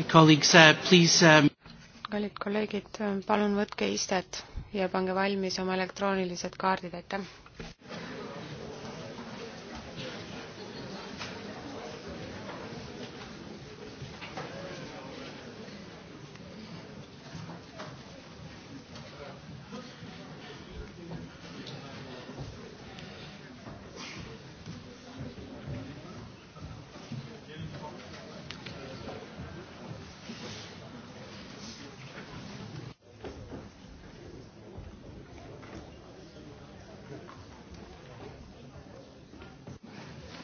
Uh, um, kallid kolleegid, palun võtke istet ja pange valmis oma elektroonilised kaardid, aitäh!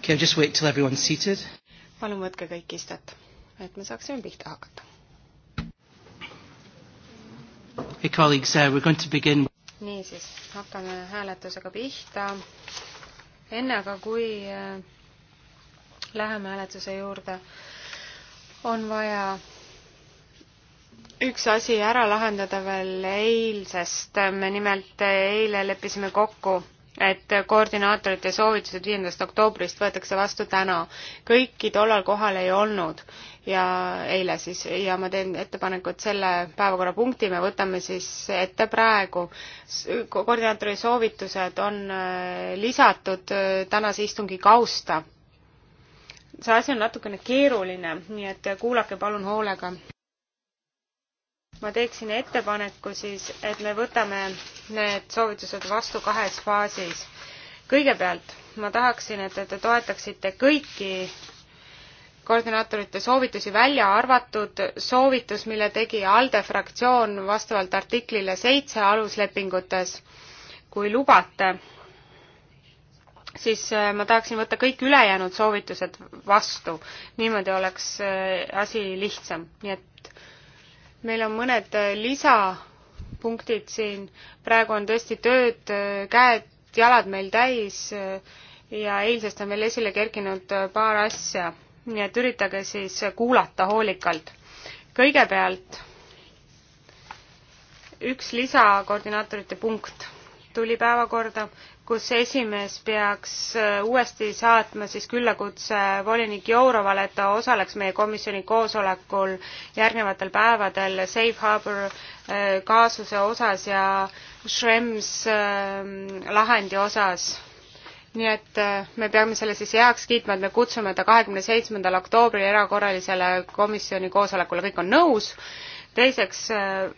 Can I just wait till everyone's seated? palun võtke kõik istet, et me saaksime pihta hakata. Hey colleagues, uh, we're going to begin. niisiis, hakkame hääletusega pihta. enne aga, kui äh, läheme hääletuse juurde, on vaja üks asi ära lahendada veel eilsest, me nimelt eile leppisime kokku et koordinaatorite soovitused viiendast oktoobrist võetakse vastu täna. kõiki tollal kohal ei olnud ja eile siis ja ma teen ettepaneku, et selle päevakorrapunkti me võtame siis ette praegu. koordinaatori soovitused on äh, lisatud äh, tänase istungi kausta. see asi on natukene keeruline, nii et kuulake palun hoolega ma teeksin ettepaneku siis, et me võtame need soovitused vastu kahes faasis. kõigepealt ma tahaksin, et te toetaksite kõiki koordinaatorite soovitusi, välja arvatud soovitus, mille tegi ALDE fraktsioon vastavalt artiklile seitse aluslepingutes. kui lubate, siis äh, ma tahaksin võtta kõik ülejäänud soovitused vastu. niimoodi oleks äh, asi lihtsam, nii et meil on mõned äh, lisapunktid siin, praegu on tõesti tööd, äh, käed-jalad meil täis äh, ja eilsest on veel esile kerkinud paar asja, nii et üritage siis kuulata hoolikalt. kõigepealt üks lisakoordinaatorite punkt tuli päevakorda, kus esimees peaks äh, uuesti saatma siis küllakutse volinik Jourovale, et ta osaleks meie komisjoni koosolekul järgnevatel päevadel Safe Harbor äh, kaasuse osas ja Schrems äh, lahendi osas nii et me peame selle siis heaks kiitma, et me kutsume ta kahekümne seitsmendal oktoobril erakorralisele komisjoni koosolekule, kõik on nõus teiseks, äh,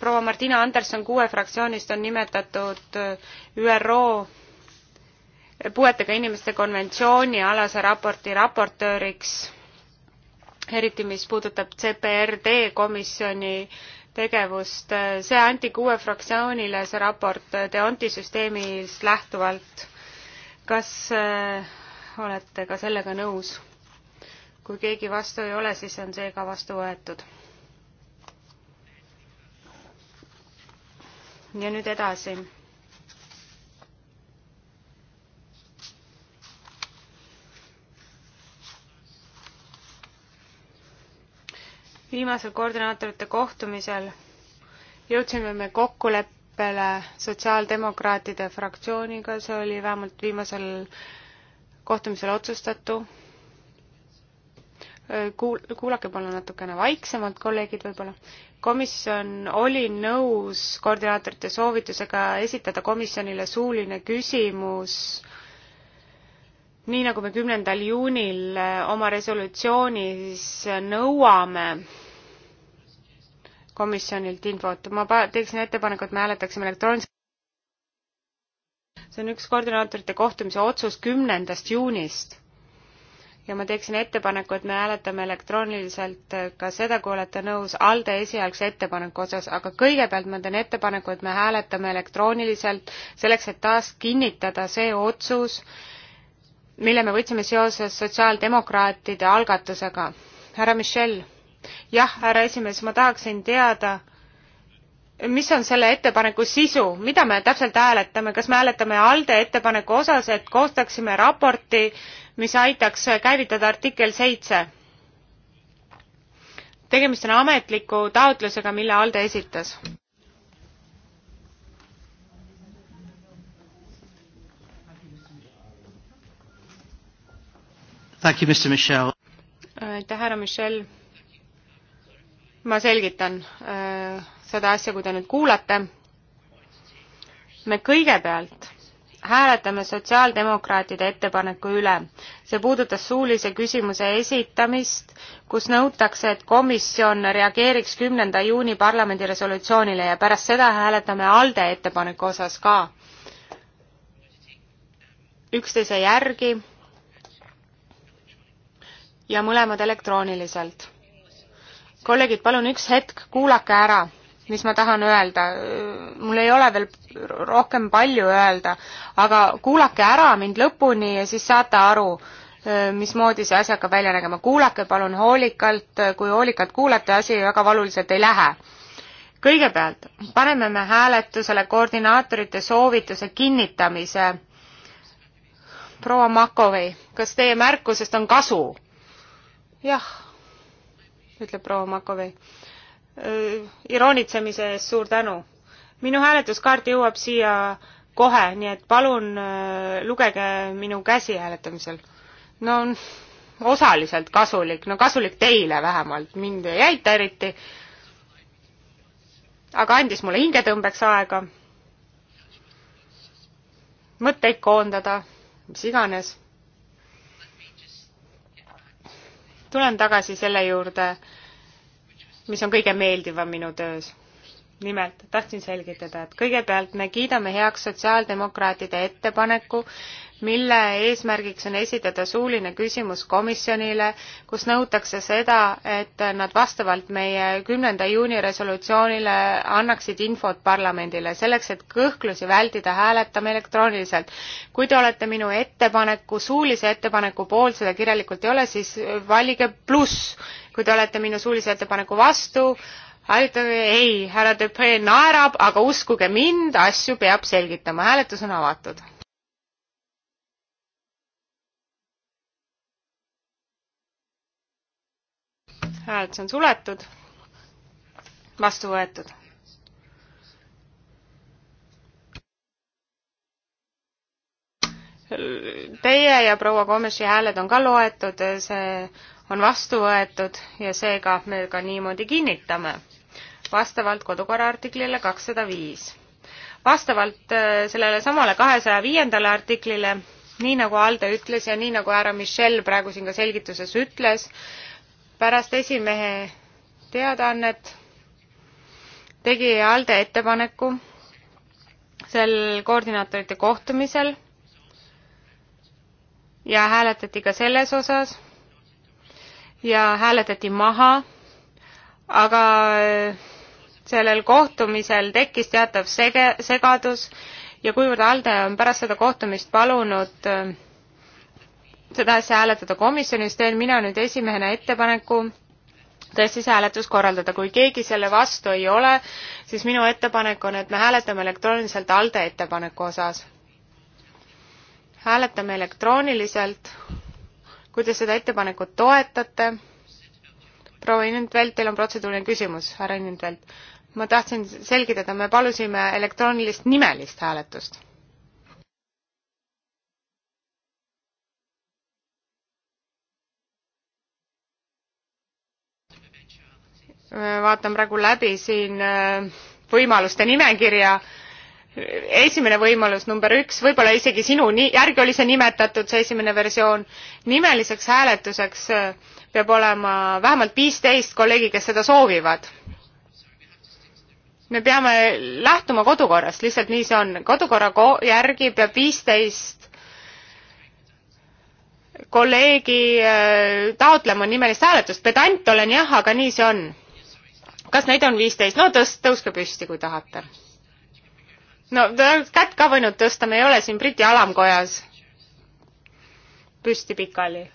proua Martina Anderson kuue fraktsioonist on nimetatud äh, ÜRO puuetega inimeste konventsiooni alase raporti raportööriks, eriti mis puudutab CPRD komisjoni tegevust. see anti kuue fraktsioonile, see raport äh, Deonti süsteemist lähtuvalt. kas olete ka sellega nõus? kui keegi vastu ei ole, siis on see ka vastu võetud ja nüüd edasi. viimasel koordinaatorite kohtumisel jõudsime me kokkuleppele sotsiaaldemokraatide fraktsiooniga, see oli vähemalt viimasel kohtumisel otsustatu Äh, kuul-, kuulake palun natukene vaiksemalt, kolleegid võib-olla. komisjon oli nõus koordinaatorite soovitusega esitada komisjonile suuline küsimus, nii nagu me kümnendal juunil äh, oma resolutsioonis nõuame komisjonilt infot. ma pa-, teeksin ettepaneku, et me hääletaksime elektrooniliselt. see on üks koordinaatorite kohtumise otsus kümnendast juunist ja ma teeksin ettepaneku, et me hääletame elektrooniliselt ka seda, kui olete nõus ALDE esialgse ettepaneku osas, aga kõigepealt ma teen ettepaneku, et me hääletame elektrooniliselt selleks, et taas kinnitada see otsus, mille me võtsime seoses sotsiaaldemokraatide algatusega. härra Michel. jah, härra esimees, ma tahaksin teada, mis on selle ettepaneku sisu, mida me täpselt hääletame, kas me hääletame ALDE ettepaneku osas, et koostaksime raporti äh, mis aitaks käivitada artikkel seitse. tegemist on ametliku taotlusega, mille ALDE esitas. aitäh, härra Michel. ma selgitan äh, seda asja, kui te nüüd kuulate. me kõigepealt hääletame sotsiaaldemokraatide ettepaneku üle. see puudutas suulise küsimuse esitamist, kus nõutakse, et komisjon reageeriks kümnenda juuni parlamendi resolutsioonile ja pärast seda hääletame ALDE ettepaneku osas ka. üksteise järgi ja mõlemad elektrooniliselt. kolleegid, palun üks hetk, kuulake ära mis ma tahan öelda, mul ei ole veel rohkem palju öelda, aga kuulake ära mind lõpuni ja siis saate aru, mismoodi see asi hakkab välja nägema. kuulake palun hoolikalt, kui hoolikalt kuulate, asi väga valuliselt ei lähe. kõigepealt paneme me hääletusele koordinaatorite soovituse kinnitamise. proua Makovei, kas teie märkusest on kasu? jah, ütleb proua Makovei Äh, iroonitsemise eest suur tänu. minu hääletuskaart jõuab siia kohe, nii et palun äh, lugege minu käsi hääletamisel. no osaliselt kasulik, no kasulik teile vähemalt, mind ei aita eriti. aga andis mulle hingetõmbeks aega, mõtteid koondada, mis iganes. tulen tagasi selle juurde mis on kõige meeldivam minu töös nimelt tahtsin selgitada, et kõigepealt me kiidame heaks sotsiaaldemokraatide ettepaneku, mille eesmärgiks on esitada suuline küsimus komisjonile, kus nõutakse seda, et nad vastavalt meie kümnenda juuni resolutsioonile annaksid infot parlamendile, selleks et kõhklusi vältida, hääletame elektrooniliselt. kui te olete minu ettepaneku, suulise ettepaneku poolt, seda kirjalikult ei ole, siis valige pluss. kui te olete minu suulise ettepaneku vastu, ei, härra Depre naerab, aga uskuge mind, asju peab selgitama, hääletus on avatud. hääletus on suletud, vastu võetud. Teie ja proua Komeši hääled on ka loetud, see on vastu võetud ja seega me ka niimoodi kinnitame vastavalt kodukorra artiklile kakssada viis. vastavalt äh, sellele samale kahesaja viiendale artiklile, nii nagu Alde ütles ja nii nagu härra Michel praegu siin ka selgituses ütles, pärast esimehe teadaannet tegi ALDE ettepaneku sel koordinaatorite kohtumisel ja hääletati ka selles osas ja hääletati maha, aga äh, sellel kohtumisel tekkis teatav sege, segadus ja kuivõrd ALDE on pärast seda kohtumist palunud äh, seda asja hääletada komisjonis, teen mina nüüd esimehena ettepaneku tõesti see hääletus korraldada. kui keegi selle vastu ei ole, siis minu ettepanek on, et me hääletame elektrooniliselt ALDE ettepaneku osas. hääletame elektrooniliselt. kui te seda ettepanekut toetate, proua Inentvelt, teil on protseduuriline küsimus, härra Inentvelt ma tahtsin selgitada, me palusime elektroonilist nimelist hääletust. vaatan praegu läbi siin äh, võimaluste nimekirja. esimene võimalus, number üks, võib-olla isegi sinu järgi oli see nimetatud, see esimene versioon, nimeliseks hääletuseks äh, peab olema vähemalt viisteist kolleegi, kes seda soovivad me peame lähtuma kodukorrast, lihtsalt nii see on. kodukorra ko järgi peab viisteist kolleegi äh, taotlema nimelist hääletust. pedant olen jah, aga nii see on. kas neid on viisteist? no tõst-, tõuske püsti, kui tahate. no kätt ka võinud tõsta, me ei ole siin Briti alamkojas. püsti pikali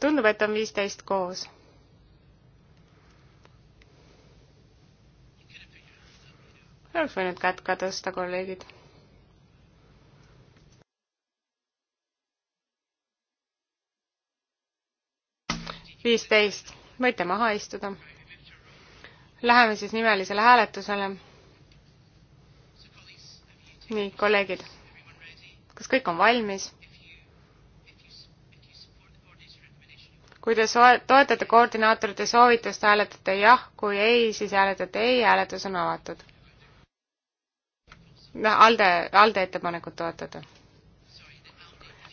tundub, et on viisteist koos. oleks võinud kätt ka tõsta, kolleegid. viisteist, võite maha istuda. Läheme siis nimelisele hääletusele. nii, kolleegid, kas kõik on valmis? kui te soe-, toetate koordinaatorite soovitust, hääletate jah, kui ei, siis hääletate ei, hääletus on avatud. noh, ALDE, ALDE ettepanekut toetada.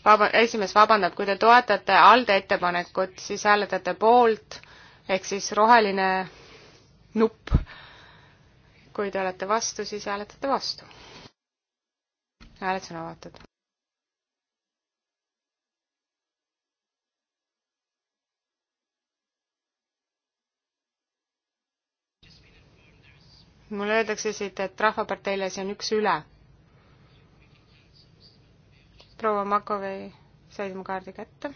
Vaba-, esimees vabandab, kui te toetate ALDE ettepanekut, siis hääletate poolt, ehk siis roheline nupp. kui te olete vastu, siis hääletate vastu. hääletus on avatud. mulle öeldakse siit, et Rahvaparteile see on üks üle. proua Makovei sai oma kaardi kätte.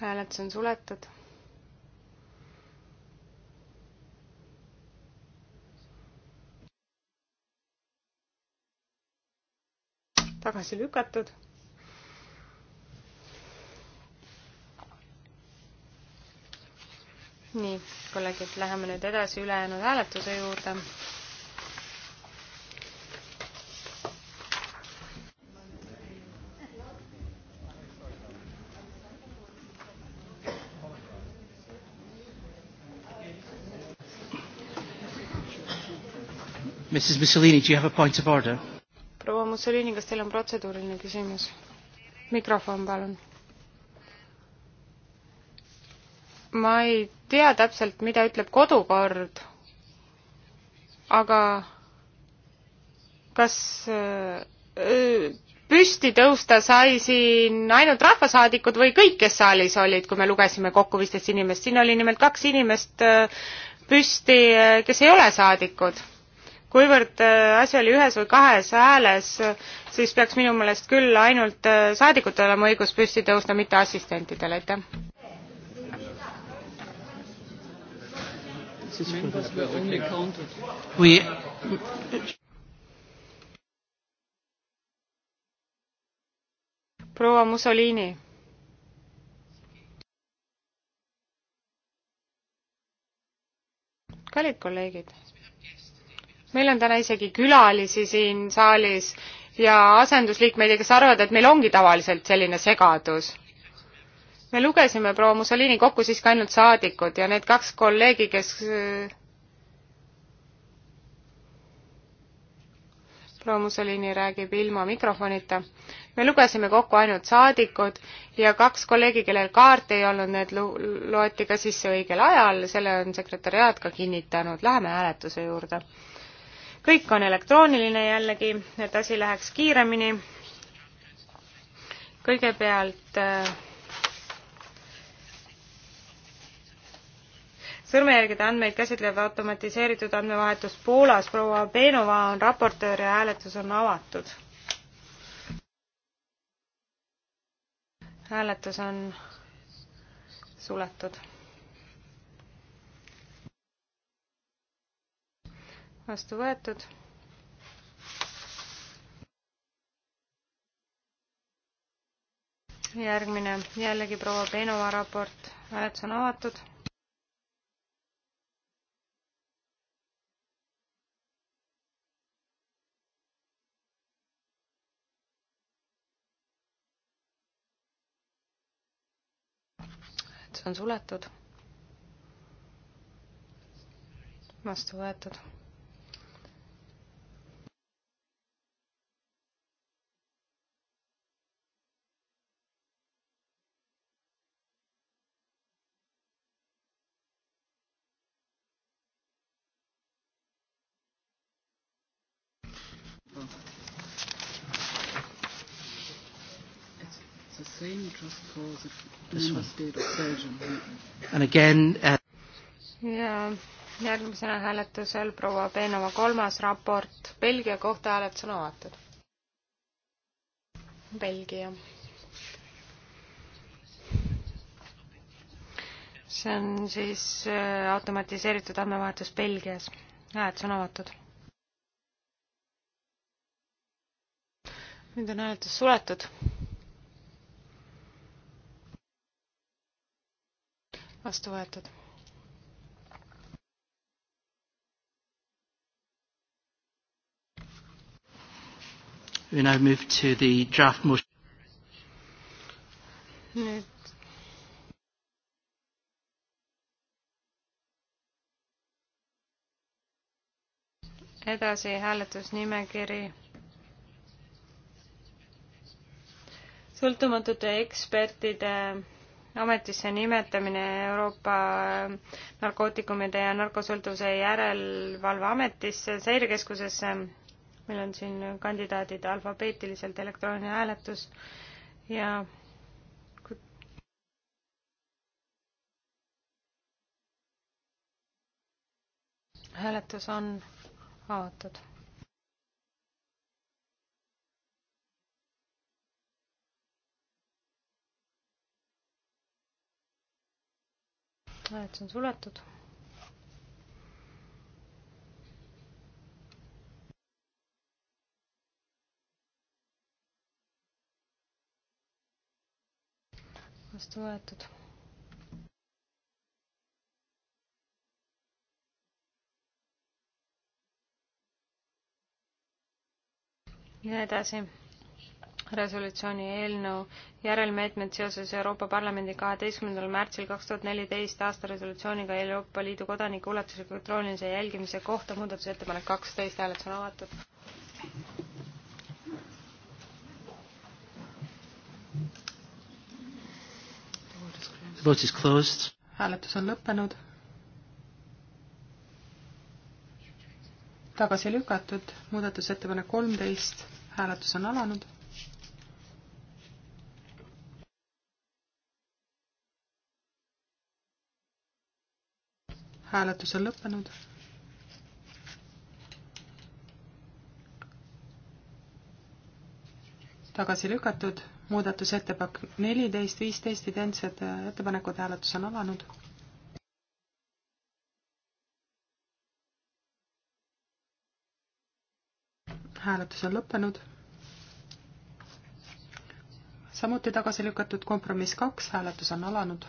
hääletus on suletud. tagasi lükatud nii, kolleegid, läheme nüüd edasi ülejäänud hääletuse juurde. Mrs Mussolini, do you have a point of order? proua Mussolini, kas teil on protseduuriline küsimus? mikrofon, palun ma ei tea täpselt, mida ütleb kodukord, aga kas äh, püsti tõusta sai siin ainult rahvasaadikud või kõik, kes saalis olid, kui me lugesime kokku viisteist inimest, siin oli nimelt kaks inimest äh, püsti, äh, kes ei ole saadikud. kuivõrd asi oli ühes või kahes hääles, siis peaks minu meelest küll ainult saadikutel olema õigus püsti tõusta, mitte assistentidel, aitäh. is members were only counted. We proua Mussolini. kallid kolleegid, meil on täna isegi külalisi siin saalis ja asendusliikmeid, kes arvavad, et meil ongi tavaliselt selline segadus me lugesime proua Mussolini kokku siiski ainult saadikud ja need kaks kolleegi, kes äh, proua Mussolini räägib ilma mikrofonita. me lugesime kokku ainult saadikud ja kaks kolleegi, kellel kaarti ei olnud, need loeti ka sisse õigel ajal, selle on sekretäriaat ka kinnitanud. Läheme hääletuse juurde. kõik on elektrooniline jällegi, et asi läheks kiiremini. kõigepealt äh, sõrmejälgede andmeid käsitlev automatiseeritud andmevahetus Poolas. proua Beenova on raportöör ja hääletus on avatud. hääletus on suletud. vastu võetud järgmine jällegi proua Peenova raport, hääletus on avatud. hääletus on suletud. vastu võetud. Thank you. the same just for the This member one. state of Belgium. And again, uh... ja järgmisena hääletusel proua Peenova kolmas raport Belgia kohta hääletus on avatud. Belgia. see on siis äh, automatiseeritud andmevahetus Belgias. hääletus on avatud. nüüd on hääletus suletud vastu võetud. We now move to the draft motion. Nüüd edasi hääletusnimekiri. sõltumatute ekspertide ametisse nimetamine Euroopa narkootikumide ja narkosõltuvuse järelevalveametisse, seirekeskusesse. meil on siin kandidaadid alfabeetiliselt elektrooniline hääletus ja hääletus on avatud hääletus on suletud. vastu võetud. ja edasi resolutsiooni eelnõu järelmeetmed seoses Euroopa Parlamendi kaheteistkümnendal märtsil kaks tuhat neliteist aasta resolutsiooniga Euroopa Liidu kodanike ulatusliku elektroonilise jälgimise kohta muudatusettepanek kaksteist, hääletus on avatud. hääletus on lõppenud. tagasi lükatud muudatusettepanek kolmteist, hääletus on alanud hääletus on lõppenud. tagasi lükatud, muudatusettepanek neliteist, viisteist identsed ettepanekud, hääletus on alanud. hääletus on lõppenud. samuti tagasi lükatud kompromiss kaks, hääletus on alanud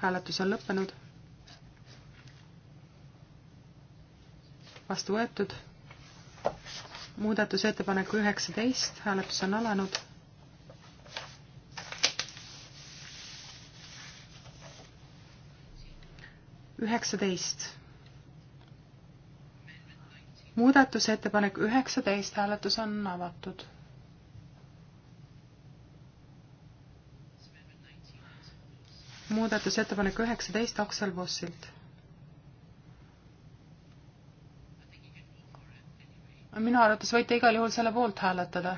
hääletus on lõppenud. vastu võetud. muudatusettepaneku üheksateist, hääletus on alanud. üheksateist. muudatusettepanek üheksateist, hääletus on avatud muudatusettepanek üheksateist Aksel Vossilt. minu arvates võite igal juhul selle poolt hääletada.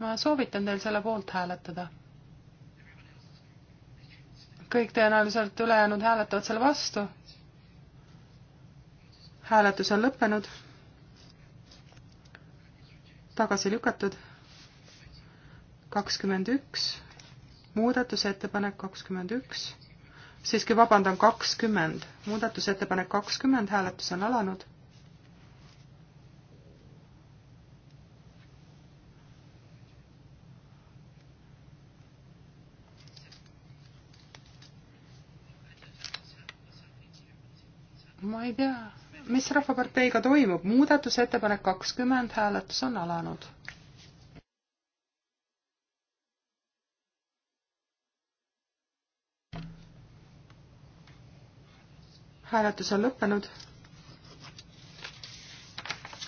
ma soovitan teil selle poolt hääletada. kõik tõenäoliselt ülejäänud hääletavad selle vastu. hääletus on lõppenud. tagasi lükatud. kakskümmend üks muudatusettepanek kakskümmend üks, siiski vabandan, kakskümmend, muudatusettepanek kakskümmend, hääletus on alanud. ma ei tea, mis Rahvaparteiga toimub, muudatusettepanek kakskümmend, hääletus on alanud hääletus on lõppenud.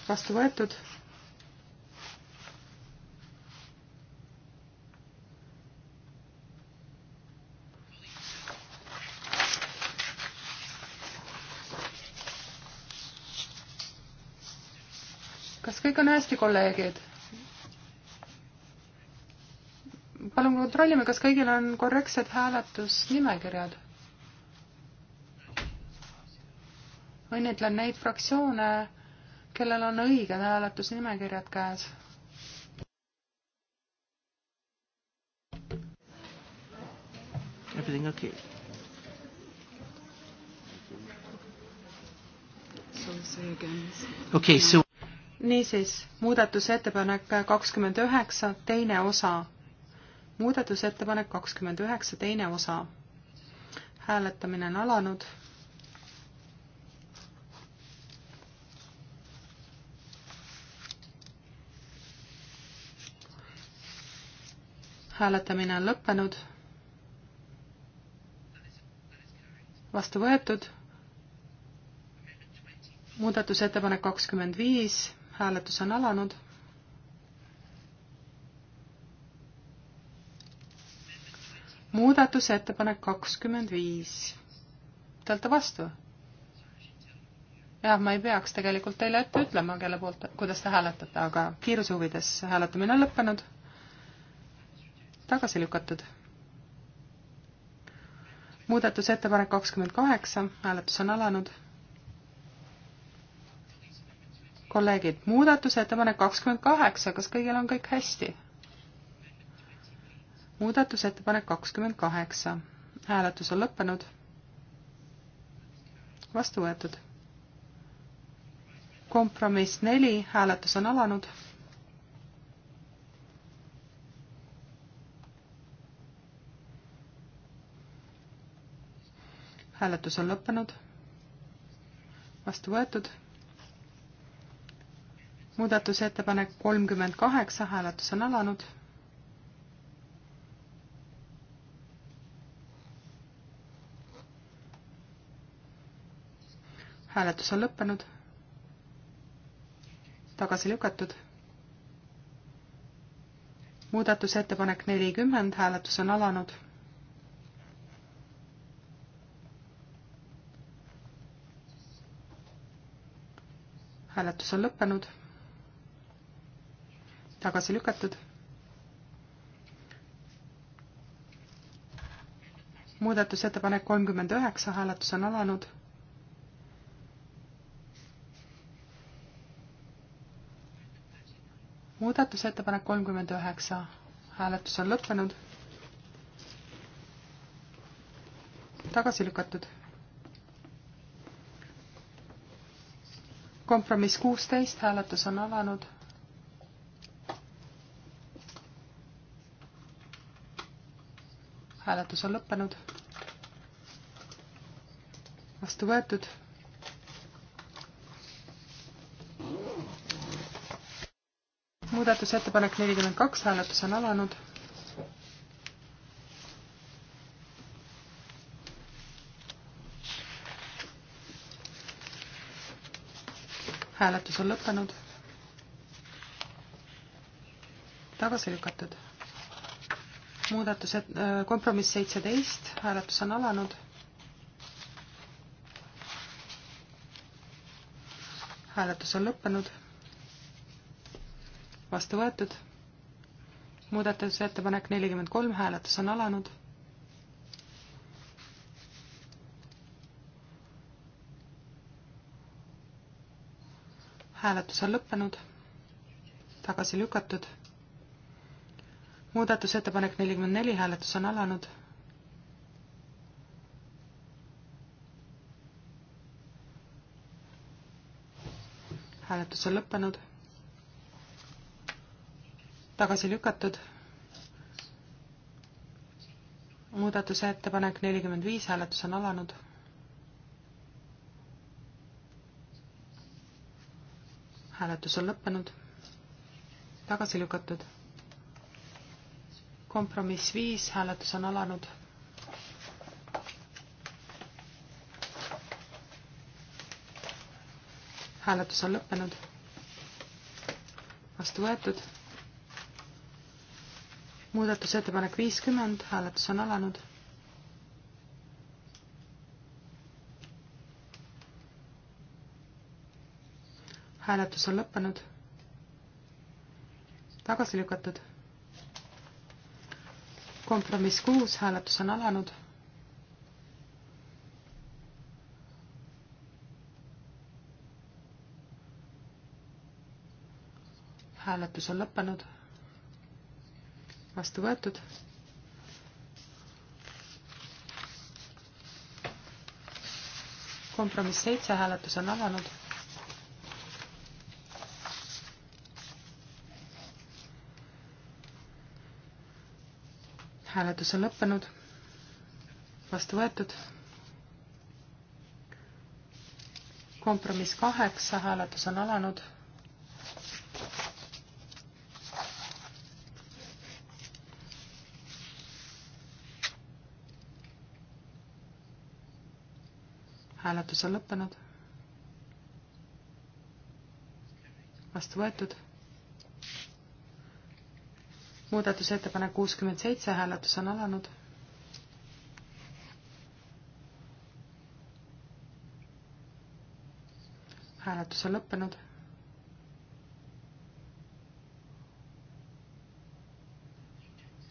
vastu võetud. kas kõik on hästi, kolleegid? palun kontrollime, kas kõigil on korrektsed hääletusnimekirjad õnnitlen neid fraktsioone, kellel on õiged hääletusnimekirjad käes. Everything okay? Okay, so... niisiis, muudatusettepanek kakskümmend üheksa, teine osa. muudatusettepanek kakskümmend üheksa, teine osa. hääletamine on alanud hääletamine on lõppenud. vastu võetud. muudatusettepanek kakskümmend viis, hääletus on alanud. muudatusettepanek kakskümmend viis. Te olete vastu? jah, ma ei peaks tegelikult teile ette ütlema, kelle poolt, kuidas te hääletate, aga kiiruse huvides hääletamine on lõppenud tagasi lükatud. muudatusettepanek kakskümmend kaheksa, hääletus on alanud. kolleegid, muudatusettepanek kakskümmend kaheksa, kas kõigil on kõik hästi? muudatusettepanek kakskümmend kaheksa, hääletus on lõppenud. vastu võetud. kompromiss neli, hääletus on alanud hääletus on lõppenud, vastu võetud. muudatusettepanek kolmkümmend kaheksa, hääletus on alanud. hääletus on lõppenud, tagasi lükatud muudatusettepanek nelikümmend, hääletus on alanud hääletus on lõppenud, tagasi lükatud. muudatusettepanek kolmkümmend üheksa, hääletus on alanud muudatusettepanek kolmkümmend üheksa, hääletus on lõppenud. tagasi lükatud kompromiss kuusteist, hääletus on alanud. hääletus on lõppenud. vastu võetud. muudatusettepanek nelikümmend kaks, hääletus on alanud hääletus on lõppenud. tagasi lükatud. muudatused, äh, kompromiss seitseteist, hääletus on alanud. hääletus on lõppenud. vastu võetud. muudatusettepanek nelikümmend kolm, hääletus on alanud hääletus on lõppenud, tagasi lükatud. muudatusettepanek nelikümmend neli, hääletus on alanud. hääletus on lõppenud, tagasi lükatud. muudatusettepanek nelikümmend viis, hääletus on alanud hääletus on lõppenud, tagasi lükatud. kompromiss viis, hääletus on alanud. hääletus on lõppenud, vastu võetud. muudatusettepanek viiskümmend, hääletus on alanud hääletus on lõppenud. tagasi lükatud. kompromiss kuus, hääletus on alanud. hääletus on lõppenud. vastu võetud. kompromiss seitse, hääletus on alanud hääletus on lõppenud, vastu võetud. kompromiss kaheksa, hääletus on alanud. hääletus on lõppenud, vastu võetud muudatusettepanek kuuskümmend seitse, hääletus on alanud. hääletus on lõppenud.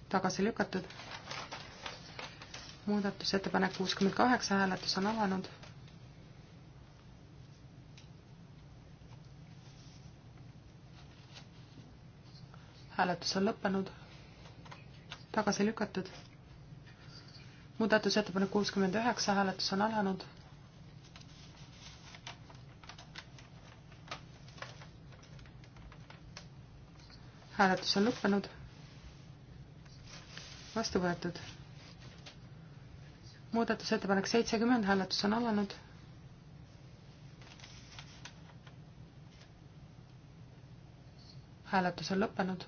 tagasi lükatud. muudatusettepanek kuuskümmend kaheksa, hääletus on alanud hääletus on lõppenud, tagasi lükatud. muudatusettepanek kuuskümmend üheksa, hääletus on alanud. hääletus on lõppenud, vastu võetud. muudatusettepanek seitsekümmend, hääletus on alanud hääletus on lõppenud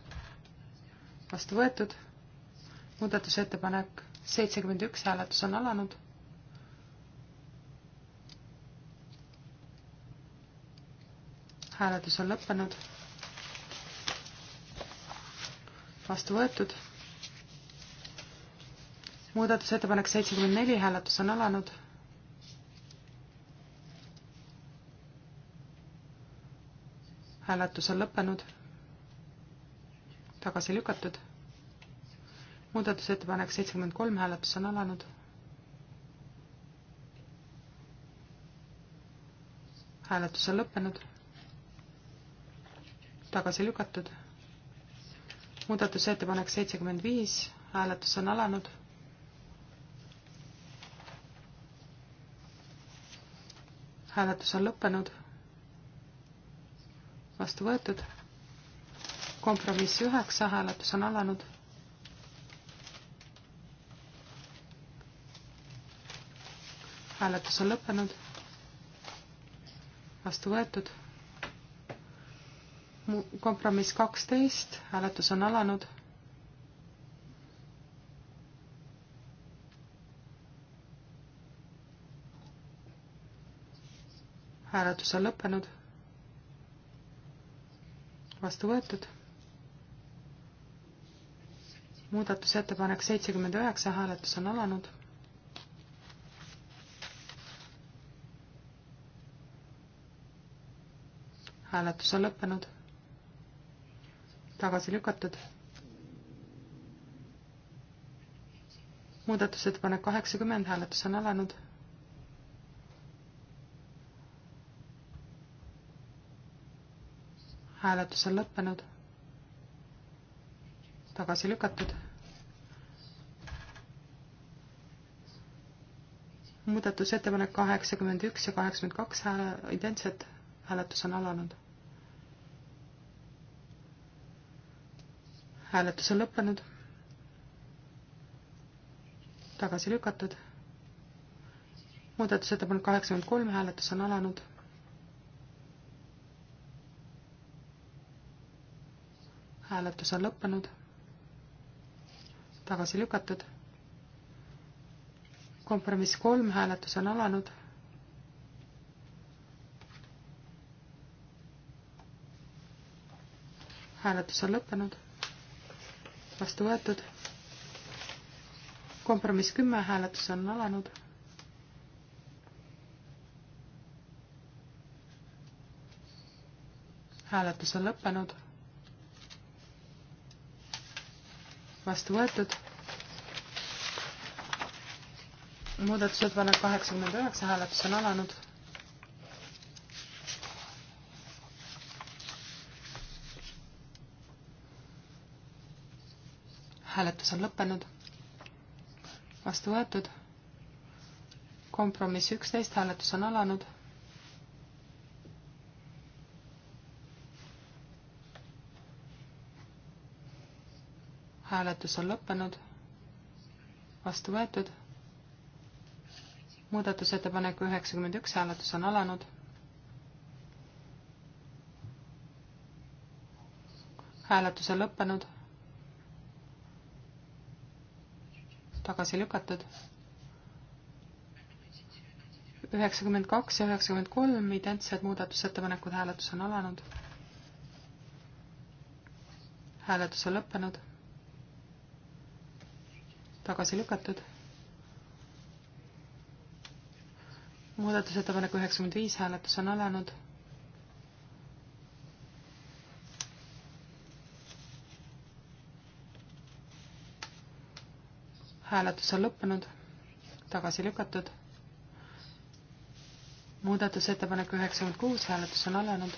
vastu võetud. muudatusettepanek seitsekümmend üks, hääletus on alanud. hääletus on lõppenud. vastu võetud. muudatusettepanek seitsekümmend neli, hääletus on alanud. hääletus on lõppenud tagasi lükatud. muudatusettepanek seitsekümmend kolm, hääletus on alanud. hääletus on lõppenud. tagasi lükatud. muudatusettepanek seitsekümmend viis, hääletus on alanud hääletus on lõppenud. vastu võetud kompromiss üheksa, hääletus on alanud. hääletus on lõppenud. vastu võetud. kompromiss kaksteist, hääletus on alanud. hääletus on lõppenud. vastu võetud muudatusettepanek seitsekümmend üheksa, hääletus on alanud. hääletus on lõppenud. tagasi lükatud. muudatusettepanek kaheksakümmend, hääletus on alanud. hääletus on lõppenud tagasi lükatud. muudatusettepanek kaheksakümmend üks ja kaheksakümmend kaks hääle, identsed, hääletus on alanud. hääletus on lõppenud. tagasi lükatud. muudatusettepanek kaheksakümmend kolm, hääletus on alanud hääletus on lõppenud tagasi lükatud. kompromiss kolm, hääletus on alanud. hääletus on lõppenud. vastu võetud. kompromiss kümme, hääletus on alanud. hääletus on lõppenud vastu võetud. muudatusettepanek kaheksakümmend üheksa, hääletus on alanud. hääletus on lõppenud. vastu võetud. kompromiss üksteist, hääletus on alanud hääletus on lõppenud, vastu võetud. muudatusettepaneku üheksakümmend üks hääletus on alanud. hääletus on lõppenud. tagasi lükatud. üheksakümmend kaks ja üheksakümmend kolm identsed muudatusettepanekud, hääletus on alanud. hääletus on lõppenud tagasi lükatud. muudatusettepanek üheksakümmend viis, hääletus on alanud. hääletus on lõppenud, tagasi lükatud. muudatusettepanek üheksakümmend kuus, hääletus on alanud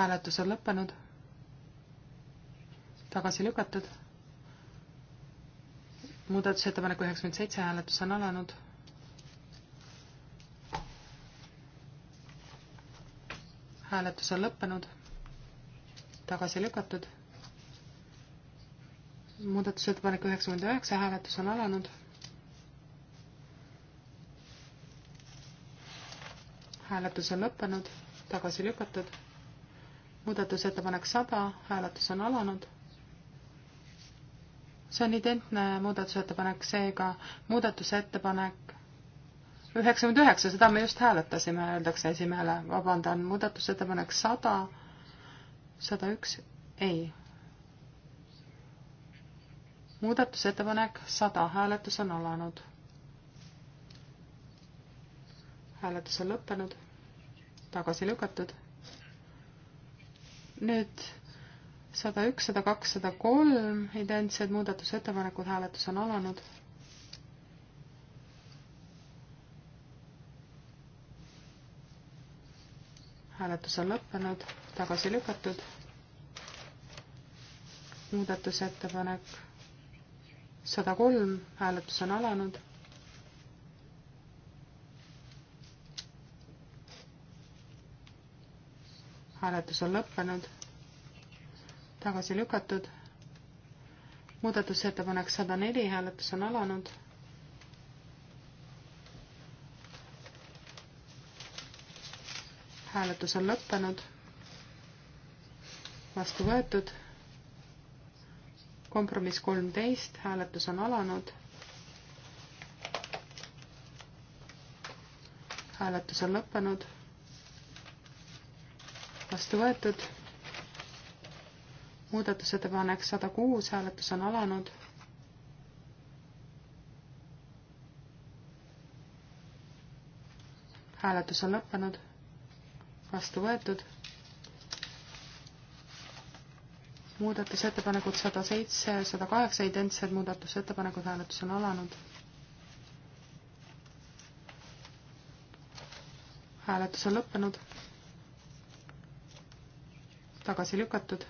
hääletus on lõppenud. tagasi lükatud. muudatusettepanek üheksakümmend seitse, hääletus on alanud. hääletus on lõppenud. tagasi lükatud. muudatusettepanek üheksakümmend üheksa, hääletus on alanud hääletus on lõppenud, tagasi lükatud muudatusettepanek sada, hääletus on alanud. see on identne muudatusettepanek, seega muudatusettepanek üheksakümmend üheksa, seda me just hääletasime, öeldakse esimehele, vabandan, muudatusettepanek sada, sada üks, ei. muudatusettepanek sada, hääletus on alanud. hääletus on lõppenud, tagasi lükatud nüüd sada üks, sada kaks, sada kolm identsed muudatusettepanekud, hääletus on alanud. hääletus on lõppenud, tagasi lükatud. muudatusettepanek sada kolm, hääletus on alanud hääletus on lõppenud, tagasi lükatud. muudatusettepanek sada neli, hääletus on alanud. hääletus on lõppenud, vastu võetud. kompromiss kolmteist, hääletus on alanud. hääletus on lõppenud vastu võetud. muudatusettepanek sada kuus, hääletus on alanud. hääletus on lõppenud, vastu võetud. muudatusettepanekud sada seitse, sada kaheksa, identsed muudatusettepanekud, hääletus on alanud hääletus on lõppenud tagasi lükatud.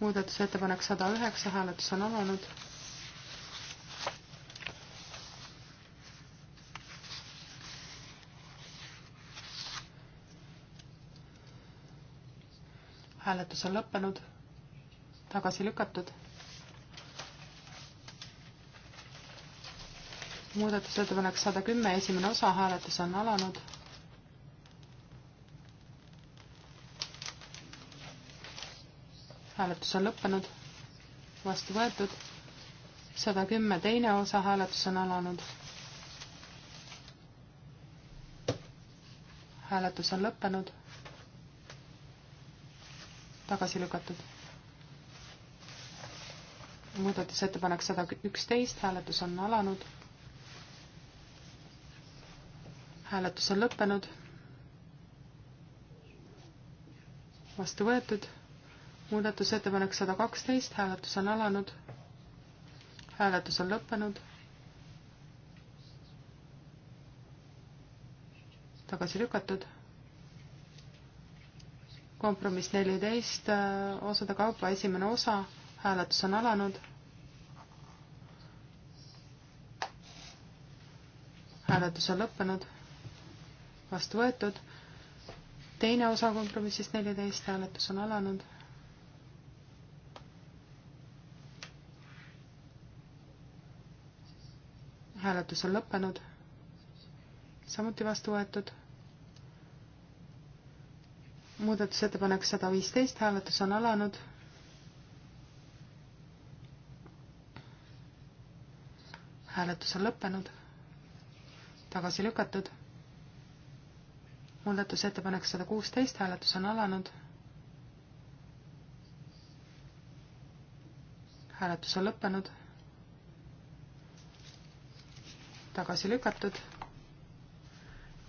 muudatusettepanek sada üheksa, hääletus on alanud. hääletus on lõppenud, tagasi lükatud. muudatusettepanek sada kümme, esimene osa, hääletus on alanud hääletus on lõppenud, vastu võetud, sada kümme teine osa hääletus on alanud. hääletus on lõppenud, tagasi lükatud. muudatusettepanek sada üksteist, hääletus on alanud. hääletus on lõppenud, vastu võetud muudatusettepanek sada kaksteist, hääletus on alanud. hääletus on lõppenud. tagasi lükatud. kompromiss neliteist, osade kaupa esimene osa, hääletus on alanud. hääletus on lõppenud. vastu võetud. teine osa kompromissist neliteist, hääletus on alanud hääletus on lõppenud, samuti vastu võetud. muudatusettepanek sada viisteist, hääletus on alanud. hääletus on lõppenud, tagasi lükatud. muudatusettepanek sada kuusteist, hääletus on alanud. hääletus on lõppenud tagasi lükatud.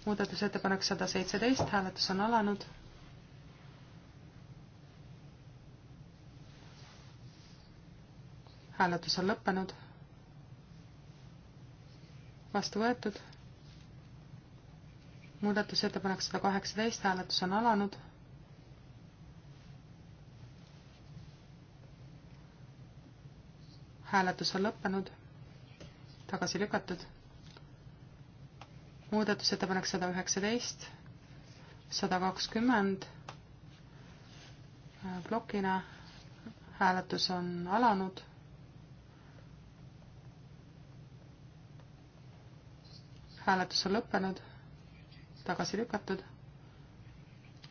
muudatusettepanek sada seitseteist, hääletus on alanud. hääletus on lõppenud. vastu võetud. muudatusettepanek sada kaheksateist, hääletus on alanud hääletus on lõppenud, tagasi lükatud muudatusettepanek sada üheksateist, sada kakskümmend plokina, hääletus on alanud. hääletus on lõppenud, tagasi lükatud.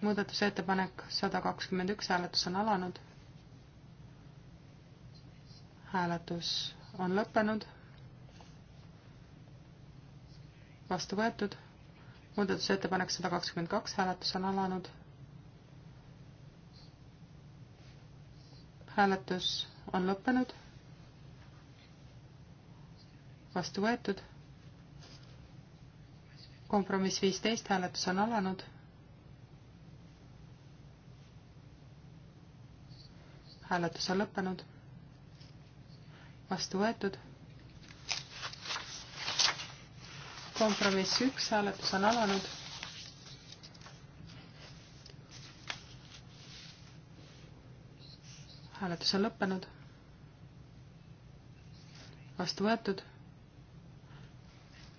muudatusettepanek sada kakskümmend üks, hääletus on alanud. hääletus on lõppenud vastu võetud. muudatusettepanek sada kakskümmend kaks, hääletus on alanud. hääletus on lõppenud. vastu võetud. kompromiss viisteist, hääletus on alanud. hääletus on lõppenud. vastu võetud kompromiss üks, hääletus on alanud. hääletus on lõppenud. vastu võetud.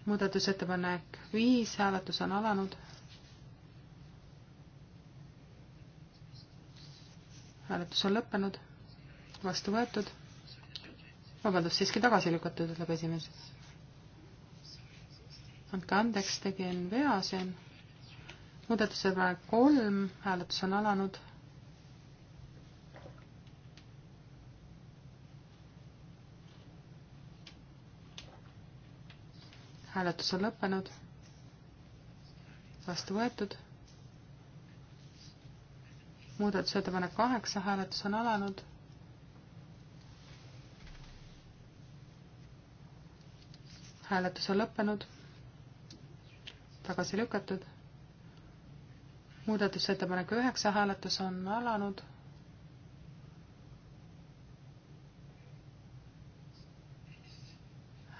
muudatusettepanek viis, hääletus on alanud. hääletus on lõppenud. vastu võetud. vabandust, siiski tagasi lükatud, ütleb esimees andke andeks, tegin vea siin. muudatusettepanek kolm, hääletus on alanud. hääletus on lõppenud. vastu võetud. muudatusettepanek kaheksa, hääletus on alanud hääletus on lõppenud tagasi lükatud. muudatusettepaneku üheksa hääletus on alanud.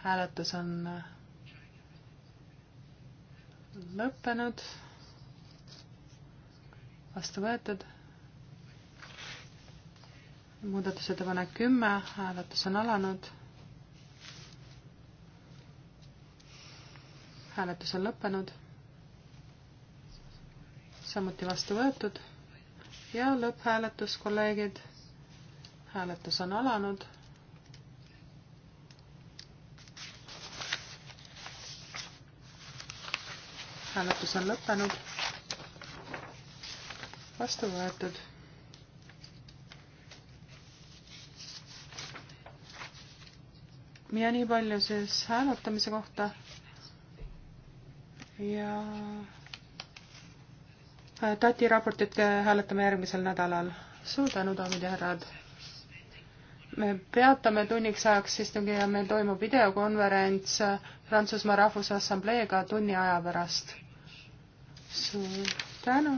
hääletus on lõppenud, vastu võetud. muudatusettepanek kümme, hääletus on alanud hääletus on lõppenud samuti vastu võetud ja lõpphääletus, kolleegid. hääletus on alanud. hääletus on lõppenud. vastu võetud. ja nii palju siis hääletamise kohta. ja Tati raportit hääletame järgmisel nädalal. suur tänu, daamid ja härrad! me peatame tunniks ajaks istungi ja meil toimub videokonverents Prantsusmaa Rahvusassambleega tunni aja pärast. suur tänu!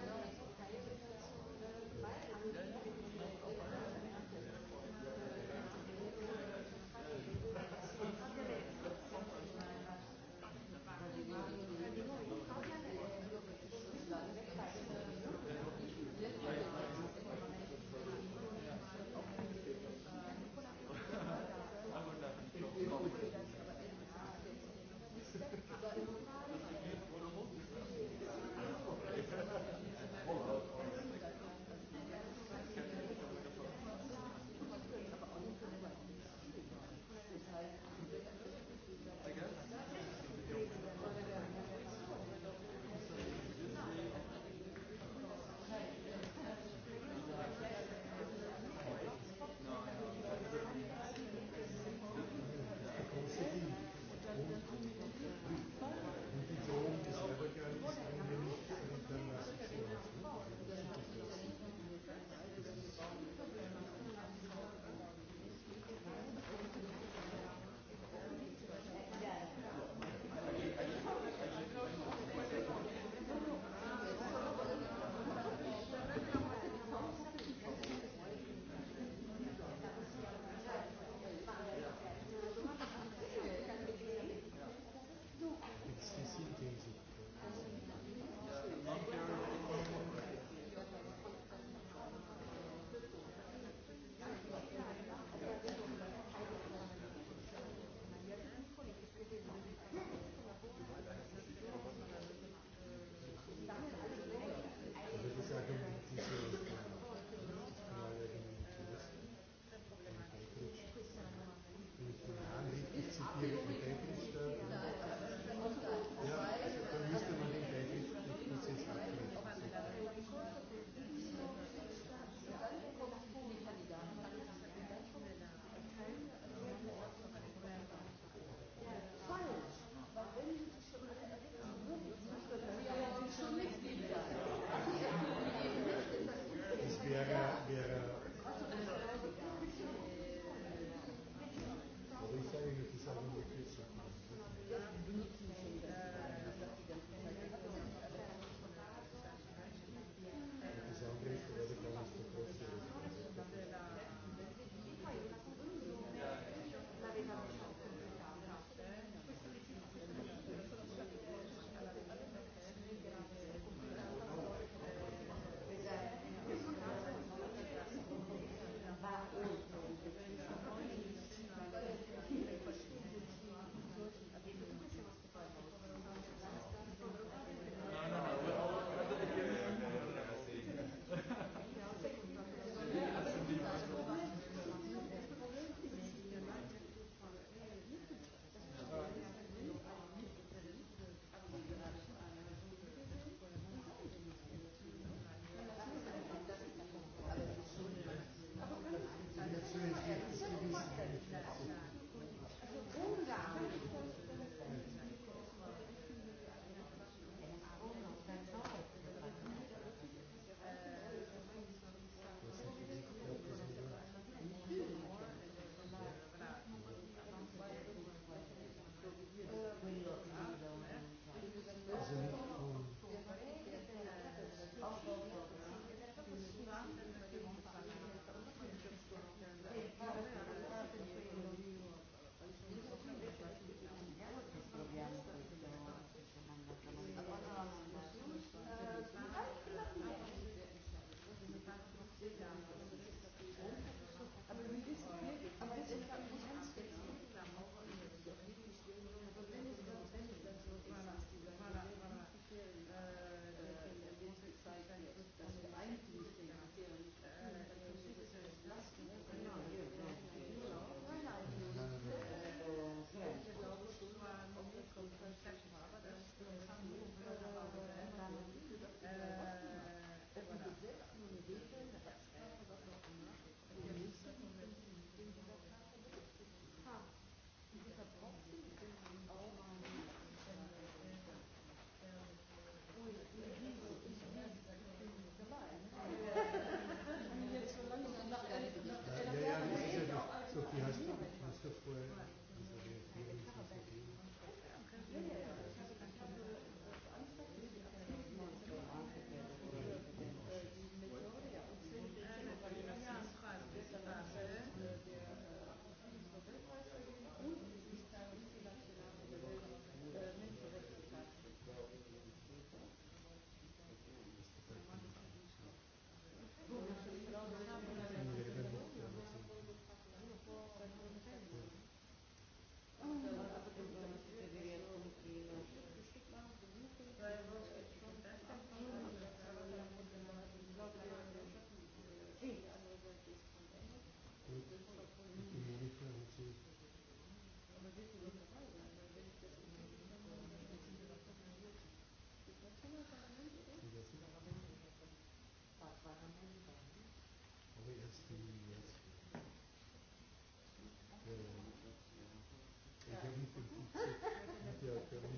Thank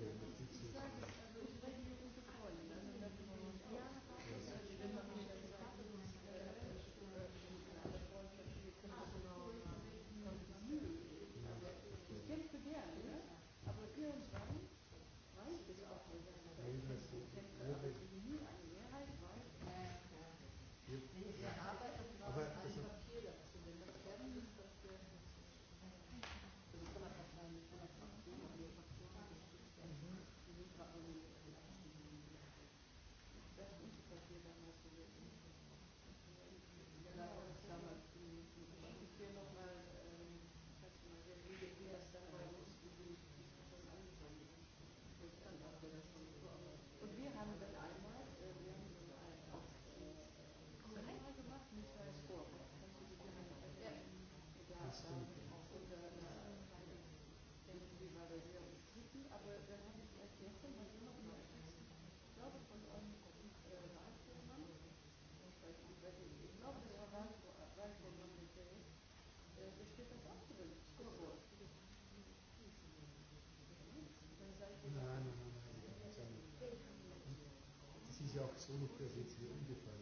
you. Zone für Region gefallen.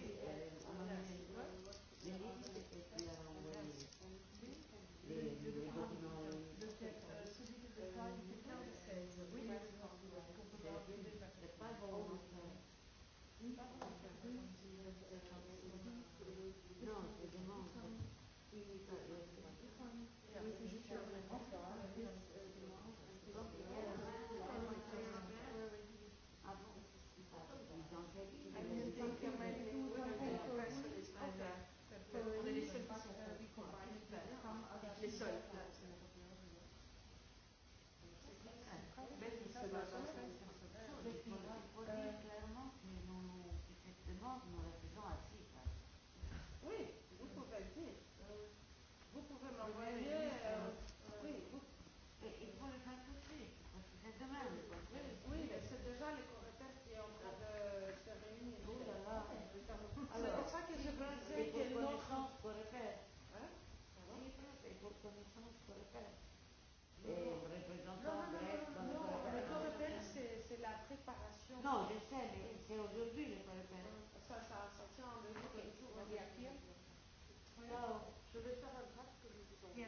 Ühiga Non, je sais, mais c'est aujourd'hui le problème. Ça, ça, ça tient en deux jours. Okay. Il y a pire. Oui. Alors, je vais faire un Yes.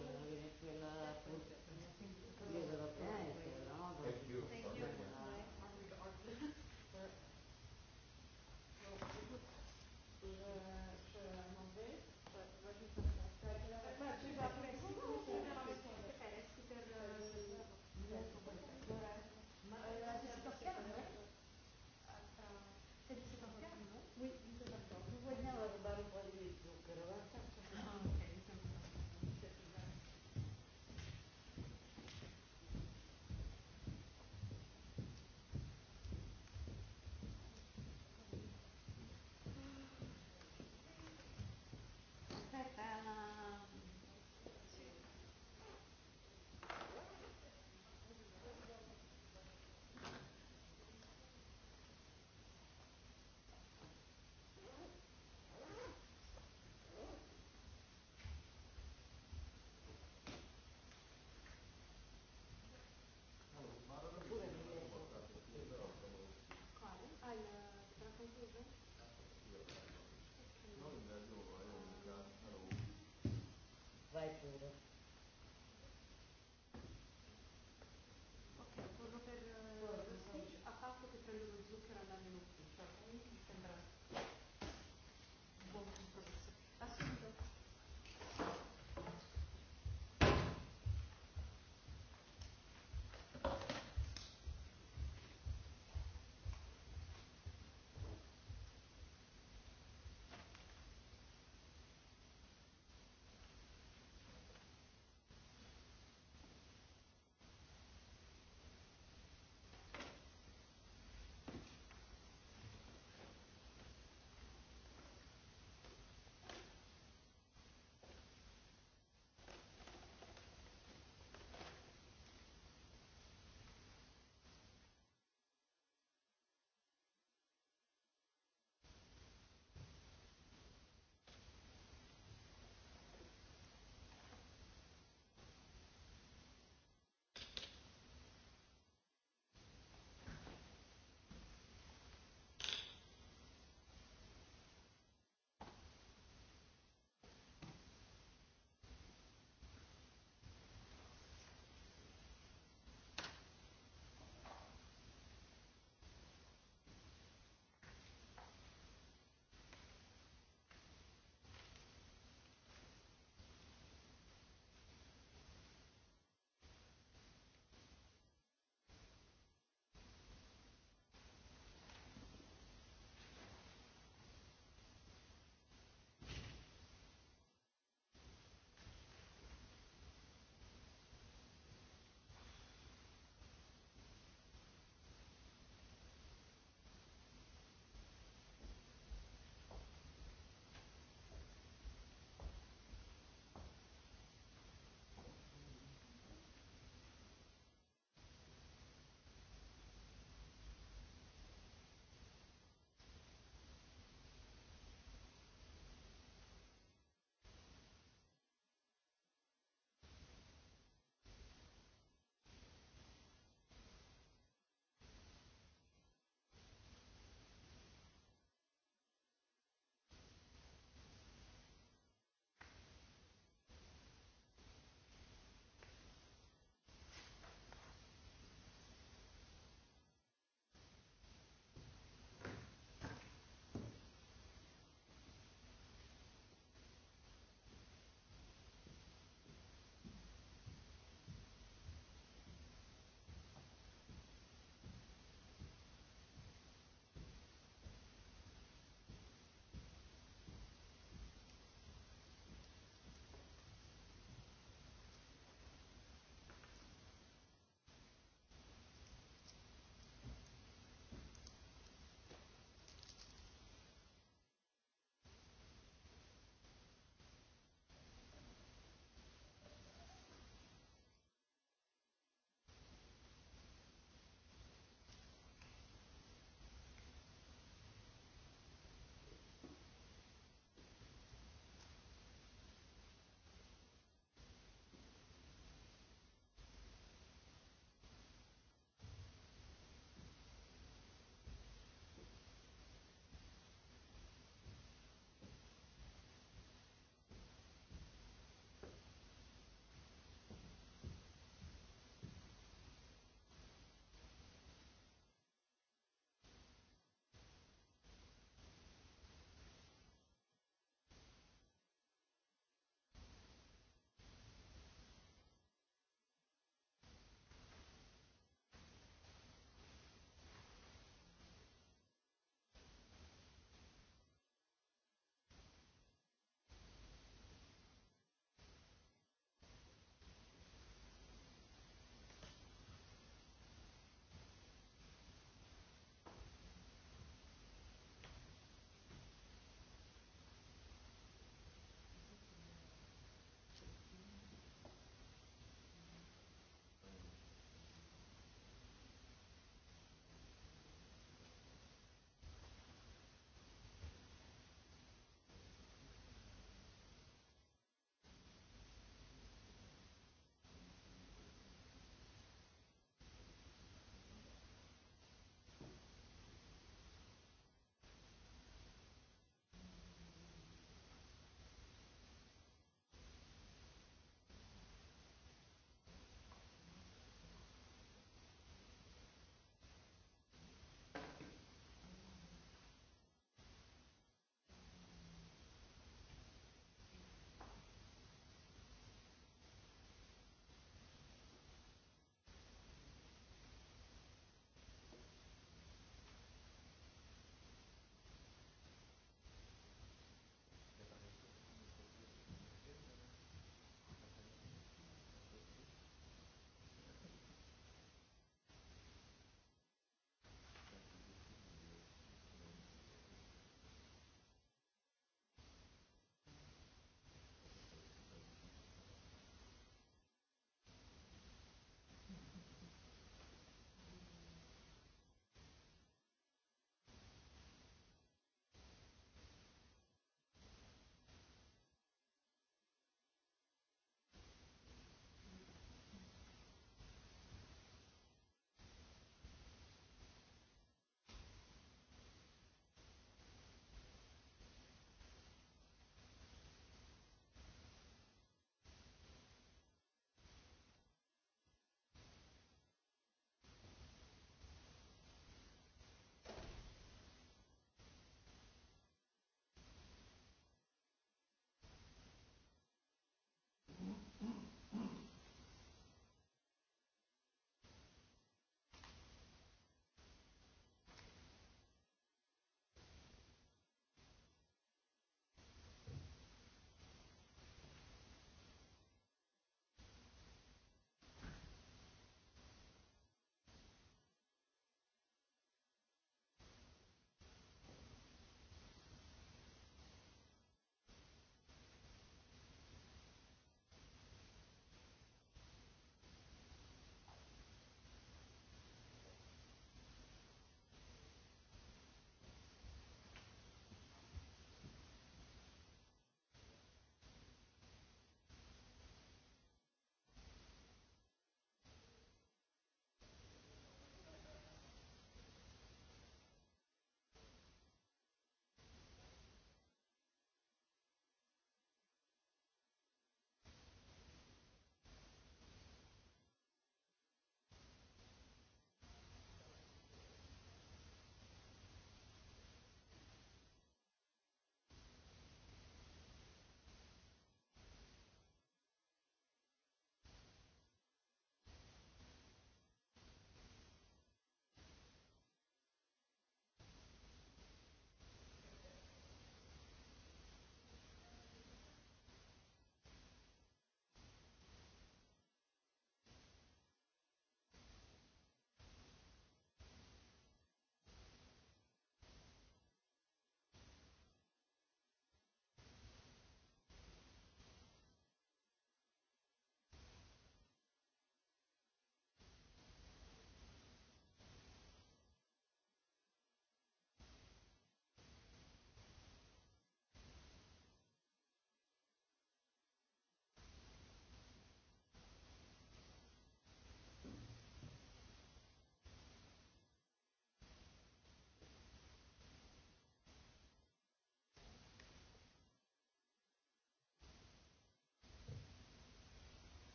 by Pluto.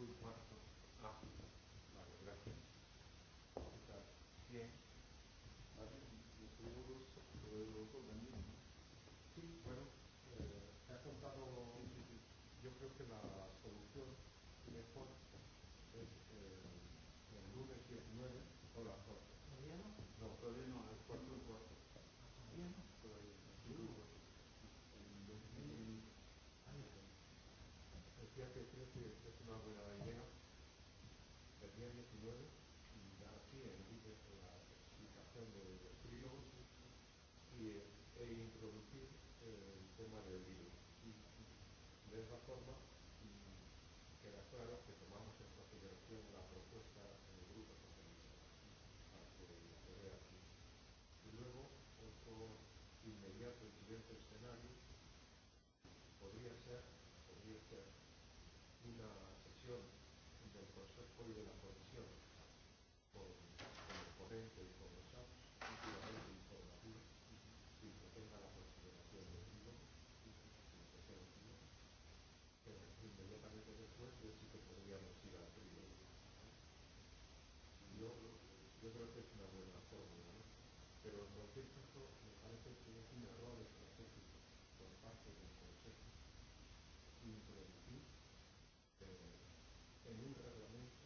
un cuarto. Ah, vale, gracias. ¿Qué tal? Bien. Vale, los euros, lo del grupo también, ¿no? Sí, bueno, eh, te ha contado, yo creo que la solución mejor es eh, el lunes 19 o las 4. ¿Todavía no? No, todavía no, el cuarto el cuarto. ¿Todavía no? fíjate, fíjate, es una buena idea. El día 19, y así en la explicación del epílogo, y, e introducir el tema del virus. Y, de esa forma, y queda claro que tomamos en consideración la propuesta del grupo socialista, para que se vea aquí. Y luego, otro inmediato, el siguiente escenario, podría ser, podría ser una sesión del Consejo y de la Comisión con, con el ponente y con los SAPs, últimamente informativo, sin que tenga la consideración de vivo, sin que sea vivo, pero inmediatamente después yo sí que podríamos ir al trío. Yo, yo creo que es una buena fórmula, ¿no? pero en cualquier caso me parece que es un error estratégico por parte del Consejo introducir en un reglamento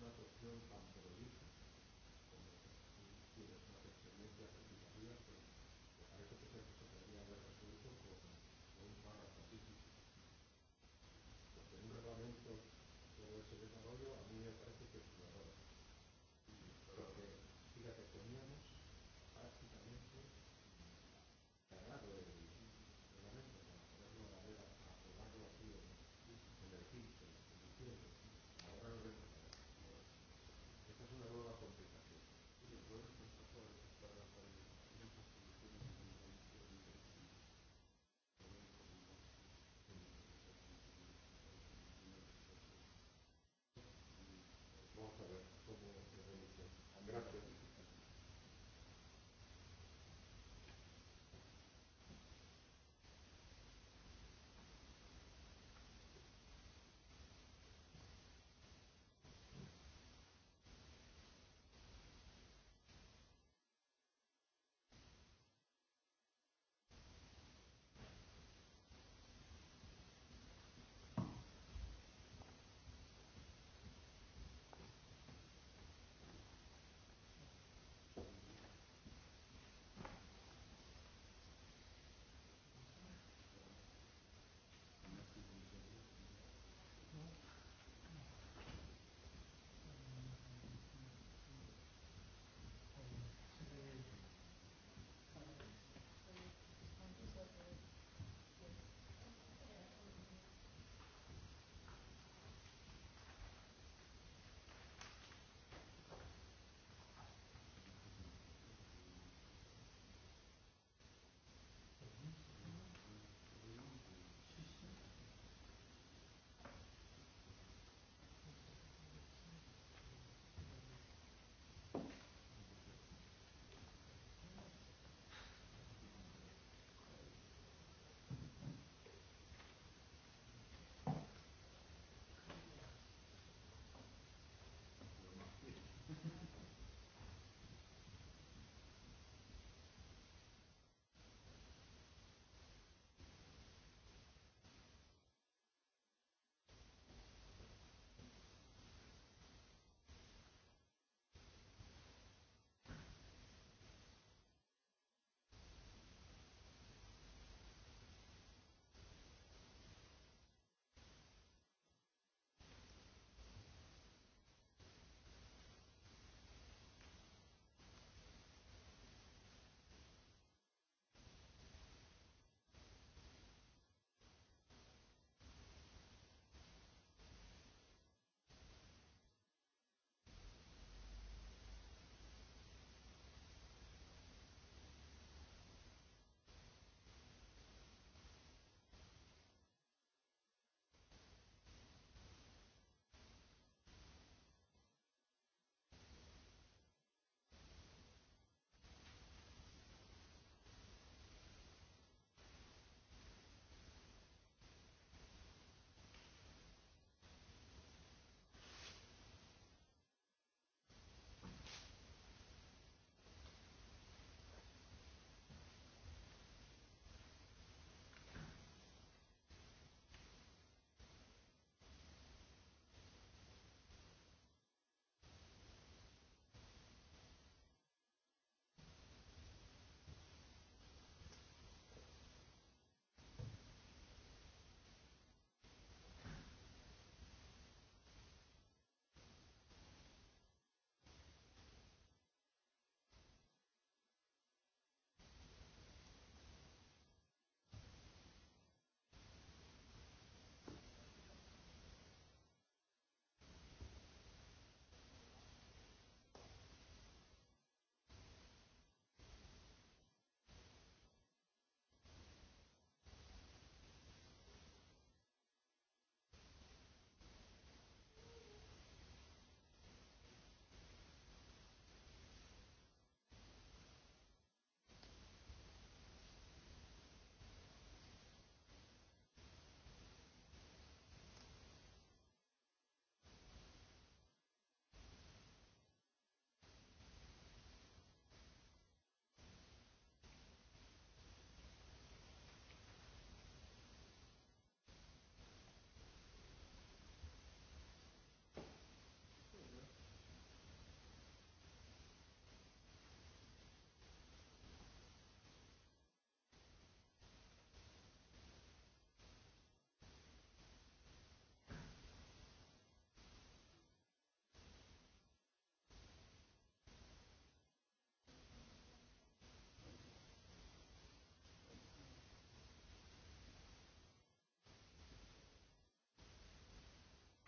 una cuestión tan prolija como tú tienes unas experiencias legislativas que me parece que se podría haber resuelto con, con un párrafo típico. Porque en un reglamento todo ese desarrollo a mí me parece que es una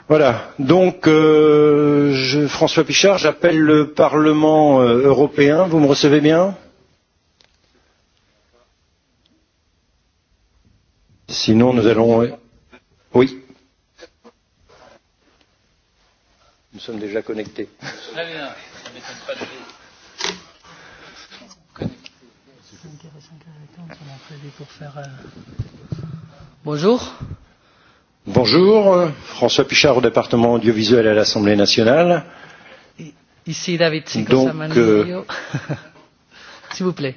Voilà. Donc, euh, je, François Pichard, j'appelle le Parlement euh, européen. Vous me recevez bien Sinon, nous allons. Oui. Nous sommes déjà connectés. Très bien. Ça ne m'étonne pas de euh, Bonjour. Bonjour, François Pichard au département audiovisuel à l'Assemblée nationale. Ici David Sico Donc, euh... Oh. S'il vous plaît.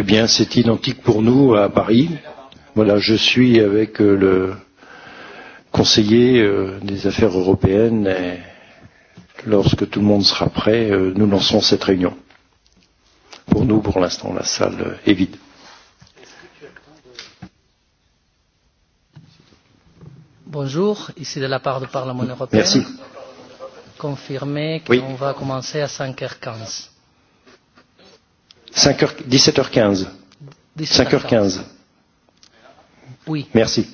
Eh bien, c'est identique pour nous à Paris. Voilà, je suis avec euh, le conseiller euh, des affaires européennes et lorsque tout le monde sera prêt, euh, nous lancerons cette réunion. Pour nous, pour l'instant, la salle est vide. Bonjour, ici de la part du Parlement européen. Merci. Confirmez qu'on oui. va commencer à 5h15. 5h, 17h15. 17h15. 17h15. Oui. Merci.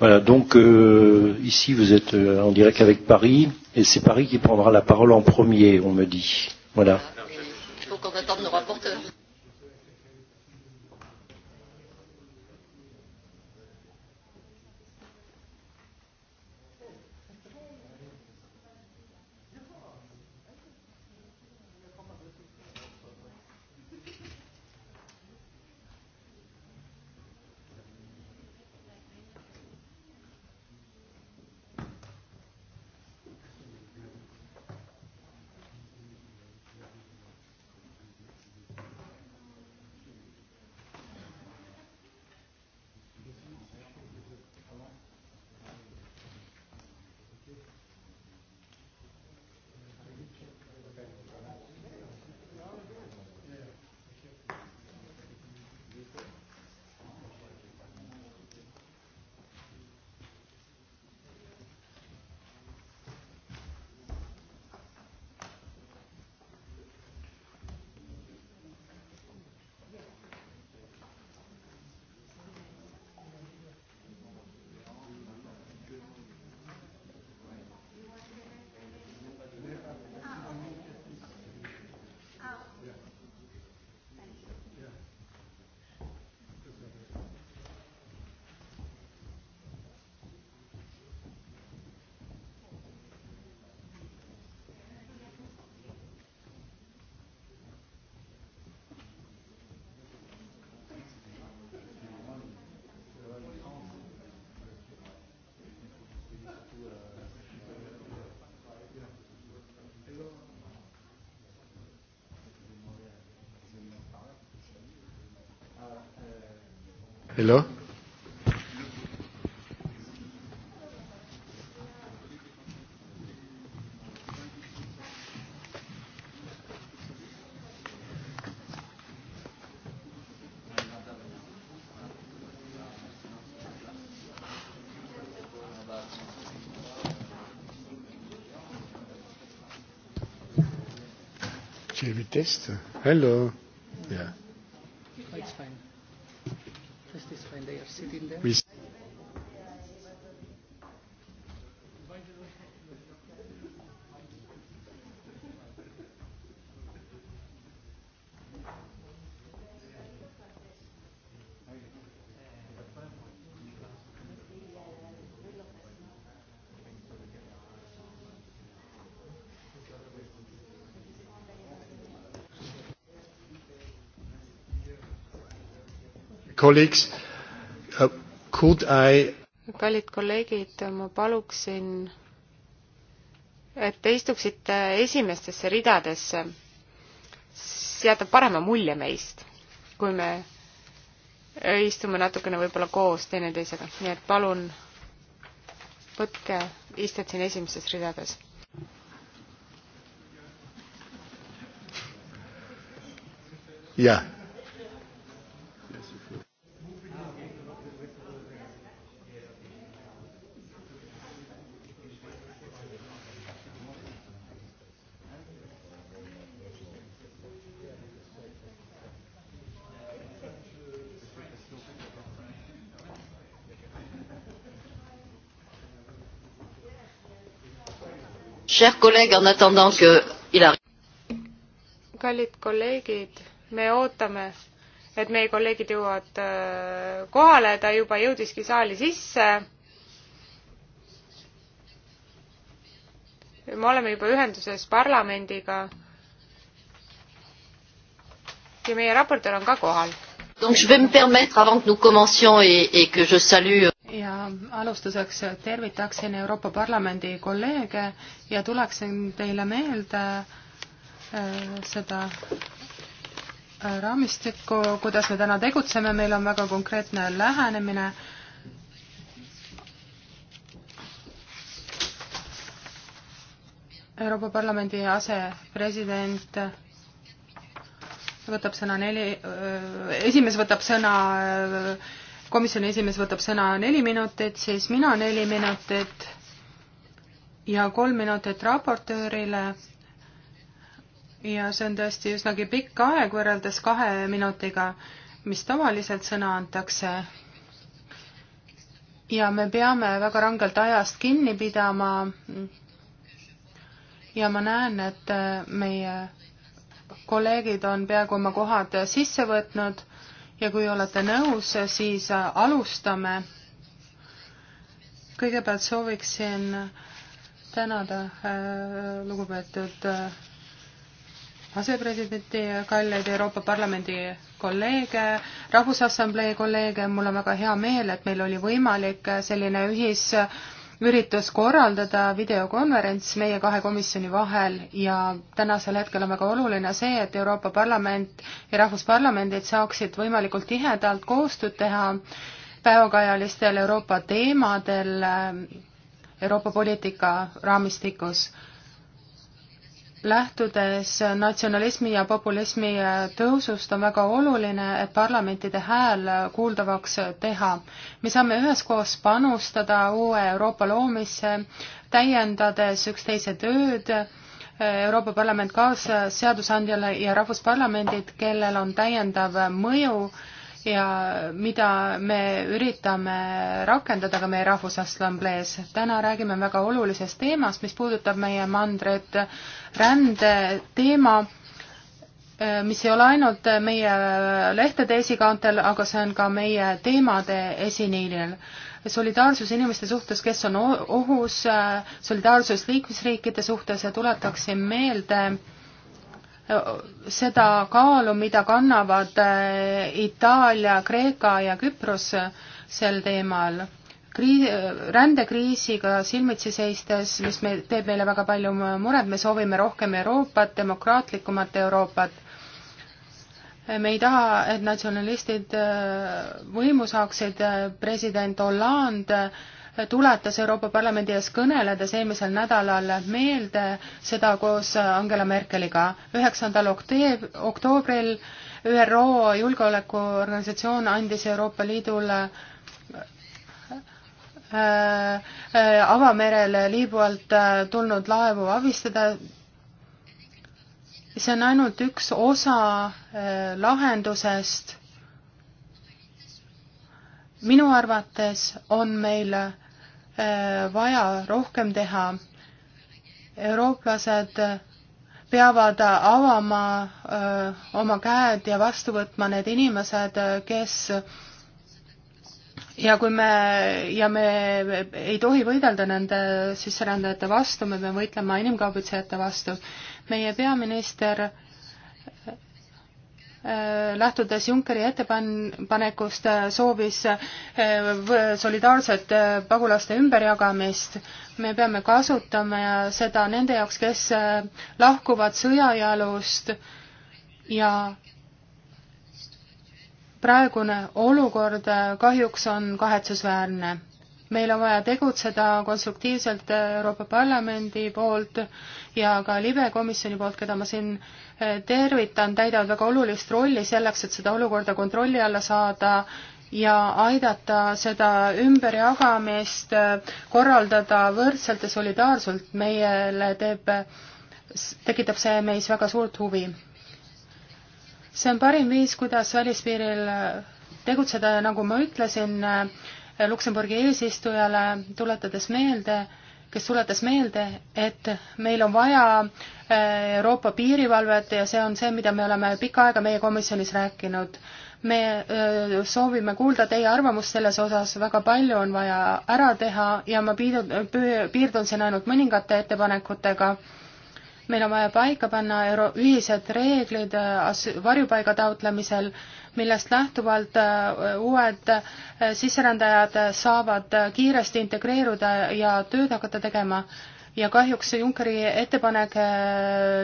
Voilà, donc euh, ici vous êtes euh, en direct avec Paris, et c'est Paris qui prendra la parole en premier, on me dit. Voilà. test. Hello. colleagues, uh, could I kallid kolleegid, ma paluksin, et te istuksite esimestesse ridadesse. see jätab parema mulje meist, kui me istume natukene võib-olla koos teineteisega, nii et palun võtke istet siin esimestes ridades. jah kallid kolleegid, me ootame, et meie kolleegid jõuavad äh, kohale, ta juba jõudiski saali sisse. me oleme juba ühenduses parlamendiga. ja meie raportöör on ka kohal. Donc je vais me permettre, avant que nous commencions et, et que je salue alustuseks tervitaksin Euroopa Parlamendi kolleege ja tuleksin teile meelde äh, seda äh, raamistikku, kuidas me täna tegutseme, meil on väga konkreetne lähenemine. Euroopa Parlamendi asepresident võtab sõna neli, äh, esimees võtab sõna öö, komisjoni esimees võtab sõna neli minutit, siis mina neli minutit ja kolm minutit raportöörile. ja see on tõesti üsnagi pikk aeg võrreldes kahe minutiga, mis tavaliselt sõna antakse. ja me peame väga rangelt ajast kinni pidama. ja ma näen, et meie kolleegid on peaaegu oma kohad sisse võtnud ja kui olete nõus, siis alustame. kõigepealt sooviksin tänada äh, lugupeetud äh, asepresidenti, kalleid Euroopa Parlamendi kolleege, Rahvusassamblee kolleege, mul on väga hea meel, et meil oli võimalik selline ühis üritus korraldada videokonverents meie kahe komisjoni vahel ja tänasel hetkel on väga oluline see, et Euroopa Parlament ja rahvusparlamendid saaksid võimalikult tihedalt koostööd teha päevakajalistel Euroopa teemadel Euroopa poliitika raamistikus lähtudes natsionalismi ja populismi tõusust on väga oluline, et parlamentide hääl kuuldavaks teha. me saame üheskoos panustada uue Euroopa loomisse, täiendades üksteise tööd, Euroopa Parlament kaasseadusandjale ja rahvusparlamendid, kellel on täiendav mõju äh, ja mida me üritame rakendada ka meie Rahvusassamblees. täna räägime väga olulisest teemast, mis puudutab meie mandrit, rändeteema, äh, mis ei ole ainult meie lehtede esikaantel, aga see on ka meie teemade esiniilil solidaarsus inimeste suhtes, kes on ohus, äh, solidaarsus liikmesriikide suhtes ja tuletaksin meelde äh, seda kaalu, mida kannavad äh, Itaalia, Kreeka ja Küpros äh, sel teemal. Krii-, äh, rändekriisiga silmitsi seistes, mis me, teeb meile väga palju muret, me soovime rohkem Euroopat, demokraatlikumat Euroopat. me ei taha, et natsionalistid võimu saaksid, president Hollande tuletas Euroopa Parlamendi ees kõneledes eelmisel nädalal meelde seda koos Angela Merkeliga. üheksandal oktoobril ÜRO Julgeolekuorganisatsioon andis Euroopa Liidule äh, avamerele Liibüa alt äh, tulnud laevu abistada. see on ainult üks osa äh, lahendusest. minu arvates on meil Äh, vaja rohkem teha. eurooplased peavad avama äh, oma käed ja vastu võtma need inimesed, äh, kes ja kui me, ja me ei tohi võidelda nende sisserändajate vastu, me peame võitlema inimkaubitsejate vastu. meie peaminister Äh, lähtudes Junckeri ettepanekust äh, soovis äh, solidaarset pagulaste ümberjagamist. me peame kasutama seda nende jaoks, kes lahkuvad sõjajalust ja praegune olukord kahjuks on kahetsusväärne. meil on vaja tegutseda konstruktiivselt Euroopa Parlamendi poolt ja ka libe komisjoni poolt, keda ma siin äh, tervitan, täidavad väga olulist rolli selleks, et seda olukorda kontrolli alla saada ja aidata seda ümberjagamist korraldada võrdselt ja solidaarselt. meile teeb, tekitab see meis väga suurt huvi. see on parim viis, kuidas välispiiril tegutseda ja nagu ma ütlesin, Luksemburgi eesistujale, tuletades meelde, kes tuletas meelde, et meil on vaja äh, Euroopa piirivalvet ja see on see, mida me oleme pikka aega meie komisjonis rääkinud. me äh, soovime kuulda teie arvamust selles osas, väga palju on vaja ära teha ja ma piidun, piirdun siin ainult mõningate ettepanekutega. meil on vaja paika panna euro-, ühised reeglid äh, varjupaiga taotlemisel millest lähtuvalt äh, uued äh, sisserändajad saavad kiiresti integreeruda ja tööd hakata tegema. ja kahjuks see Junckeri ettepanek äh,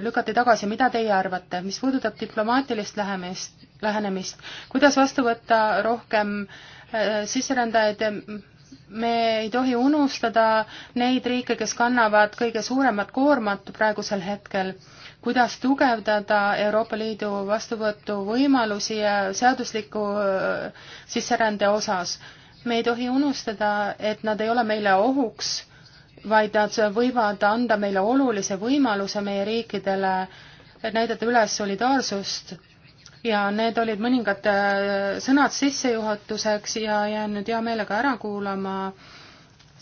lükati tagasi, mida teie arvate, mis puudutab diplomaatilist lähemist, lähenemist, kuidas vastu võtta rohkem sisserändajaid, me ei tohi unustada neid riike, kes kannavad kõige suuremat koormat praegusel hetkel. kuidas tugevdada Euroopa Liidu vastuvõtuvõimalusi ja seadusliku äh, sisserände osas? me ei tohi unustada, et nad ei ole meile ohuks, vaid nad võivad anda meile olulise võimaluse meie riikidele näidata üles solidaarsust ja need olid mõningad äh, sõnad sissejuhatuseks ja jään nüüd hea meelega ära kuulama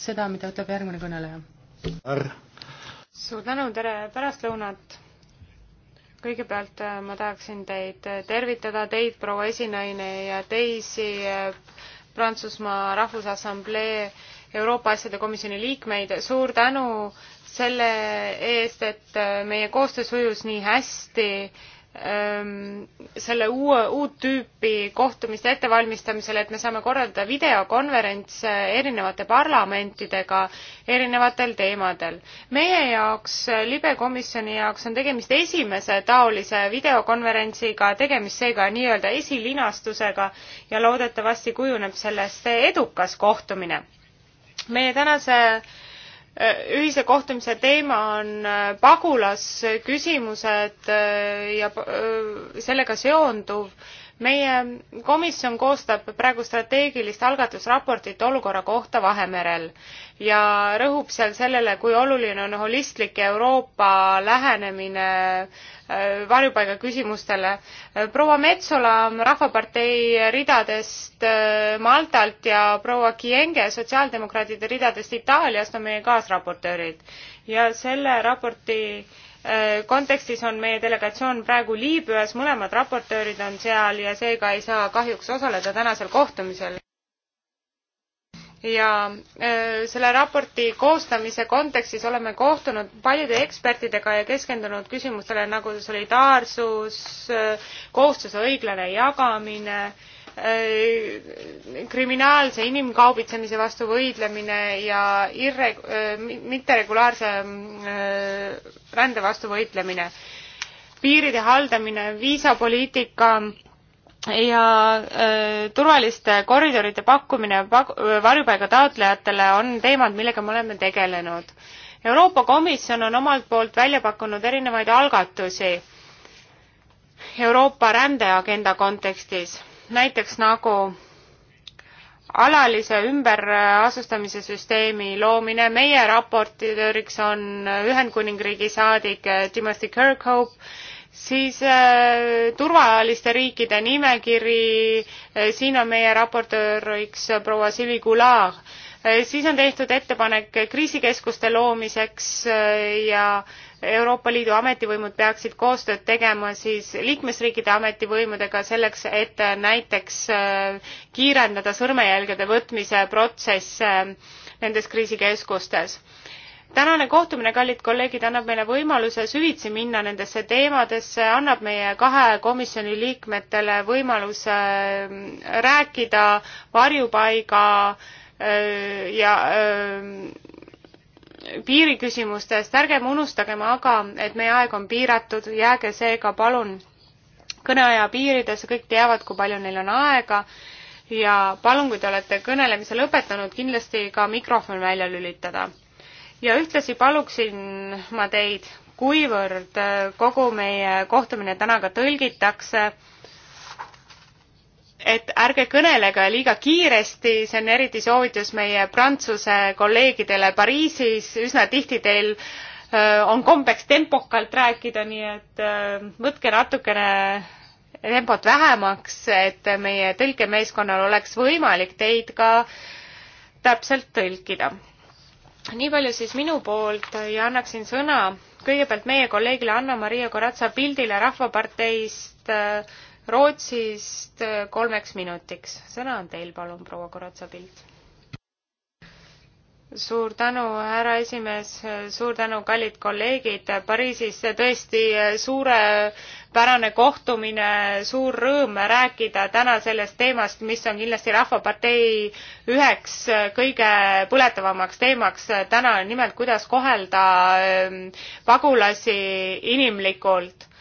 seda, mida ütleb järgmine kõneleja. suur tänu, tere pärastlõunat! kõigepealt äh, ma tahaksin teid tervitada, teid, proua esinaine ja teisi äh, Prantsusmaa Rahvusassamblee Euroopa Asjade Komisjoni liikmeid, suur tänu selle eest, et meie koostöö sujus nii hästi äh, Ähm, selle uue, uut tüüpi kohtumiste ettevalmistamisel, et me saame korraldada videokonverentse erinevate parlamentidega erinevatel teemadel. meie jaoks, libe komisjoni jaoks on tegemist esimese taolise videokonverentsiga, tegemist seega nii-öelda esilinastusega ja loodetavasti kujuneb sellest edukas kohtumine. meie tänase äh, Äh, ühise kohtumise teema on äh, pagulasküsimused äh, ja sellega seonduv. meie komisjon koostab praegu strateegilist algatusraportit olukorra kohta Vahemerel ja rõhub seal sellele, kui oluline on holistlik Euroopa lähenemine äh, Äh, varjupaiga küsimustele. proua Metsola Rahvapartei ridadest äh, Maltalt ja proua Kienge sotsiaaldemokraatide ridadest Itaaliast on meie kaasraportöörid ja selle raporti äh, kontekstis on meie delegatsioon praegu Liibüas, mõlemad raportöörid on seal ja seega ei saa kahjuks osaleda tänasel kohtumisel ja äh, selle raporti koostamise kontekstis oleme kohtunud paljude ekspertidega ja keskendunud küsimustele nagu solidaarsus, äh, kohustuse õiglane jagamine, äh, kriminaalse inimkaubitsemise vastu võidlemine ja irre-, mitteregulaarse rände vastu võitlemine, piiride haldamine, viisapoliitika ja öö, äh, turvaliste koridoride pakkumine pak-, varjupaiga taotlejatele on teemad, millega me oleme tegelenud. Euroopa Komisjon on omalt poolt välja pakkunud erinevaid algatusi Euroopa rändeagenda kontekstis, näiteks nagu alalise ümberasustamise süsteemi loomine, meie raportööriks on Ühendkuningriigi saadik Timothy Kirkhope, siis äh, turvaliste riikide nimekiri äh,, siin on meie raportööriks proua Sivi Goulart äh,. siis on tehtud ettepanek kriisikeskuste loomiseks äh, ja Euroopa Liidu ametivõimud peaksid koostööd tegema siis liikmesriikide ametivõimudega selleks, et äh, näiteks äh, kiirendada sõrmejälgede võtmise protsesse nendes kriisikeskustes tänane kohtumine, kallid kolleegid, annab meile võimaluse süvitsi minna nendesse teemadesse, annab meie kahe komisjoni liikmetele võimaluse äh, rääkida varjupaiga äh, ja äh, piiriküsimustest, ärgem unustagem aga, et meie aeg on piiratud, jääge seega palun kõneaja piiridesse, kõik teavad, kui palju neil on aega ja palun, kui te olete kõnelemise lõpetanud, kindlasti ka mikrofon välja lülitada ja ühtlasi paluksin ma teid, kuivõrd äh, kogu meie kohtumine täna ka tõlgitakse, et ärge kõnelege liiga kiiresti, see on eriti soovitus meie prantsuse kolleegidele Pariisis, üsna tihti teil äh, on kombeks tempokalt rääkida, nii et äh, võtke natukene tempot vähemaks, et meie tõlkemeeskonnal oleks võimalik teid ka täpselt tõlkida nii palju siis minu poolt ja annaksin sõna kõigepealt meie kolleegile Anna-Maria Koratsa pildile Rahvaparteist äh, Rootsist äh, kolmeks minutiks. sõna on teil, palun, proua Koratsa pilt suur tänu, härra esimees, suur tänu, kallid kolleegid. Pariisis tõesti suurepärane kohtumine, suur rõõm rääkida täna sellest teemast, mis on kindlasti Rahvapartei üheks kõige põletavamaks teemaks täna, nimelt kuidas kohelda ähm, pagulasi inimlikult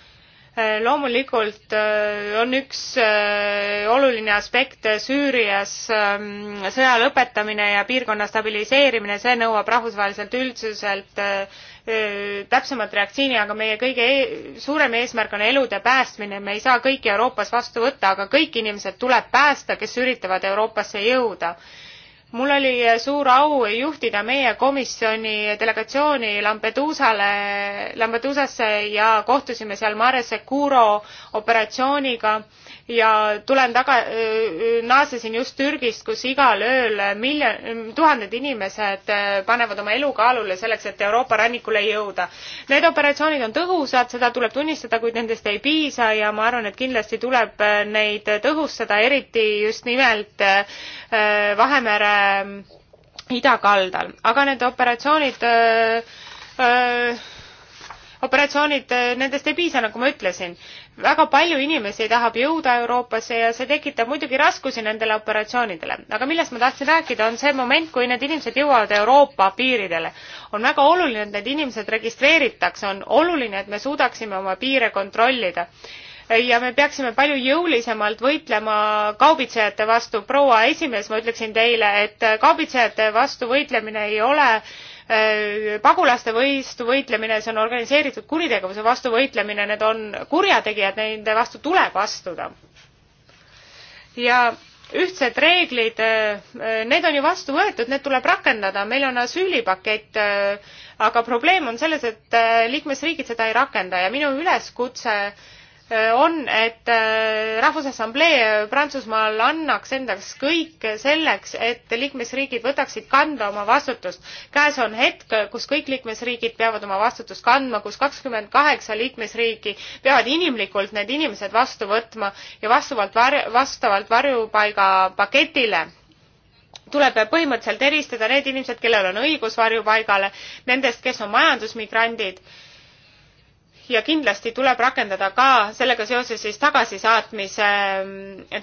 Äh, loomulikult äh, on üks äh, oluline aspekt Süürias ähm, sõja lõpetamine ja piirkonna stabiliseerimine, see nõuab rahvusvaheliselt üldsuselt täpsemat reaktsiini, aga meie kõige e suurem eesmärk on elude päästmine, me ei saa kõiki Euroopas vastu võtta, aga kõik inimesed tuleb päästa, kes üritavad Euroopasse jõuda mul oli suur au juhtida meie komisjoni delegatsiooni Lampeduusale, Lampeduusasse ja kohtusime seal Mare Securo operatsiooniga ja tulen taga, naasesin just Türgist, kus igal ööl miljon, tuhanded inimesed äh, panevad oma elu kaalule selleks, et Euroopa rannikule jõuda. Need operatsioonid on tõhusad, seda tuleb tunnistada, kuid nendest ei piisa ja ma arvan, et kindlasti tuleb äh, neid tõhustada, eriti just nimelt äh, Vahemere idakaldal, aga need operatsioonid öö, öö, operatsioonid, eh, nendest ei piisa, nagu ma ütlesin. väga palju inimesi tahab jõuda Euroopasse ja see tekitab muidugi raskusi nendele operatsioonidele. aga millest ma tahtsin rääkida, on see moment, kui need inimesed jõuavad Euroopa piiridele. on väga oluline, et need inimesed registreeritakse, on oluline, et me suudaksime oma piire kontrollida ja me peaksime palju jõulisemalt võitlema kaubitsejate vastu. proua esimees, ma ütleksin teile, et kaubitsejate vastu võitlemine ei ole äh, Äh, pagulaste vastu võitlemine, see on organiseeritud kuritegevuse vastu võitlemine, need on kurjategijad, nende vastu tuleb astuda. ja ühtsed reeglid, äh, äh, need on ju vastu võetud, need tuleb rakendada, meil on asüülipakett, aga probleem on selles, et liikmesriigid seda ei rakenda ja minu üleskutse on, et äh, Rahvusassamblee Prantsusmaal annaks endaks kõik selleks, et liikmesriigid võtaksid kanda oma vastutust. käes on hetk, kus kõik liikmesriigid peavad oma vastutust kandma, kus kakskümmend kaheksa liikmesriiki peavad inimlikult need inimesed vastu võtma ja vastavalt var-, vastavalt varjupaigapaketile tuleb põhimõtteliselt eristada need inimesed, kellel on õigus varjupaigale, nendest, kes on majandusmigrandid ja kindlasti tuleb rakendada ka sellega seoses siis tagasisaatmise ähm,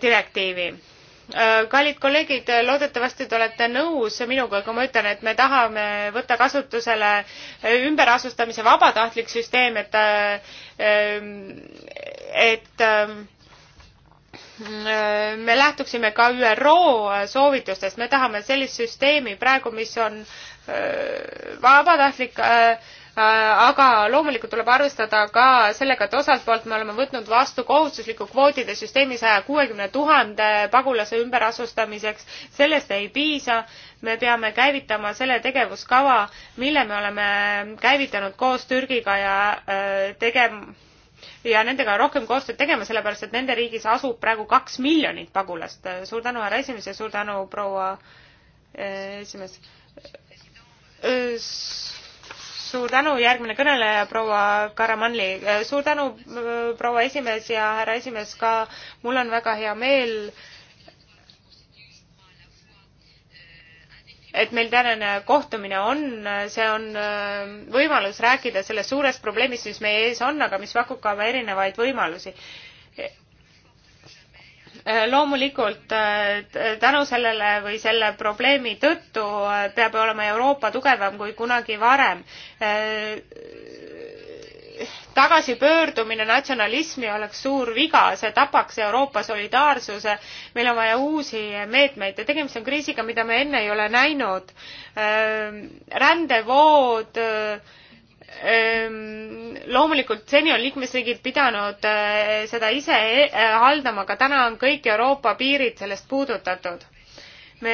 direktiivi. Äh, kallid kolleegid, loodetavasti te olete nõus minuga, kui ma ütlen, et me tahame võtta kasutusele äh, ümberasustamise vabatahtlik süsteem, et äh, ähm, et ähm, me lähtuksime ka ÜRO soovitustest, me tahame sellist süsteemi praegu, mis on vabatahtlik äh, Äh, aga loomulikult tuleb arvestada ka sellega, et osalt poolt me oleme võtnud vastu kohustusliku kvootide süsteemi saja kuuekümne tuhande pagulase ümberasustamiseks. sellest ei piisa, me peame käivitama selle tegevuskava, mille me oleme käivitanud koos Türgiga ja äh, tegema ja nendega rohkem koostööd tegema, sellepärast et nende riigis asub praegu kaks miljonit pagulast. Äh, suur tänu, härra esimees ja suur tänu, proua esimees suur tänu, järgmine kõneleja, proua Karamanli. Äh, suur tänu, äh, proua esimees ja härra esimees ka. mul on väga hea meel, et meil tänane kohtumine on, äh, see on võimalus rääkida sellest suurest probleemist, mis meie ees on, aga mis pakub ka erinevaid võimalusi. Eh, loomulikult eh, tänu sellele või selle probleemi tõttu eh, peab olema Euroopa tugevam kui kunagi varem. tagasipöördumine natsionalismi oleks suur viga, see tapaks Euroopa solidaarsuse. meil on vaja uusi meetmeid ja tegemist on kriisiga, mida me enne ei ole näinud. rändevood Ehm, loomulikult seni on liikmesriigid pidanud eh, seda ise eh, haldama, aga täna on kõik Euroopa piirid sellest puudutatud. me,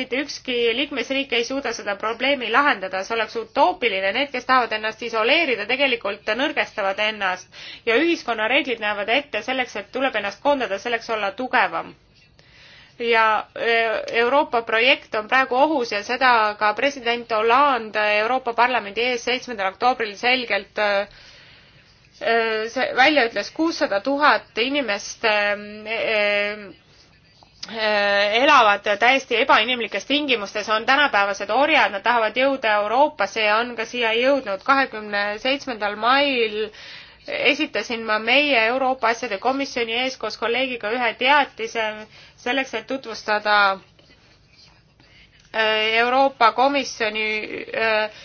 mitte ükski liikmesriik ei suuda seda probleemi lahendada, see oleks utoopiline, need, kes tahavad ennast isoleerida, tegelikult nõrgestavad ennast ja ühiskonna reeglid näevad ette selleks, et tuleb ennast koondada, selleks olla tugevam ja e, Euroopa projekt on praegu ohus ja seda ka president Hollande Euroopa Parlamendi ees seitsmendal oktoobril selgelt e, see välja ütles kuussada tuhat inimest e, elavad täiesti ebainimlikes tingimustes, on tänapäevased orjad, nad tahavad jõuda Euroopasse ja on ka siia jõudnud. kahekümne seitsmendal mail esitasin ma meie Euroopa asjade komisjoni ees koos kolleegiga ühe teatise selleks, et tutvustada äh, Euroopa Komisjoni äh,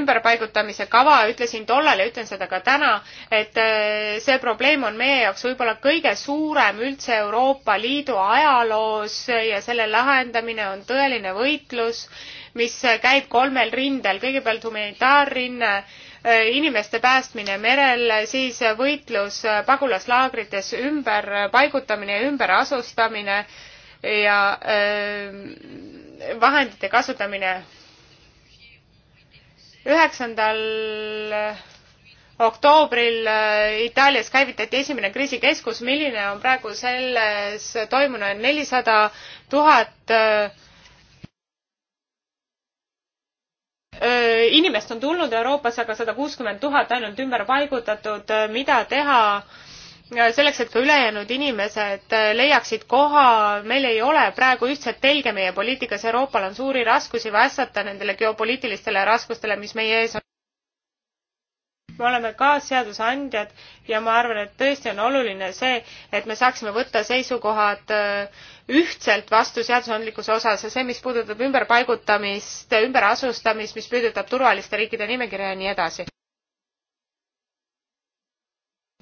ümberpaigutamise kava, ütlesin tollal ja ütlen seda ka täna, et äh, see probleem on meie jaoks võib-olla kõige suurem üldse Euroopa Liidu ajaloos ja selle lahendamine on tõeline võitlus, mis käib kolmel rindel, kõigepealt humanitaarrinne, Eh, inimeste päästmine merel, siis võitlus pagulaslaagrites, ümberpaigutamine ja ümberasustamine ja eh, vahendite kasutamine. üheksandal oktoobril eh, Itaalias käivitati esimene kriisikeskus, milline on praegu selles toimunud nelisada tuhat inimest on tulnud Euroopasse, aga sada kuuskümmend tuhat ainult ümber paigutatud, mida teha selleks, et ka ülejäänud inimesed leiaksid koha, meil ei ole praegu ühtset telge meie poliitikas, Euroopal on suuri raskusi vastata nendele geopoliitilistele raskustele, mis meie ees on me oleme kaasseadusandjad ja ma arvan, et tõesti on oluline see, et me saaksime võtta seisukohad äh, ühtselt vastu seadusandlikkuse osas ja see, mis puudutab ümberpaigutamist, ümberasustamist, mis puudutab turvaliste riikide nimekirja ja nii edasi.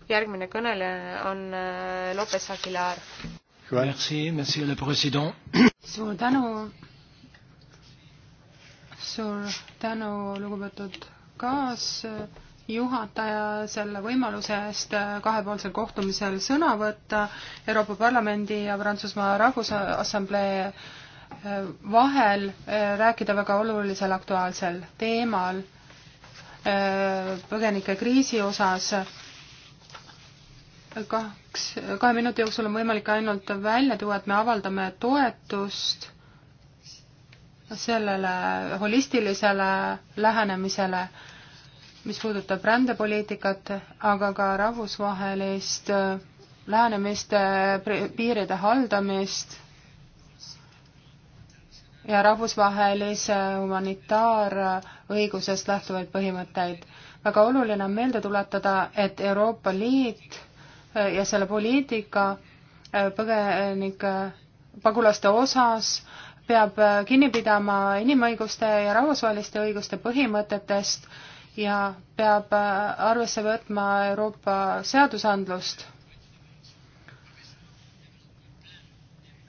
järgmine kõneleja on äh, Lopez Aguilar. suur tänu suur tänu, lugupeetud kaas juhataja selle võimaluse eest kahepoolsel kohtumisel sõna võtta Euroopa Parlamendi ja Prantsusmaa Rahvusassamblee eh, vahel, eh, rääkida väga olulisel aktuaalsel teemal eh, põgenikekriisi osas. kaks, kahe minuti jooksul on võimalik ainult välja tuua, et me avaldame toetust sellele holistilisele lähenemisele mis puudutab rändepoliitikat, aga ka rahvusvahelist äh, lähenemist, piiride haldamist ja rahvusvahelise humanitaarõigusest lähtuvaid põhimõtteid. väga oluline on meelde tuletada, et Euroopa Liit äh, ja selle poliitika äh, põgenike, pagulaste osas peab kinni pidama inimõiguste ja rahvusvaheliste õiguste põhimõtetest ja peab äh, arvesse võtma Euroopa seadusandlust.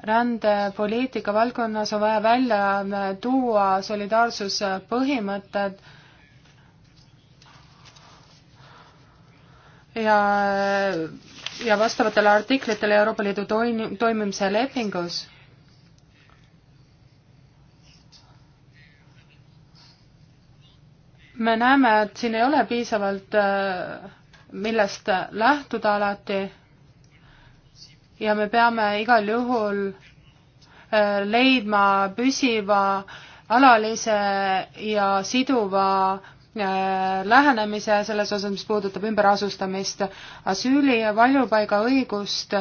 rändepoliitika valdkonnas on vaja välja äh, tuua solidaarsuse põhimõtted ja, ja vastavatele artiklitele Euroopa Liidu toim-, toimimise lepingus me näeme, et siin ei ole piisavalt, äh, millest lähtuda alati ja me peame igal juhul äh, leidma püsiva, alalise ja siduva äh, lähenemise selles osas, mis puudutab ümberasustamist, asüüli ja varjupaiga õigust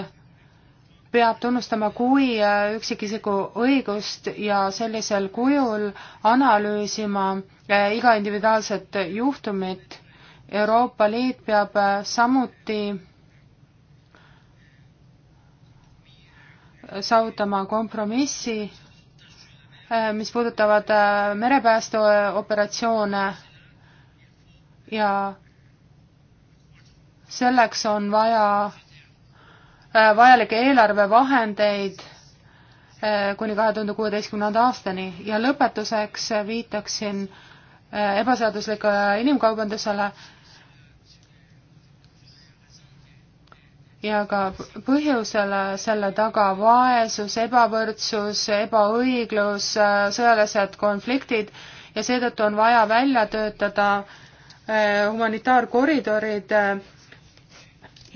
peab tunnustama kui äh, üksikisiku õigust ja sellisel kujul analüüsima äh, iga individuaalset juhtumit. Euroopa Liit peab äh, samuti saavutama kompromissi, mis puudutavad merepäästeoperatsioone ja selleks on vaja Äh, vajalikke eelarvevahendeid äh, kuni kahe tuhande kuueteistkümnenda aastani ja lõpetuseks äh, viitaksin ebaseaduslikule inimkaubandusele ja ka põhjusele selle taga vaesus, ebavõrdsus, ebaõiglus, sõjalised konfliktid ja seetõttu on vaja välja töötada humanitaarkoridorid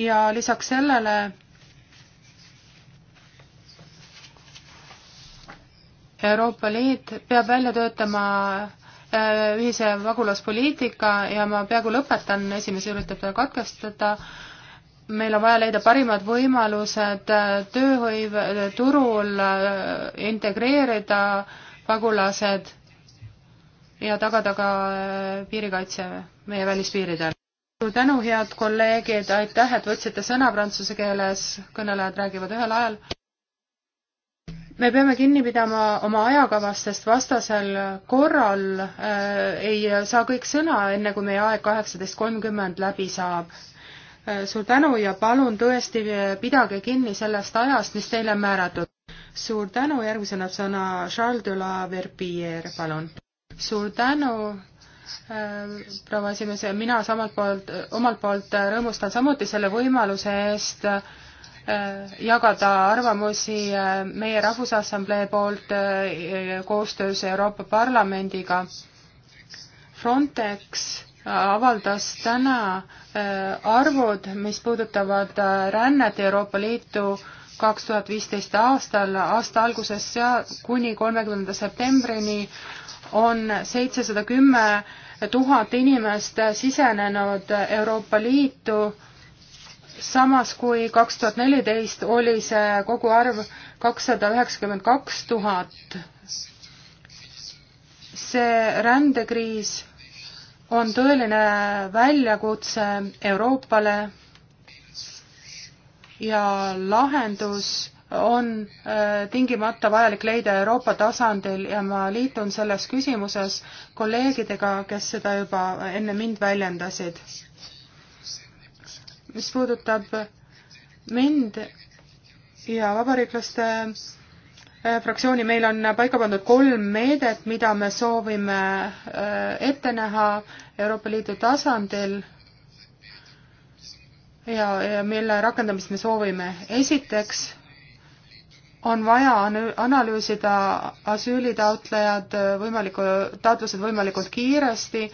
ja lisaks sellele Euroopa Liit peab välja töötama äh, ühise pagulaspoliitika ja ma peaaegu lõpetan, esimese üritab katkestada, meil on vaja leida parimad võimalused äh, tööhõive, äh, turul integreerida pagulased ja tagada ka piirikaitse meie välispiiridel. suur tänu, head kolleegid, aitäh, et võtsite sõna prantsuse keeles, kõnelejad räägivad ühel ajal me peame kinni pidama oma ajakavast, sest vastasel korral äh, ei saa kõik sõna, enne kui meie aeg kaheksateist kolmkümmend läbi saab äh,. suur tänu ja palun tõesti pidage kinni sellest ajast, mis teile on määratud. suur tänu, järgmisena sõna Charles de la Verpilliere, palun. suur tänu äh, proua esimees, mina samalt poolt, omalt poolt rõõmustan samuti selle võimaluse eest Äh, jagada arvamusi äh, meie Rahvusassamblee poolt äh, koostöös Euroopa Parlamendiga. Frontex avaldas täna arvud, mis puudutavad rännet Euroopa Liitu kaks tuhat viisteist aastal, aasta alguses sea-, kuni kolmekümnenda septembrini on seitsesada kümme tuhat inimest sisenenud Euroopa Liitu samas kui kaks tuhat neliteist oli see koguarv kakssada üheksakümmend kaks tuhat. see rändekriis on tõeline väljakutse Euroopale ja lahendus on äh, tingimata vajalik leida Euroopa tasandil ja ma liitun selles küsimuses kolleegidega, kes seda juba enne mind väljendasid mis puudutab mind ja vabariiklaste äh, fraktsiooni, meil on paika pandud kolm meedet, mida me soovime äh, ette näha Euroopa Liidu tasandil ja, ja mille rakendamist me soovime. esiteks on vaja analüüsida asüülitaotlejad võimaliku, taotlused võimalikult kiiresti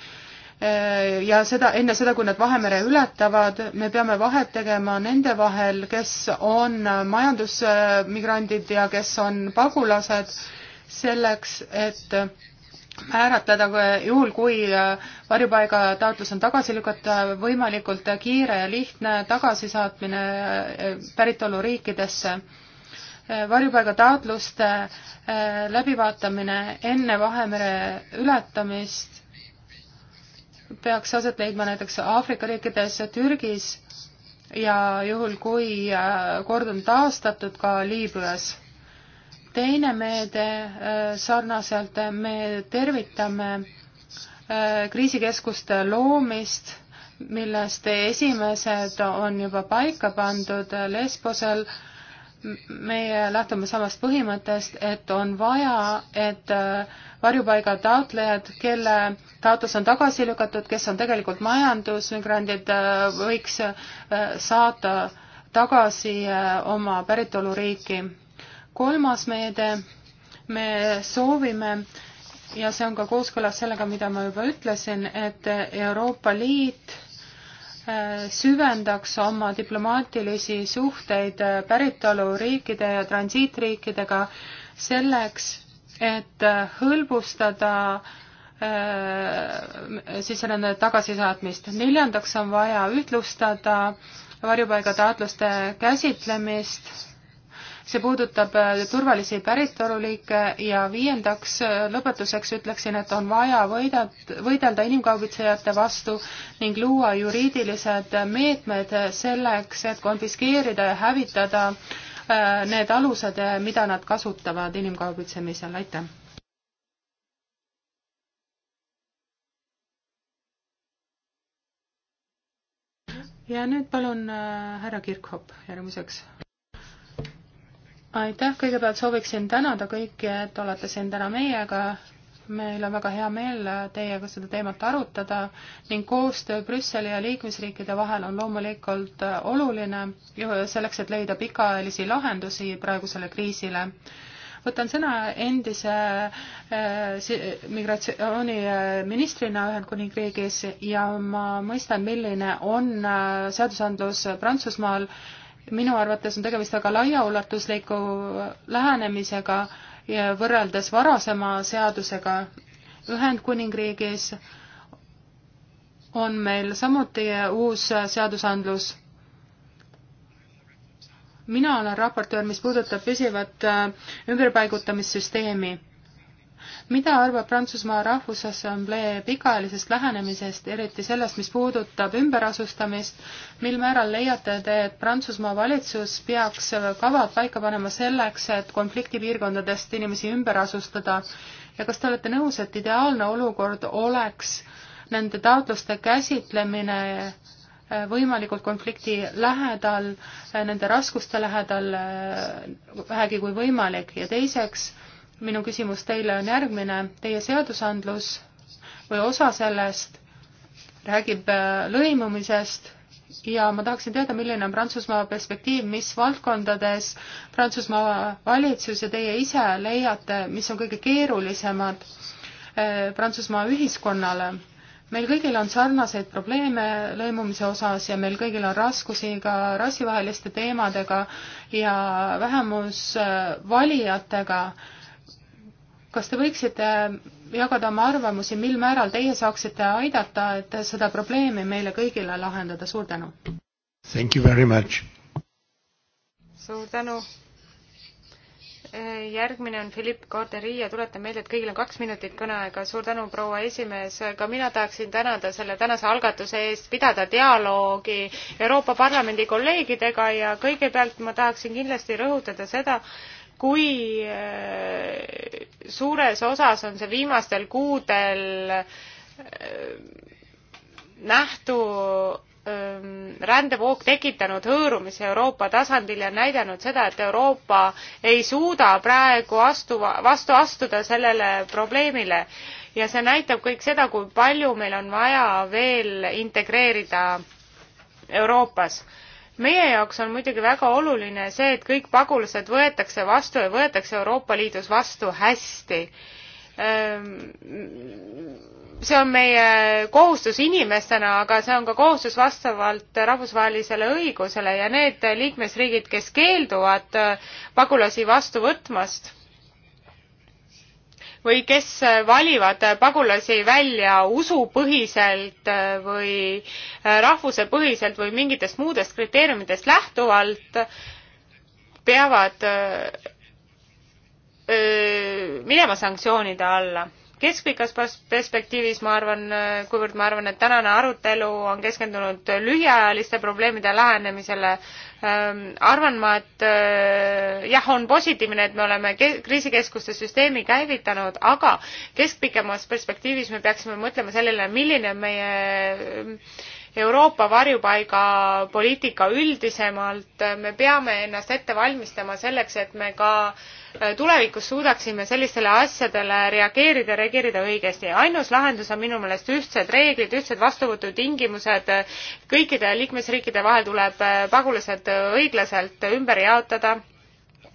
Äh, ja seda, enne seda, kui nad Vahemere ületavad, me peame vahet tegema nende vahel, kes on majandusmigrandid ja kes on pagulased, selleks et määratleda juhul, kui äh, varjupaigataotlus on tagasi lükata, äh, võimalikult kiire ja lihtne tagasisaatmine päritoluriikidesse. varjupaigataotluste läbivaatamine enne Vahemere ületamist peaks aset leidma näiteks Aafrika riikides, Türgis ja juhul, kui äh, kord on taastatud ka Liibüas. teine meede äh, sarnaselt, äh, me tervitame kriisikeskuste loomist, millest esimesed on juba paika pandud Lesbosel. meie lähtume samast põhimõttest, et on vaja, et varjupaiga taotlejad, kelle taotlus on tagasi lükatud, kes on tegelikult majandusmigrandid, äh, võiks äh, saada tagasi äh, oma päritoluriiki. kolmas meede, me soovime ja see on ka kooskõlas sellega, mida ma juba ütlesin, et Euroopa Liit süvendaks oma diplomaatilisi suhteid päritoluriikide ja transiitriikidega selleks, et äh, hõlbustada äh, sisserände tagasisaatmist. neljandaks on vaja ühtlustada varjupaigataotluste käsitlemist. see puudutab äh, turvalisi päritoluliike ja viiendaks, lõpetuseks ütleksin, et on vaja võidet, võidelda inimkaubitsejate vastu ning luua juriidilised meetmed selleks, et konfiskeerida ja hävitada äh, Äh, need alused, äh, mida nad kasutavad inimkaubitsemisel, aitäh! ja nüüd palun äh, härra Kirkhopp järgmiseks. aitäh, kõigepealt sooviksin tänada kõiki, et olete siin täna meiega meil on väga hea meel teiega seda teemat arutada ning koostöö Brüsseli ja liikmesriikide vahel on loomulikult oluline selleks, et leida pikaajalisi lahendusi praegusele kriisile. võtan sõna endise eh, migratsiooniministrina eh, Ühendkuningriigis ja ma mõistan, milline on eh, seadusandlus Prantsusmaal. minu arvates on tegemist väga laiaulatusliku lähenemisega võrreldes varasema seadusega Ühendkuningriigis on meil samuti uus seadusandlus. mina olen raportöör, mis puudutab püsivat ümberpaigutamissüsteemi mida arvab Prantsusmaa Rahvusassamblee pikaajalisest lähenemisest, eriti sellest, mis puudutab ümberasustamist, mil määral leiate te, et Prantsusmaa valitsus peaks kavad paika panema selleks, et konfliktipiirkondadest inimesi ümber asustada ja kas te olete nõus, et ideaalne olukord oleks nende taotluste käsitlemine eh, võimalikult konflikti lähedal, eh, nende raskuste lähedal eh, vähegi kui võimalik ja teiseks, minu küsimus teile on järgmine. Teie seadusandlus või osa sellest räägib äh, lõimumisest ja ma tahaksin teada, milline on Prantsusmaa perspektiiv, mis valdkondades Prantsusmaa valitsus ja teie ise leiate, mis on kõige keerulisemad äh, Prantsusmaa ühiskonnale. meil kõigil on sarnaseid probleeme lõimumise osas ja meil kõigil on raskusi ka rassivaheliste teemadega ja vähemusvalijatega äh, kas te võiksite äh, jagada oma arvamusi, mil määral teie saaksite aidata, et seda probleemi meile kõigile lahendada, suur tänu! Thank you very much! suur tänu! Äh, järgmine on Philipp Corderi ja tuletan meelde, et kõigil on kaks minutit kõneaega. suur tänu, proua esimees. ka mina tahaksin tänada selle tänase algatuse eest pidada dialoogi Euroopa Parlamendi kolleegidega ja kõigepealt ma tahaksin kindlasti rõhutada seda, kui äh, suures osas on see viimastel kuudel äh, nähtu ähm, rändevoog tekitanud hõõrumise Euroopa tasandil ja näidanud seda, et Euroopa ei suuda praegu astuva, vastu astuda sellele probleemile. ja see näitab kõik seda, kui palju meil on vaja veel integreerida Euroopas meie jaoks on muidugi väga oluline see, et kõik pagulased võetakse vastu ja võetakse Euroopa Liidus vastu hästi. Ehm, see on meie kohustus inimestena, aga see on ka kohustus vastavalt rahvusvahelisele õigusele ja need liikmesriigid, kes keelduvad äh, pagulasi vastu võtmast, või kes valivad pagulasi välja usupõhiselt või rahvusepõhiselt või mingitest muudest kriteeriumitest lähtuvalt, peavad öö, minema sanktsioonide alla keskpikas perspektiivis ma arvan, kuivõrd ma arvan, et tänane arutelu on keskendunud lühiajaliste probleemide lähenemisele, ähm, arvan ma, et äh, jah, on positiivne, et me oleme kriisikeskuste süsteemi käivitanud, aga keskpikemas perspektiivis me peaksime mõtlema sellele, milline on meie ähm, Euroopa varjupaigapoliitika üldisemalt, me peame ennast ette valmistama selleks, et me ka äh, Äh, tulevikus suudaksime sellistele asjadele reageerida, reageerida õigesti. ainus lahendus on minu meelest ühtsed reeglid, ühtsed vastuvõtutingimused, kõikide liikmesriikide vahel tuleb äh, pagulased äh, õiglaselt ümber jaotada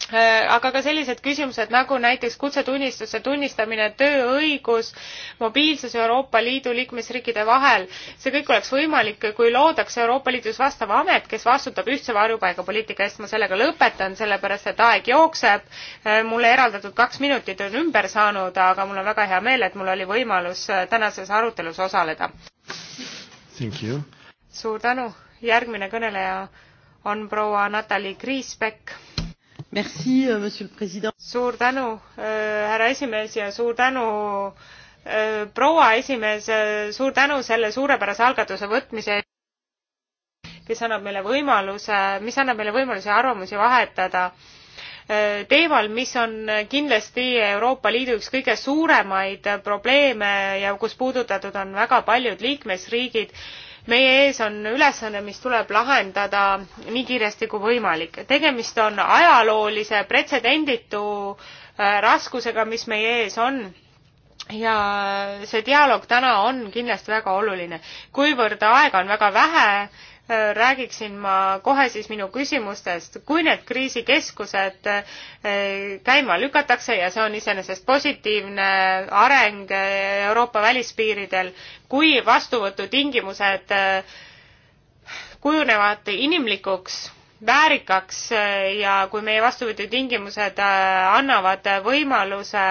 Äh, aga ka sellised küsimused nagu näiteks kutsetunnistuse tunnistamine, tööõigus, mobiilsus Euroopa Liidu liikmesriikide vahel, see kõik oleks võimalik, kui loodaks Euroopa Liidus vastav amet, kes vastutab ühtse varjupaigapoliitika eest. ma sellega lõpetan, sellepärast et aeg jookseb. Äh, mulle eraldatud kaks minutit on ümber saanud, aga mul on väga hea meel, et mul oli võimalus äh, tänases arutelus osaleda. suur tänu, järgmine kõneleja on proua Natalja Kriisbeck Euh, suur tänu äh, härra esimees ja suur tänu äh, proua esimees äh, suur tänu selle suurepärase algatuse võtmise eest kes annab meile võimaluse mis annab meile võimaluse arvamusi vahetada teemal mis on kindlasti euroopa liidu üks kõige suuremaid probleeme ja kus puudutatud on väga paljud liikmesriigid meie ees on ülesanne, mis tuleb lahendada nii kiiresti kui võimalik. tegemist on ajaloolise pretsedenditu äh, raskusega, mis meie ees on ja see dialoog täna on kindlasti väga oluline. kuivõrd aega on väga vähe, Äh, räägiksin ma kohe siis minu küsimustest. kui need kriisikeskused äh, käima lükatakse ja see on iseenesest positiivne areng äh, Euroopa välispiiridel, kui vastuvõtutingimused kujunevad inimlikuks, väärikaks ja kui meie vastuvõtutingimused annavad võimaluse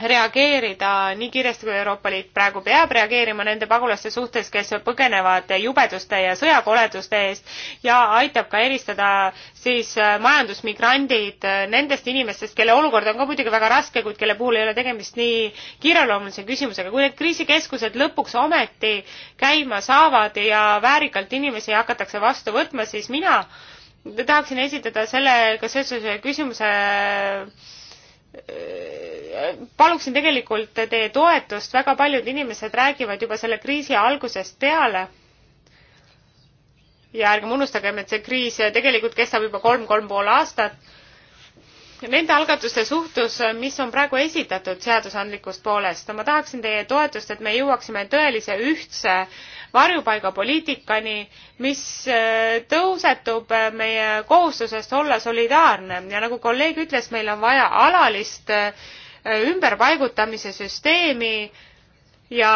reageerida nii kiiresti, kui Euroopa Liit praegu peab reageerima nende pagulaste suhtes, kes põgenevad jubeduste ja sõjakoleduste eest ja aitab ka eristada siis äh, majandusmigrandid äh, nendest inimestest, kelle olukord on ka muidugi väga raske, kuid kelle puhul ei ole tegemist nii kiireloomulise küsimusega. kui need kriisikeskused lõpuks ometi käima saavad ja väärikalt inimesi hakatakse vastu võtma, siis mina tahaksin esitada sellega seoses küsimuse paluksin tegelikult teie toetust, väga paljud inimesed räägivad juba selle kriisi algusest peale. ja ärgem unustagem, et see kriis tegelikult kestab juba kolm, kolm pool aastat. Nende algatuste suhtes, mis on praegu esitatud seadusandlikust poolest, no ma tahaksin teie toetust, et me jõuaksime tõelise ühtse äh, varjupaigapoliitikani, mis äh, tõusetub äh, meie kohustusest olla solidaarne ja nagu kolleeg ütles, meil on vaja alalist äh, ümberpaigutamise süsteemi ja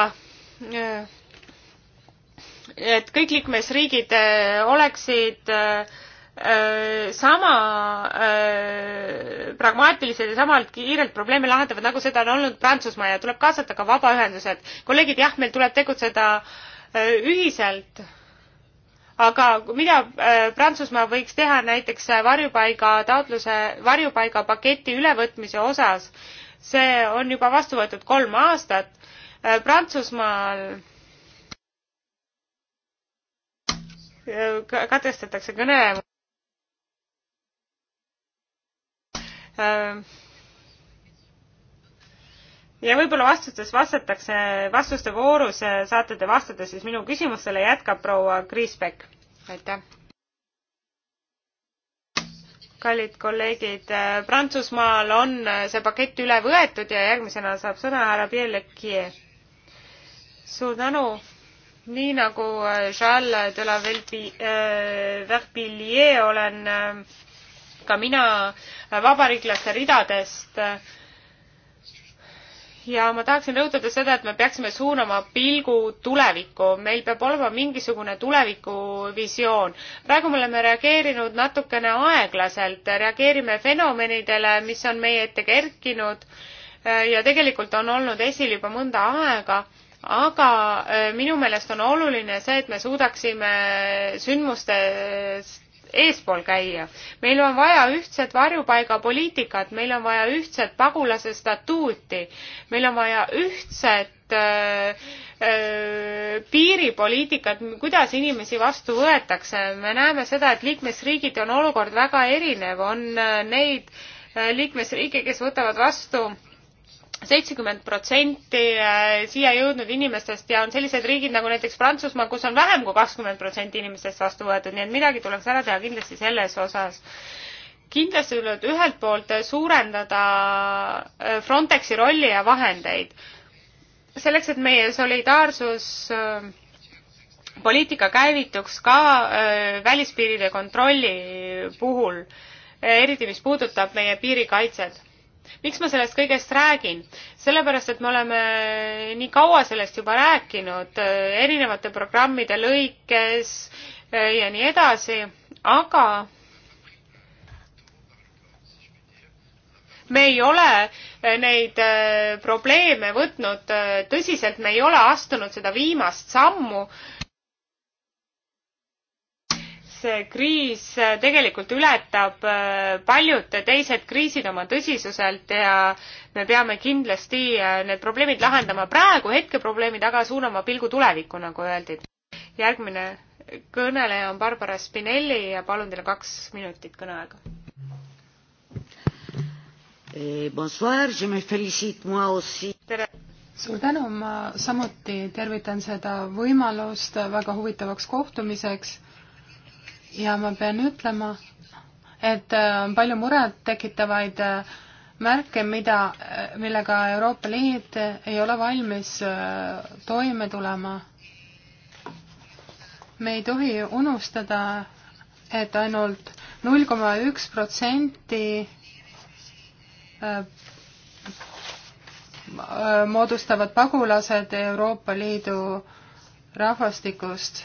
et kõik liikmesriigid oleksid sama pragmaatilised ja samalt kiirelt probleeme lahendavad, nagu seda on olnud Prantsusmaa ja tuleb kaasata ka vabaühendused. kolleegid, jah, meil tuleb tegutseda äh, Äh, ühiselt aga mida äh, Prantsusmaa võiks teha näiteks äh, varjupaiga taotluse, varjupaigapaketi ülevõtmise osas? see on juba vastu võetud kolm aastat. Prantsusmaal katkestatakse kõne ja võib-olla vastustes vastatakse, vastuste voorus saate te vastata siis minu küsimustele, jätkab proua Kriisbeck. aitäh. kallid kolleegid, Prantsusmaal on see pakett üle võetud ja järgmisena saab sõna härra Pierre Lequier. suur tänu. nii nagu äh, Charles de la äh, Verpillier olen äh, ka mina vabariiklaste ridadest äh, ja ma tahaksin rõhutada seda, et me peaksime suunama pilgu tulevikku, meil peab olema mingisugune tulevikuvisioon. praegu me oleme reageerinud natukene aeglaselt, reageerime fenomenidele, mis on meie ette kerkinud ja tegelikult on olnud esil juba mõnda aega, aga eh, minu meelest on oluline see, et me suudaksime sündmustest eespool käia. meil on vaja ühtset varjupaigapoliitikat, meil on vaja ühtset pagulase statuuti, meil on vaja ühtset öö, äh, öö, äh, piiripoliitikat, kuidas inimesi vastu võetakse. me näeme seda, et liikmesriigid on olukord väga erinev, on äh, neid liikmesriike, kes võtavad vastu seitsekümmend protsenti äh, siia jõudnud inimestest ja on sellised riigid nagu näiteks Prantsusmaa, kus on vähem kui kakskümmend protsenti inimestest vastu võetud, nii et midagi tuleks ära teha kindlasti selles osas. kindlasti tuleb ühelt poolt suurendada äh, Frontexi rolli ja vahendeid. selleks, et meie solidaarsus äh, poliitika käivituks ka välispiiride kontrolli puhul, eriti mis puudutab meie piirikaitset miks ma sellest kõigest räägin? sellepärast, et me oleme nii kaua sellest juba rääkinud äh, erinevate programmide lõikes äh, ja nii edasi, aga me ei ole äh, neid probleeme võtnud tõsiselt, me ei ole astunud seda viimast sammu see kriis äh, tegelikult ületab äh, paljud teised kriisid oma tõsisuselt ja me peame kindlasti äh, need probleemid lahendama praegu, hetkeprobleemid, aga suunama pilgu tulevikku, nagu öeldi. järgmine kõneleja on Barbara Spinelli ja palun teile kaks minutit kõneaega. Eh, tere suur tänu, ma samuti tervitan seda võimalust väga huvitavaks kohtumiseks ja ma pean ütlema, et äh, on palju muret tekitavaid äh, märke, mida, äh, millega Euroopa Liit ei ole valmis toime tulema. me ei tohi unustada, et ainult null koma üks protsenti moodustavad pagulased Euroopa Liidu rahvastikust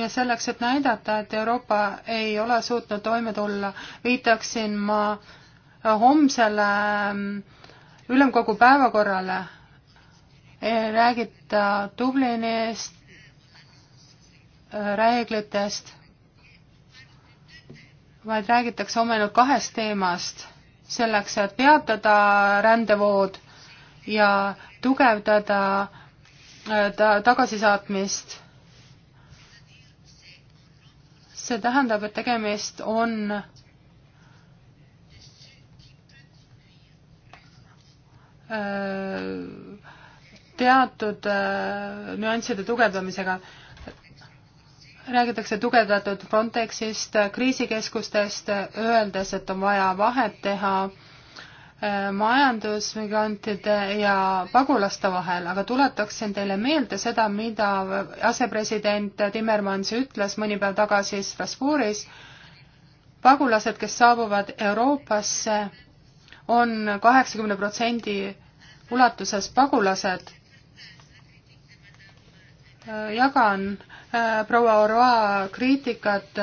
ja selleks, et näidata, et Euroopa ei ole suutnud toime tulla, viitaksin ma äh, homsele ähm, ülemkogu päevakorrale. räägita Dublinist, äh, reeglitest, vaid räägitakse homme ainult kahest teemast, selleks, et peatada rändevood ja tugevdada äh, ta tagasisaatmist see tähendab, et tegemist on teatud äh, nüansside tugevdamisega. räägitakse tugevdatud Frontexist, kriisikeskustest, öeldes, et on vaja vahet teha Äh, majandusmigrantide ja pagulaste vahel, aga tuletaksin teile meelde seda, mida asepresident Timmermans ütles mõni päev tagasi Strasbourgis. pagulased, kes saabuvad Euroopasse, on kaheksakümne protsendi ulatuses pagulased. jagan äh, proua Orva kriitikat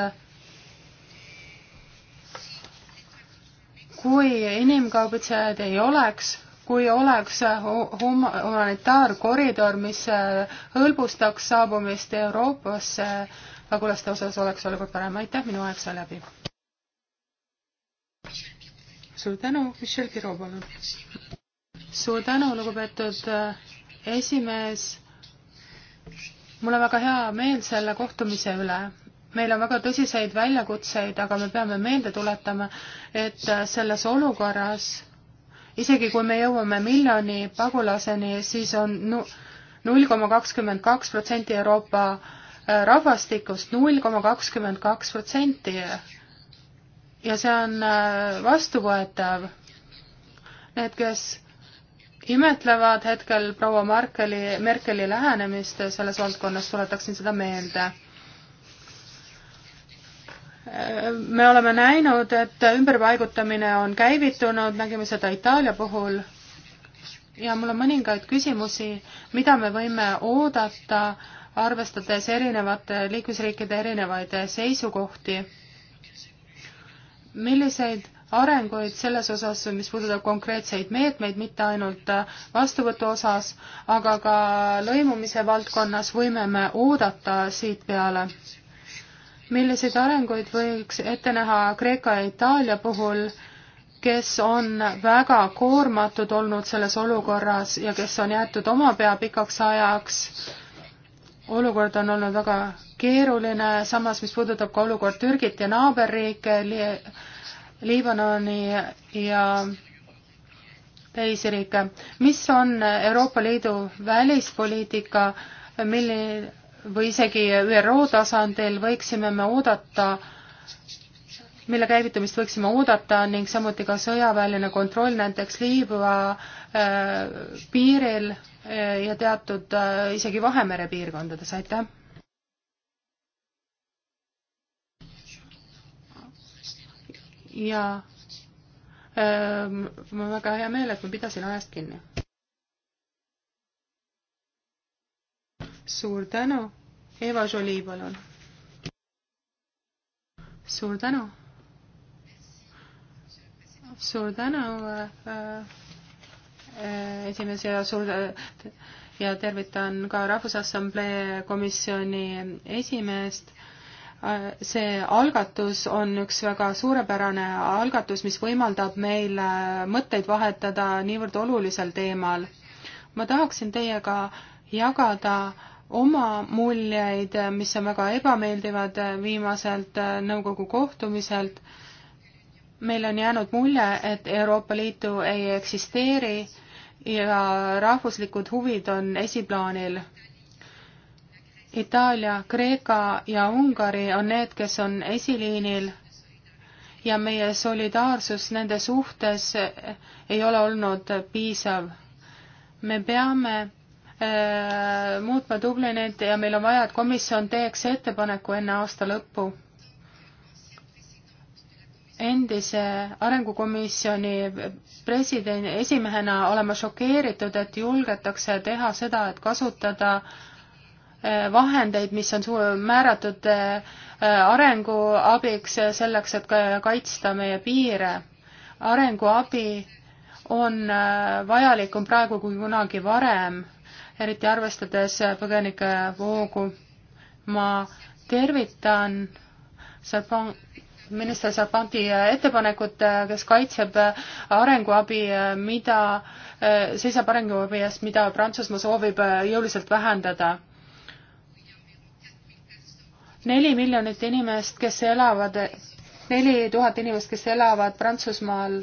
kui inimkaubitsejad ei oleks, kui oleks humanitaarkoridor, mis äh, hõlbustaks saabumist Euroopasse, pagulaste osas oleks olukord parem. aitäh, minu aeg sai läbi. suur tänu, Michel Kiro, palun. suur tänu, lugupeetud äh, esimees. mul on väga hea meel selle kohtumise üle meil on väga tõsiseid väljakutseid, aga me peame meelde tuletama, et selles olukorras, isegi kui me jõuame miljoni pagulaseni, siis on null koma kakskümmend kaks protsenti Euroopa äh, rahvastikust, null koma kakskümmend kaks protsenti. ja see on äh, vastuvõetav. Need, kes imetlevad hetkel proua Merkeli, Merkeli lähenemist selles valdkonnas, tuletaksin seda meelde me oleme näinud, et ümberpaigutamine on käivitunud, nägime seda Itaalia puhul ja mul on mõningaid küsimusi, mida me võime oodata, arvestades erinevate liikmesriikide erinevaid seisukohti. milliseid arenguid selles osas, mis puudutab konkreetseid meetmeid, mitte ainult vastuvõtu osas, aga ka lõimumise valdkonnas võime me oodata siit peale milliseid arenguid võiks ette näha Kreeka ja Itaalia puhul, kes on väga koormatud olnud selles olukorras ja kes on jäetud oma pea pikaks ajaks. olukord on olnud väga keeruline, samas mis puudutab ka olukord Türgit ja naaberriike Li, Liibanoni ja teisi riike. mis on Euroopa Liidu välispoliitika, milline või isegi ÜRO tasandil võiksime me oodata, mille käivitumist võiksime oodata ning samuti ka sõjaväeline kontroll näiteks Liibüa äh, piiril äh, ja teatud äh, isegi Vahemere piirkondades, aitäh. ja ähm, mul on väga hea meel, et ma pidasin ajast kinni suur tänu. Eva Jolie, palun. suur tänu. suur tänu äh,, äh, esimees ja suur äh, ja tervitan ka Rahvusassamblee komisjoni esimeest äh, see algatus on üks väga suurepärane algatus, mis võimaldab meil äh, mõtteid vahetada niivõrd olulisel teemal. ma tahaksin teiega jagada oma muljeid, mis on väga ebameeldivad äh, viimaselt äh, nõukogu kohtumiselt. meil on jäänud mulje, et Euroopa Liitu ei eksisteeri ja rahvuslikud huvid on esiplaanil. Itaalia, Kreeka ja Ungari on need, kes on esiliinil ja meie solidaarsus nende suhtes äh, ei ole olnud piisav. me peame Äh, muutma Dublinit ja meil on vaja, et komisjon teeks ettepaneku enne aasta lõppu. endise arengukomisjoni presidendi, esimehena olen ma šokeeritud, et julgetakse teha seda, et kasutada äh, vahendeid, mis on määratud äh, arenguabiks selleks, et kaitsta meie piire. arenguabi on vajalikum praegu kui kunagi varem eriti arvestades põgenike voogu. ma tervitan Sarpan, minister Sarpanti ettepanekut, kes kaitseb arenguabi, mida, seisab arenguabi eest, mida Prantsusmaa soovib jõuliselt vähendada neli miljonit inimest, kes elavad, neli tuhat inimest, kes elavad Prantsusmaal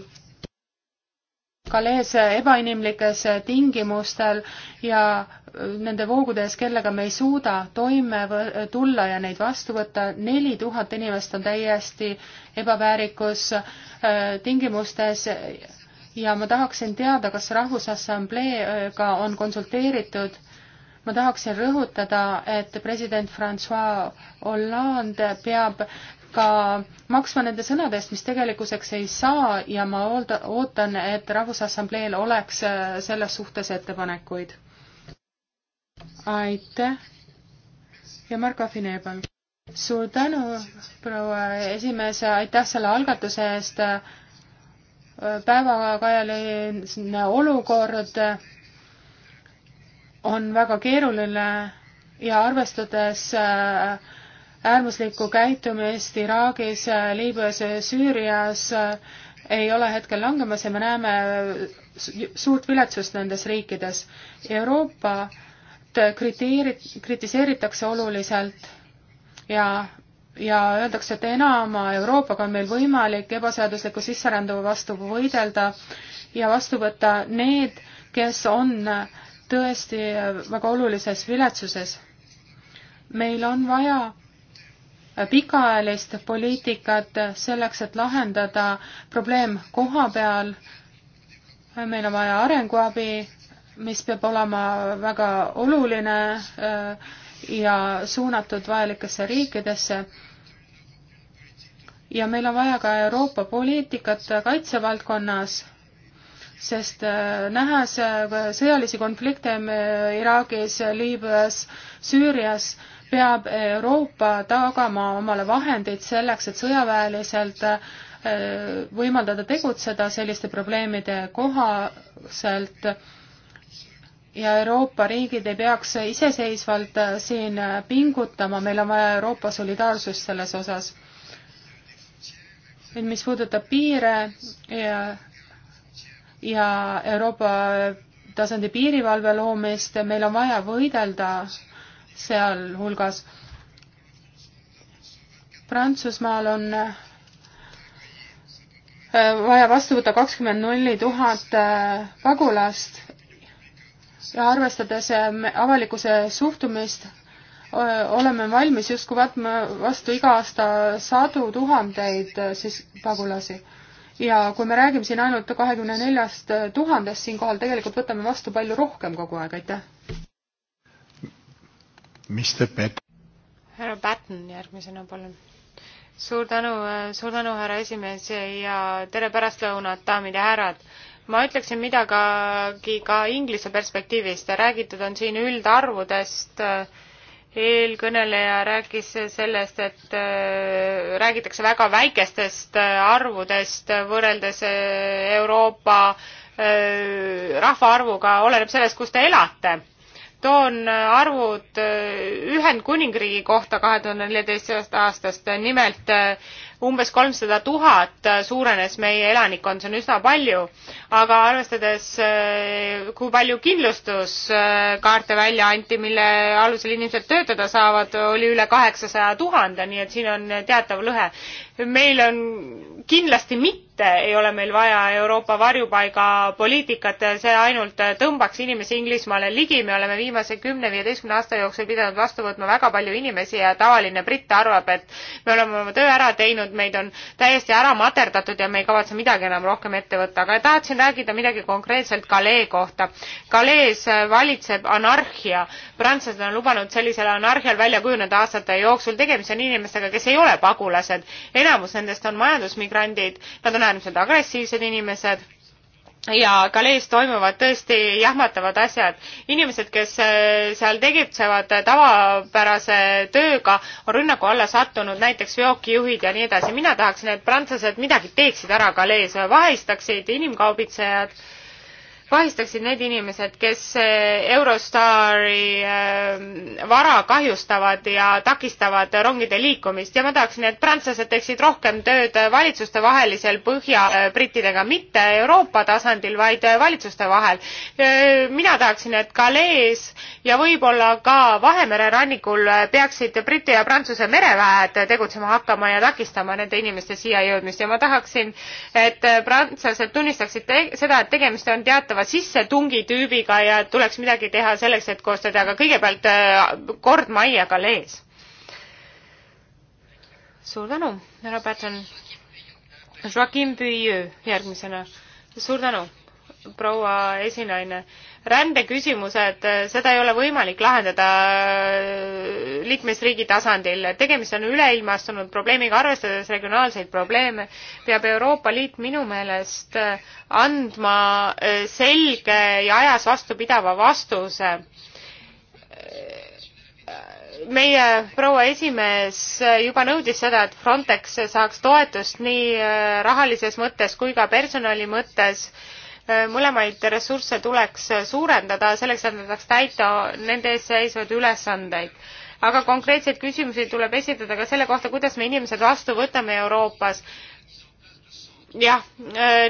Kalees ebainimlikes tingimustel ja äh, nende voogude ees, kellega me ei suuda toime tulla ja neid vastu võtta. neli tuhat inimest on täiesti ebaväärikus äh, tingimustes ja ma tahaksin teada, kas Rahvusassambleega on konsulteeritud. ma tahaksin rõhutada, et president Francois Hollande peab ka maksma nende sõnade eest, mis tegelikkuseks ei saa ja ma ootan, et Rahvusassambleel oleks äh, selles suhtes ettepanekuid. aitäh ja Marko Finebal. suur tänu, proua esimees, aitäh selle algatuse eest. Äh, päevakajaline olukord on väga keeruline ja arvestades äh, äärmuslikku käitumist Iraagis, Liibüas, Süürias äh, ei ole hetkel langemas ja me näeme äh, suurt viletsust nendes riikides. Euroopat kriteeri-, kritiseeritakse oluliselt ja, ja öeldakse, et enama Euroopaga on meil võimalik ebaseadusliku sisserändu vastu võidelda ja vastu võtta need, kes on tõesti väga olulises viletsuses. meil on vaja pikaajalist poliitikat selleks, et lahendada probleem koha peal. meil on vaja arenguabi, mis peab olema väga oluline äh, ja suunatud vajalikesse riikidesse. ja meil on vaja ka Euroopa poliitikat kaitsevaldkonnas sest äh, nähes äh, sõjalisi konflikte Iraagis, Liibüas, Süürias, peab Euroopa tagama omale vahendeid selleks, et sõjaväeliselt äh, võimaldada tegutseda selliste probleemide kohaselt ja Euroopa riigid ei peaks iseseisvalt äh, siin äh, pingutama, meil on vaja Euroopa solidaarsust selles osas. et mis puudutab piire ja, ja Euroopa tasandi piirivalve loomist, meil on vaja võidelda sealhulgas. Prantsusmaal on äh, vaja vastu võtta kakskümmend nulli tuhat äh, pagulast ja arvestades äh, avalikkuse suhtumist, oleme valmis justkui võtma vastu iga aasta sadu tuhandeid siis pagulasi. ja kui me räägime siin ainult kahekümne neljast tuhandest siinkohal, tegelikult võtame vastu palju rohkem kogu aeg, aitäh! härra Patten järgmisena, palun. suur tänu, äh, suur tänu, härra esimees ja tere pärastlõunat, daamid ja härrad ma ütleksin midagi ka inglise perspektiivist, räägitud on siin üldarvudest, eelkõneleja rääkis sellest, et äh, räägitakse väga väikestest äh, arvudest võrreldes Euroopa rahvaarvuga, oleneb sellest, kus te elate toon arvud äh, Ühendkuningriigi kohta kahe tuhande neljateistkümnendast aastast, nimelt äh, umbes kolmsada tuhat äh, suurenes meie elanikkond, see on üsna palju, aga arvestades, kui palju kindlustuskaarte välja anti, mille alusel inimesed töötada saavad, oli üle kaheksasaja tuhande, nii et siin on teatav lõhe meil on kindlasti mitte, ei ole meil vaja Euroopa varjupaigapoliitikat, see ainult tõmbaks inimesi Inglismaale ligi, me oleme viimase kümne-viieteistkümne aasta jooksul pidanud vastu võtma väga palju inimesi ja tavaline britt arvab, et me oleme oma töö ära teinud, meid on täiesti ära materdatud ja me ei kavatse midagi enam rohkem ette võtta, aga tahtsin rääkida midagi konkreetselt Galee kohta. Galees valitseb anarhia, prantslased on lubanud sellisel anarhial välja kujuneda aastate jooksul, tegemist on inimestega, kes ei ole pagulased enamus nendest on majandusmigrandid, nad on äärmiselt agressiivsed inimesed ja Galees toimuvad tõesti jahmatavad asjad. inimesed, kes eh, seal tegutsevad eh, tavapärase tööga, on rünnaku alla sattunud, näiteks veokijuhid ja nii edasi. mina tahaksin, et prantslased midagi teeksid ära Galees, vahistaksid inimkaubitsejad äh, vahistaksid need inimesed, kes eh, Eurostari eh, vara kahjustavad ja takistavad rongide liikumist ja ma tahaksin, et prantslased teeksid rohkem tööd valitsustevahelisel põhja eh, brittidega, mitte Euroopa tasandil, vaid valitsuste vahel. mina tahaksin, et Calais ja võib-olla ka Vahemere rannikul peaksid Briti ja Prantsuse mereväed tegutsema hakkama ja takistama nende inimeste siia jõudmist ja ma tahaksin, et prantslased tunnistaksid seda, et tegemist on teatava tegelema sissetungitüübiga ja tuleks midagi teha selleks, et koostada, aga kõigepealt äh, kord majja galees. suur tänu, härra Pätson. Joaquin Püüö järgmisena. suur tänu proua esinaine. rändeküsimused, äh, seda ei ole võimalik lahendada äh, liikmesriigi tasandil. tegemist on üleilmastunud probleemiga, arvestades regionaalseid probleeme, peab Euroopa Liit minu meelest äh, andma selge ja ajas vastupidava vastuse meie proua esimees juba nõudis seda, et Frontex saaks toetust nii rahalises mõttes kui ka personali mõttes mõlemaid ressursse tuleks suurendada selleks, et nad saaks täita nende ees seisvaid ülesandeid. aga konkreetseid küsimusi tuleb esitada ka selle kohta, kuidas me inimesed vastu võtame Euroopas. jah,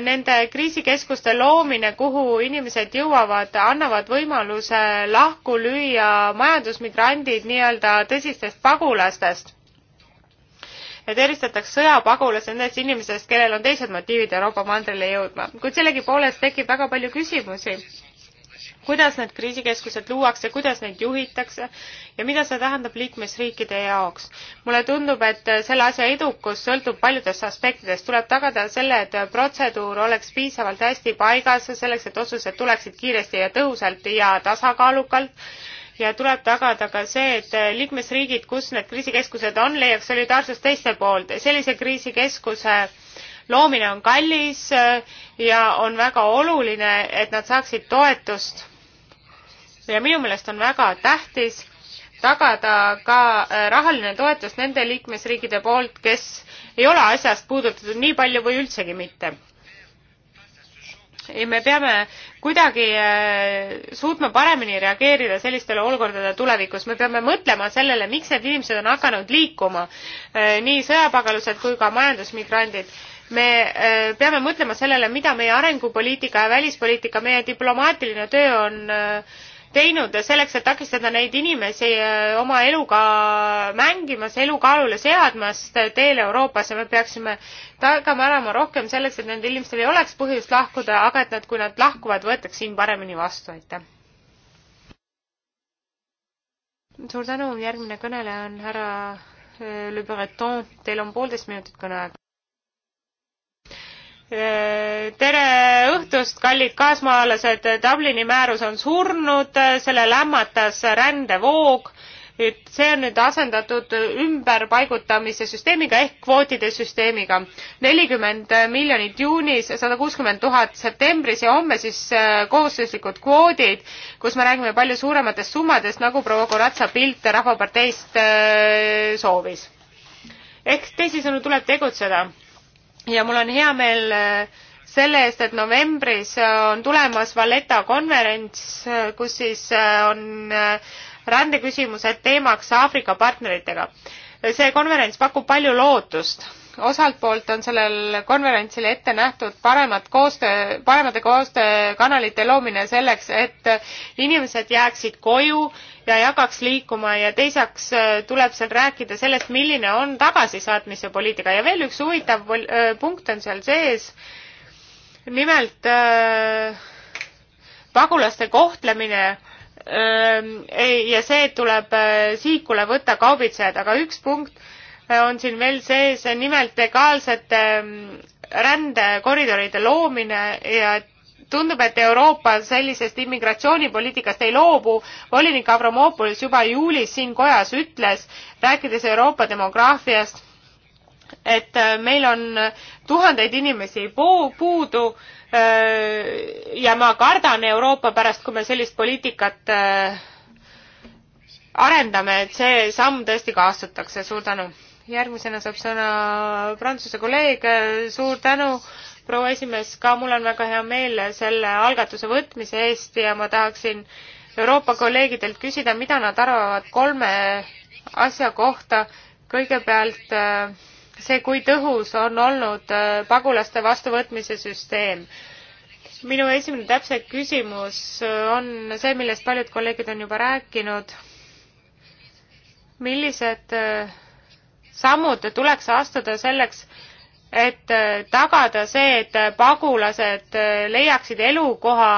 nende kriisikeskuste loomine, kuhu inimesed jõuavad, annavad võimaluse lahku lüüa majandusmigrandid nii-öelda tõsistest pagulastest et eristataks sõjapagulasi nendest inimestest, kellel on teised motiivid Euroopa mandrile jõudma. kuid sellegipoolest tekib väga palju küsimusi kuidas need kriisikeskused luuakse, kuidas neid juhitakse ja mida see tähendab liikmesriikide jaoks. mulle tundub, et selle asja edukus sõltub paljudest aspektidest, tuleb tagada selle, et protseduur oleks piisavalt hästi paigas selleks, et otsused tuleksid kiiresti ja tõhusalt ja tasakaalukalt ja tuleb tagada ka see, et äh, liikmesriigid, kus need kriisikeskused on, leiaks solidaarsust teiste poolt. sellise kriisikeskuse loomine on kallis äh, ja on väga oluline, et nad saaksid toetust. ja minu meelest on väga tähtis tagada ka äh, rahaline toetus nende liikmesriikide poolt, kes ei ole asjast puudutatud nii palju või üldsegi mitte ei, me peame kuidagi äh, suutma paremini reageerida sellistele olukordadele tulevikus, me peame mõtlema sellele, miks need inimesed on hakanud liikuma, äh, nii sõjapagelased kui ka majandusmigrandid. me äh, peame mõtlema sellele, mida meie arengupoliitika ja välispoliitika, meie diplomaatiline töö on teinud selleks, et takistada neid inimesi äh, oma eluga mängimas, elukaalule seadmast äh, teel Euroopasse, me peaksime tagama olema rohkem selleks, et nendel inimestel ei oleks põhjust lahkuda, aga et nad, kui nad lahkuvad, võetaks siin paremini vastu, aitäh. suur tänu, järgmine kõneleja on härra äh, Le Breton, teil on poolteist minutit kõneaega. Äh, tere õhtust, kallid kaasmaalased, Dublini määrus on surnud, selle lämmatas rändevoog. nüüd see on nüüd asendatud ümberpaigutamise süsteemiga ehk kvootide süsteemiga. nelikümmend miljonit juunis, sada kuuskümmend tuhat septembris ja homme siis äh, kohustuslikud kvoodid, kus me räägime palju suurematest summadest, nagu proua Koratsa pilt Rahvaparteist äh, soovis. ehk teisisõnu tuleb tegutseda ja mul on hea meel äh, selle eest, et novembris äh, on tulemas Valletta konverents, äh, kus siis on rändeküsimused teemaks Aafrika partneritega. see konverents pakub palju lootust osalt poolt on sellel konverentsil ette nähtud paremat koostöö, paremate koostöökanalite loomine selleks, et inimesed jääksid koju ja ei hakkaks liikuma ja teiseks äh, tuleb seal rääkida sellest, milline on tagasisaatmise poliitika ja veel üks huvitav äh, punkt on seal sees. nimelt äh, pagulaste kohtlemine äh, ja see, et tuleb äh, sihikule võtta kaubitsejad, aga üks punkt on siin veel sees nimelt legaalsete mm, rändekoridoride loomine ja tundub, et Euroopa sellisest immigratsioonipoliitikast ei loobu. volinik Avramopolis juba juulis siin kojas ütles, rääkides Euroopa demograafiast, et äh, meil on tuhandeid inimesi puudu äh, ja ma kardan Euroopa pärast, kui me sellist poliitikat äh, arendame, et see samm tõesti kaastutakse. suur tänu! järgmisena saab sõna Prantsuse kolleeg, suur tänu, proua esimees, ka mul on väga hea meel selle algatuse võtmise eest ja ma tahaksin Euroopa kolleegidelt küsida, mida nad arvavad kolme asja kohta. kõigepealt äh, see, kui tõhus on olnud äh, pagulaste vastuvõtmise süsteem minu esimene täpse küsimus äh, on see, millest paljud kolleegid on juba rääkinud. millised sammud tuleks astuda selleks, et äh, tagada see, et pagulased äh, leiaksid elukoha,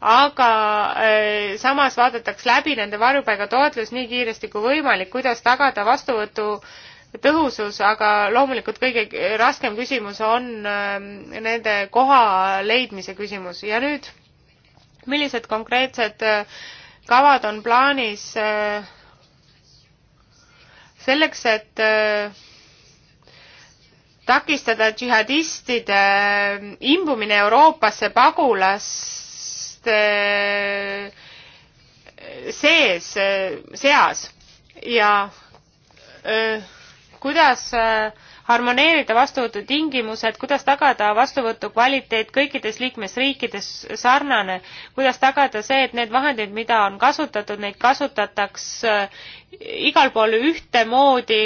aga äh, samas vaadataks läbi nende varjupaiga toetlus nii kiiresti kui võimalik, kuidas tagada vastuvõtu tõhusus, aga loomulikult kõige raskem küsimus on ähm, nende koha leidmise küsimus ja nüüd, millised konkreetsed kavad on plaanis äh, selleks, et äh, takistada džihadistide äh, imbumine Euroopasse pagulaste äh, sees, seas ja kuidas äh, harmoneerida vastuvõtu tingimused, kuidas tagada vastuvõtu kvaliteet kõikides liikmesriikides sarnane, kuidas tagada see, et need vahendid, mida on kasutatud, neid kasutataks äh, igal pool ühtemoodi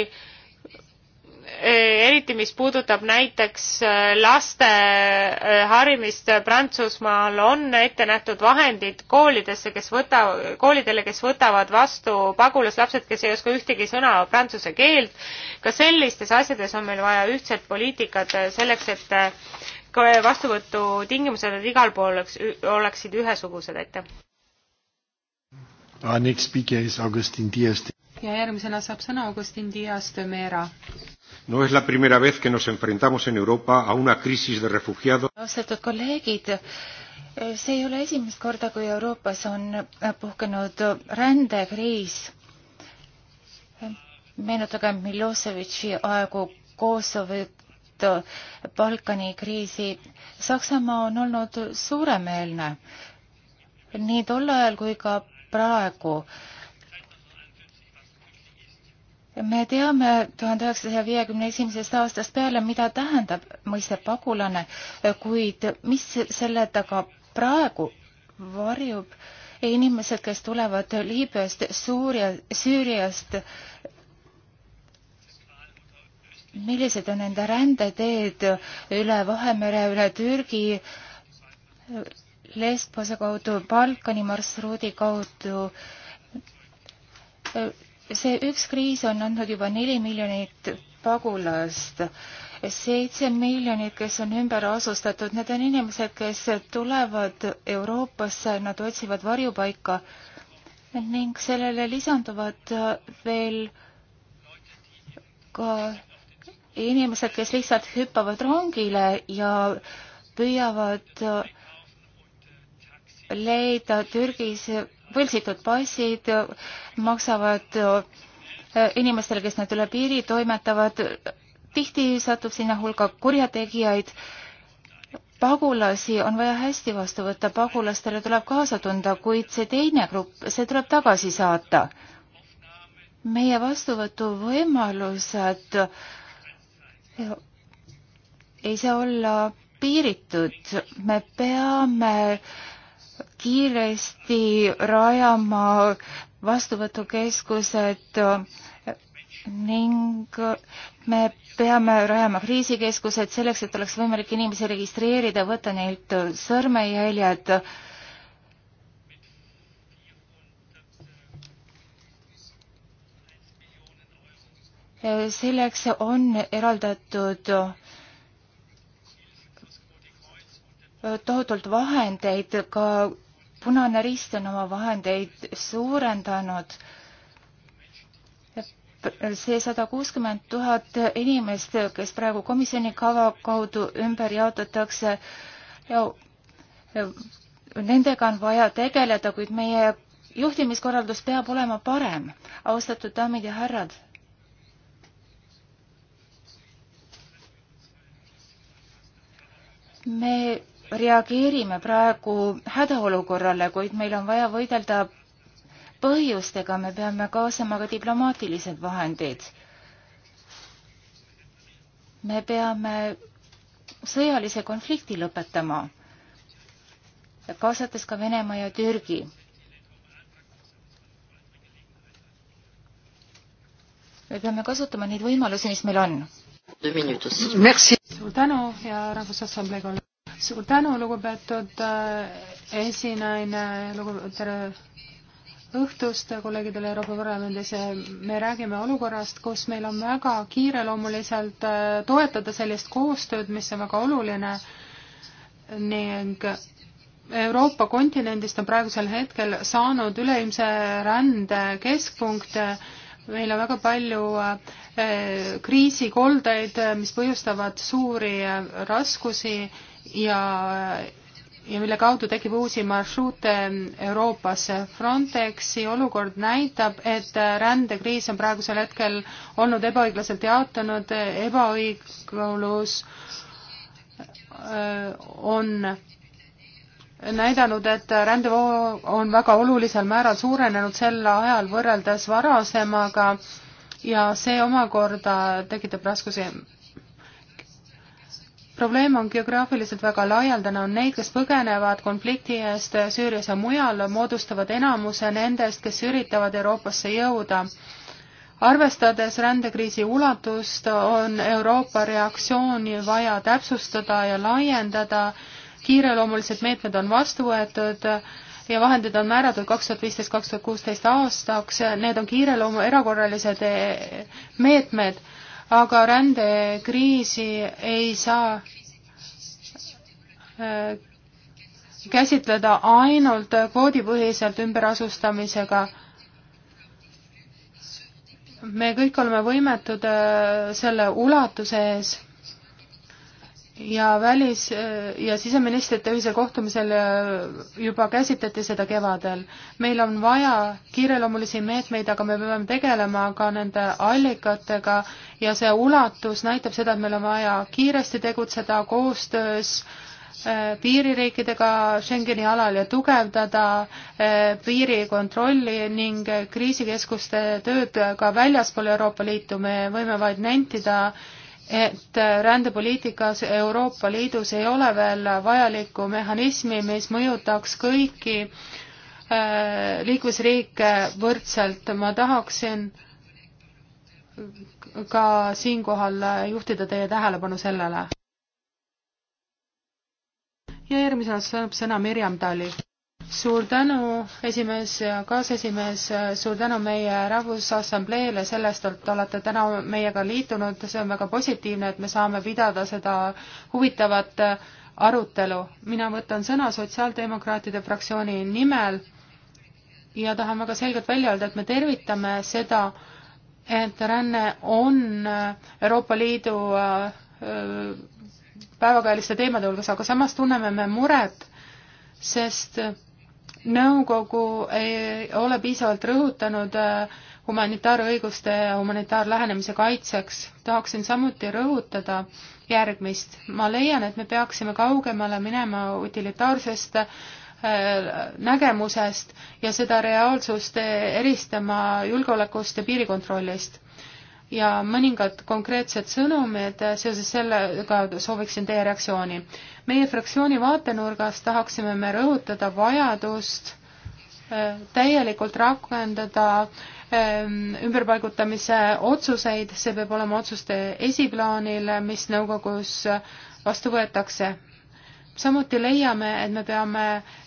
Äh, eriti mis puudutab näiteks äh, laste äh, harimist Prantsusmaal, on ette nähtud vahendid koolidesse, kes võta, koolidele, kes võtavad vastu pagulaslapsed, kes ei oska ühtegi sõna prantsuse keelt. ka sellistes asjades on meil vaja ühtset poliitikat selleks, et vastuvõtutingimused igal pool oleks, oleksid ühesugused, aitäh. Our next speaker is Augustin Dias. ja järgmisena saab sõna Augustin Dias de Mera. No es la primera vez que nos enfrentamos en Europa a una crisis de refugiados. austatud kolleegid, see ei ole esimest korda, kui Euroopas on puhkenud rändekriis. meenutage Miloševitši aegu Kosovot, Balkani kriisi. Saksamaa on olnud suuremeelne nii tol ajal kui ka praegu me teame tuhande üheksasaja viiekümne esimesest aastast peale, mida tähendab mõiste pagulane, kuid mis selle taga praegu varjub inimesed, kes tulevad Liibüast, Suuria, Süüriast. millised on nende rändeteed üle Vahemere, üle Türgi, Lesbose kaudu, Balkani marsruudi kaudu? see üks kriis on andnud juba neli miljonit pagulast, seitse miljonit, kes on ümber asustatud, need on inimesed, kes tulevad Euroopasse, nad otsivad varjupaika ning sellele lisanduvad veel ka inimesed, kes lihtsalt hüppavad rongile ja püüavad leida Türgis võltsitud passid maksavad äh, inimestele, kes nad üle piiri toimetavad, tihti satub sinna hulka kurjategijaid, pagulasi on vaja hästi vastu võtta, pagulastele tuleb kaasa tunda, kuid see teine grupp, see tuleb tagasi saata. meie vastuvõtuvõimalused äh, ei saa olla piiritud, me peame äh, kiiresti rajama vastuvõtukeskused ning me peame rajama kriisikeskused selleks, et oleks võimalik inimesi registreerida, võtta neilt sõrmejäljed. selleks on eraldatud tohutult vahendeid ka Punane Rist on oma vahendeid suurendanud see sada kuuskümmend tuhat inimest, kes praegu komisjoni kava kaudu ümber jaotatakse ja nendega on vaja tegeleda, kuid meie juhtimiskorraldus peab olema parem. austatud daamid ja härrad. me reageerime praegu hädaolukorrale, kuid meil on vaja võidelda põhjustega, me peame kaasama ka diplomaatilised vahendid. me peame sõjalise konflikti lõpetama, kaasates ka Venemaa ja Türgi. me peame kasutama neid võimalusi, mis meil on. suur tänu ja Rahvusassambleega oleme suur tänu, lugupeetud äh, esinaine, lugupeetud tere õhtust kolleegidele Euroopa Parlamendis. me räägime olukorrast, kus meil on väga kiireloomuliselt äh, toetada sellist koostööd, mis on väga oluline ning Euroopa kontinendist on praegusel hetkel saanud üleilmse rände keskpunkt meil on väga palju äh, kriisikoldeid, mis põhjustavad suuri raskusi ja, ja mille kaudu tekib uusi marsruute Euroopasse. Frontexi olukord näitab, et rändekriis on praegusel hetkel olnud ebaõiglaselt jaotunud, ebaõiglus äh, on näidanud, et rändevoo on väga olulisel määral suurenenud sel ajal võrreldes varasemaga ja see omakorda tekitab raskusi probleem on geograafiliselt väga laialdane, on neid, kes põgenevad konflikti eest Süürias ja mujal, moodustavad enamuse nendest, kes üritavad Euroopasse jõuda. arvestades rändekriisi ulatust, on Euroopa reaktsiooni vaja täpsustada ja laiendada, kiireloomulised meetmed on vastu võetud ja vahendid on määratud kaks tuhat viisteist, kaks tuhat kuusteist aastaks, need on kiireloomu-, erakorralised eh, meetmed aga rändekriisi ei saa äh, käsitleda ainult koodipõhiselt ümberasustamisega. me kõik oleme võimetud äh, selle ulatuse ees ja välis- ja siseministrite ühise kohtumisel äh, juba käsitleti seda kevadel. meil on vaja kiireloomulisi meetmeid, aga me peame tegelema ka nende allikatega ja see ulatus näitab seda, et meil on vaja kiiresti tegutseda koostöös äh, piiririikidega Schengeni alal ja tugevdada äh, piirikontrolli ning kriisikeskuste tööd ka väljaspool Euroopa Liitu. me võime vaid nentida, et rändepoliitikas Euroopa Liidus ei ole veel vajalikku mehhanismi, mis mõjutaks kõiki äh, liikmesriike võrdselt. ma tahaksin ka siinkohal juhtida teie tähelepanu sellele. ja järgmisena saab sõna Mirjam Tali suur tänu, esimees ja kaasesimees, suur tänu meie Rahvusassambleele sellest, et olete täna meiega liitunud, see on väga positiivne, et me saame pidada seda huvitavat arutelu. mina võtan sõna Sotsiaaldemokraatide fraktsiooni nimel ja tahan väga selgelt välja öelda, et me tervitame seda, et ränne on Euroopa Liidu äh, päevakajaliste teemade hulgas, aga samas tunneme me muret, sest nõukogu ei ole piisavalt rõhutanud äh, humanitaarõiguste ja humanitaarlähenemise kaitseks. tahaksin samuti rõhutada järgmist. ma leian, et me peaksime kaugemale minema utilitaarsest äh, nägemusest ja seda reaalsust eristama julgeolekust ja piirikontrollist ja mõningad konkreetsed sõnumid seoses sellega sooviksin teie reaktsiooni. meie fraktsiooni vaatenurgast tahaksime me rõhutada vajadust äh, täielikult rakendada ähm, ümberpaigutamise otsuseid, see peab olema otsuste esiplaanil, mis nõukogus vastu võetakse samuti leiame, et me peame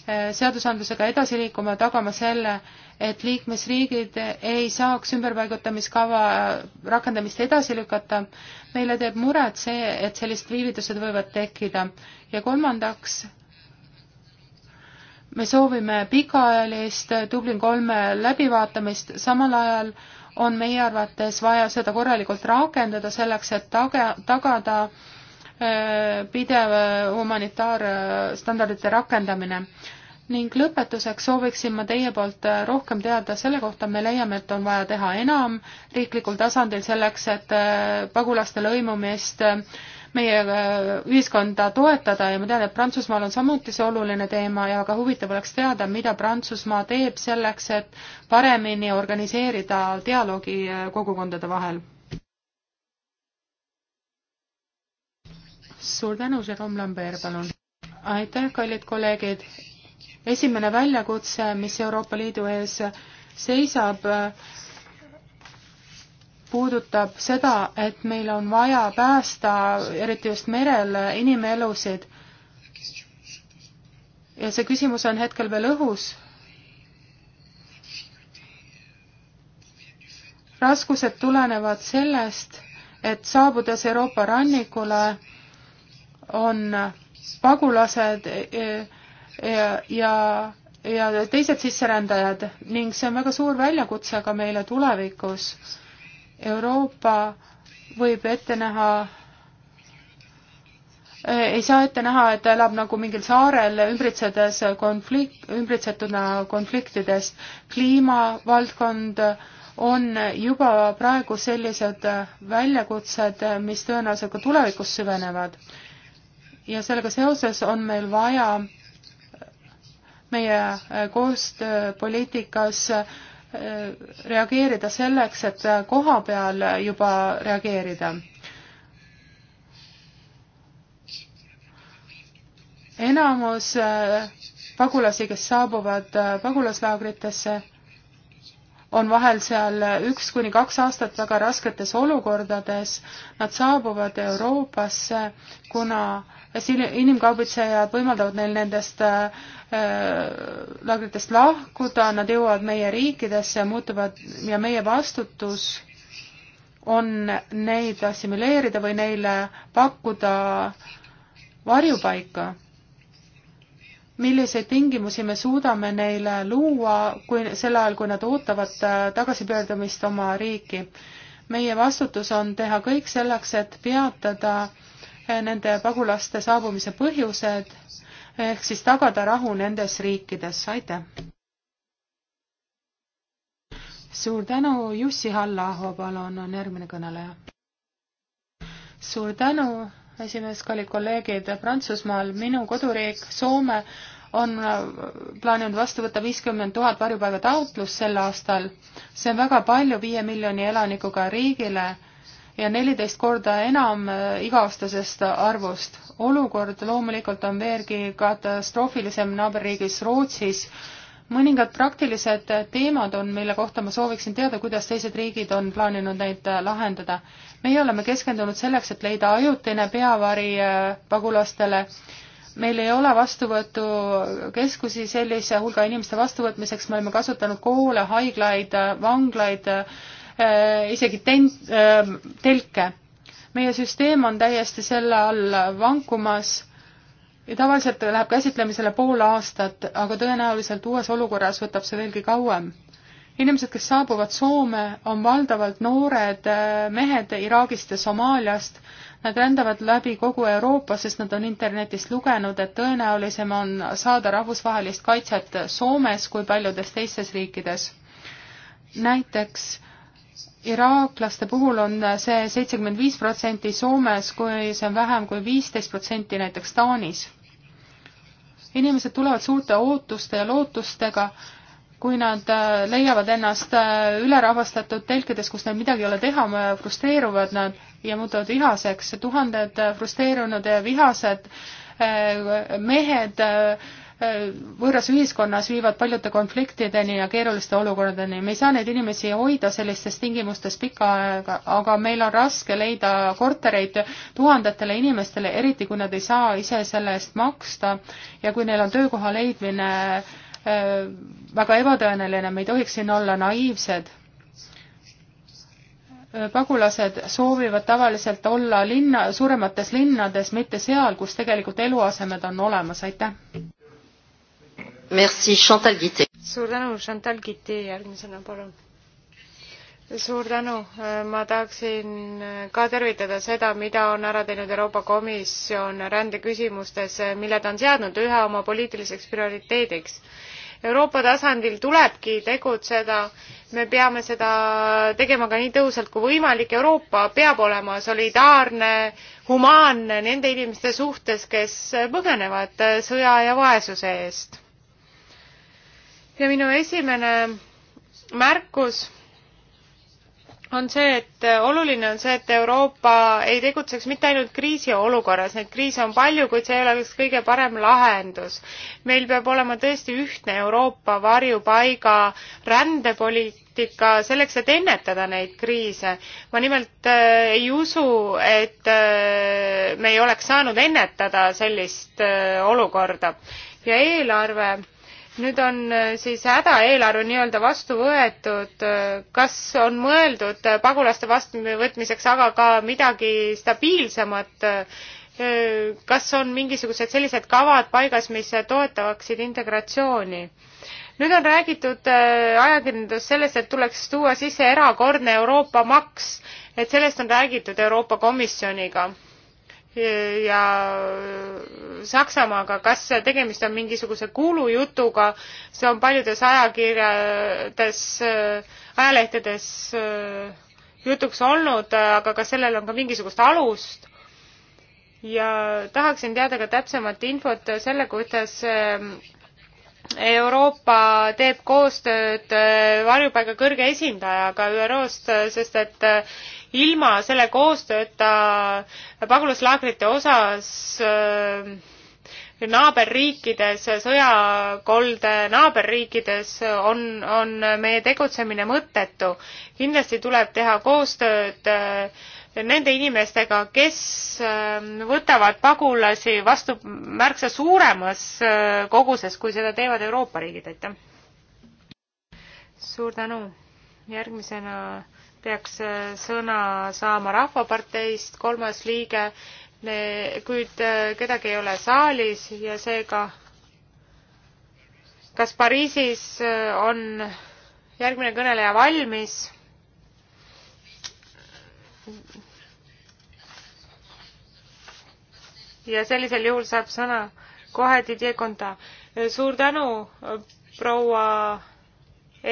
eh, seadusandlusega edasi liikuma, tagama selle, et liikmesriigid ei saaks ümberpaigutamiskava eh, rakendamist edasi lükata. meile teeb muret see, et sellised viivitused võivad tekkida. ja kolmandaks, me soovime pikaajalist eh, Dublin kolme läbivaatamist, samal ajal on meie arvates vaja seda korralikult rakendada selleks, et taga, tagada Äh, pidev äh, humanitaarstandardite äh, rakendamine. ning lõpetuseks sooviksin ma teie poolt rohkem teada selle kohta, me leiame, et on vaja teha enam riiklikul tasandil selleks, et pagulaste lõimumist meie ühiskonda toetada ja ma tean, et Prantsusmaal on samuti see oluline teema ja väga huvitav oleks teada, mida Prantsusmaa teeb selleks, et paremini organiseerida dialoogi kogukondade vahel. suur tänu, Jerome Lambert, palun. aitäh, kallid kolleegid. esimene väljakutse, mis Euroopa Liidu ees seisab, puudutab seda, et meil on vaja päästa, eriti just merel, inimelusid. ja see küsimus on hetkel veel õhus. raskused tulenevad sellest, et saabudes Euroopa rannikule on pagulased ja, ja, ja teised sisserändajad ning see on väga suur väljakutse ka meile tulevikus. Euroopa võib ette näha ei saa ette näha, et ta elab nagu mingil saarel, ümbritsedes konflikt, ümbritsetuna konfliktidest. kliimavaldkond on juba praegu sellised väljakutsed, mis tõenäoliselt ka tulevikus süvenevad ja sellega seoses on meil vaja meie koostööpoliitikas äh, reageerida selleks, et koha peal juba reageerida. enamus äh, pagulasi, kes saabuvad äh, pagulaslaagritesse, on vahel seal üks kuni kaks aastat väga rasketes olukordades, nad saabuvad Euroopasse, kuna inimkaubitsejad võimaldavad neil nendest äh, laagritest lahkuda, nad jõuavad meie riikidesse ja muutuvad ja meie vastutus on neid assimileerida või neile pakkuda varjupaika. milliseid tingimusi me suudame neile luua, kui sel ajal, kui nad ootavad äh, tagasipöördumist oma riiki? meie vastutus on teha kõik selleks, et peatada äh, nende pagulaste saabumise põhjused ehk siis tagada rahu nendes riikides. aitäh! suur tänu, Jussi Halla-Aho, palun, on järgmine kõneleja. suur tänu, esimees, kallid kolleegid, Prantsusmaal, minu koduriik Soome on äh, plaaninud vastu võtta viiskümmend tuhat varjupaiga taotlust sel aastal. see on väga palju viie miljoni elanikuga riigile ja neliteist korda enam äh, iga-aastasest arvust. olukord loomulikult on veelgi katastroofilisem naaberriigis Rootsis. mõningad praktilised teemad on, mille kohta ma sooviksin teada, kuidas teised riigid on plaaninud neid äh, lahendada. meie oleme keskendunud selleks, et leida ajutine peavari äh, pagulastele meil ei ole vastuvõtukeskusi sellise hulga inimeste vastuvõtmiseks, me oleme kasutanud koole, haiglaid, vanglaid, Äh, isegi ten-, äh, telke. meie süsteem on täiesti selle all vankumas ja tavaliselt läheb käsitlemisele pool aastat, aga tõenäoliselt uues olukorras võtab see veelgi kauem. inimesed, kes saabuvad Soome, on valdavalt noored äh, mehed Iraagist ja Somaaliast. Nad rändavad läbi kogu Euroopa, sest nad on internetist lugenud, et tõenäolisem on saada rahvusvahelist kaitset Soomes kui paljudes teistes riikides. näiteks iraaklaste puhul on see seitsekümmend viis protsenti Soomes, kui see on vähem kui viisteist protsenti näiteks Taanis. inimesed tulevad suurte ootuste ja lootustega, kui nad äh, leiavad ennast äh, ülerahvastatud telkides, kus neil midagi ei ole teha, frustreeruvad nad ja muutuvad vihaseks. tuhanded äh, frustreerunud ja vihased mehed võõras ühiskonnas viivad paljude konfliktideni ja keeruliste olukordadeni. me ei saa neid inimesi hoida sellistes tingimustes pikka aega, aga meil on raske leida kortereid tuhandetele inimestele, eriti kui nad ei saa ise selle eest maksta ja kui neil on töökoha leidmine äh, väga ebatõenäoline, me ei tohiks siin olla naiivsed pagulased soovivad tavaliselt olla linna, suuremates linnades, mitte seal, kus tegelikult eluasemed on olemas, aitäh! Merci, Chantal Guite. suur tänu, Chantal Guite, järgmisena palun. suur tänu, äh, ma tahaksin äh, ka tervitada seda, mida on ära teinud Euroopa Komisjon rändeküsimustes, äh, mille ta on seadnud ühe oma poliitiliseks prioriteediks Euroopa tasandil tulebki tegutseda, me peame seda tegema ka nii tõhusalt kui võimalik, Euroopa peab olema solidaarne, humaanne nende inimeste suhtes, kes põgenevad sõja ja vaesuse eest ja minu esimene märkus on see, et oluline on see, et Euroopa ei tegutseks mitte ainult kriisiolukorras, neid kriise on palju, kuid see ei ole üks kõige parem lahendus. meil peab olema tõesti ühtne Euroopa varjupaiga rändepoliitika selleks, et ennetada neid kriise. ma nimelt äh, ei usu, et äh, me ei oleks saanud ennetada sellist äh, olukorda ja eelarve nüüd on äh, siis hädaeelarve nii-öelda vastu võetud, äh, kas on mõeldud äh, pagulaste vastuvõtmiseks aga ka midagi stabiilsemat, kas on mingisugused sellised kavad paigas, mis toetavaksid integratsiooni? nüüd on räägitud ajakirjanduses sellest, et tuleks tuua sisse erakordne Euroopa maks, et sellest on räägitud Euroopa Komisjoniga ja Saksamaaga, kas tegemist on mingisuguse kuulujutuga, see on paljudes ajakirjades, ajalehtedes äh, jutuks olnud, aga kas sellel on ka mingisugust alust? ja tahaksin teada ka täpsemat infot selle, kuidas äh, Euroopa teeb koostööd äh, varjupaiga kõrge esindajaga ÜRO-st, sest et ilma selle koostööta pagulaslaagrite osas äh, naaberriikides, sõjakolde naaberriikides on, on meie tegutsemine mõttetu. kindlasti tuleb teha koostööd äh, nende inimestega, kes äh, võtavad pagulasi vastu märksa suuremas koguses, kui seda teevad Euroopa riigid, aitäh! suur tänu! järgmisena peaks äh, sõna saama Rahvaparteist kolmas liige, kuid äh, kedagi ei ole saalis ja seega kas Pariisis äh, on järgmine kõneleja valmis? ja sellisel juhul saab sõna kohe Didier Konta. suur tänu, proua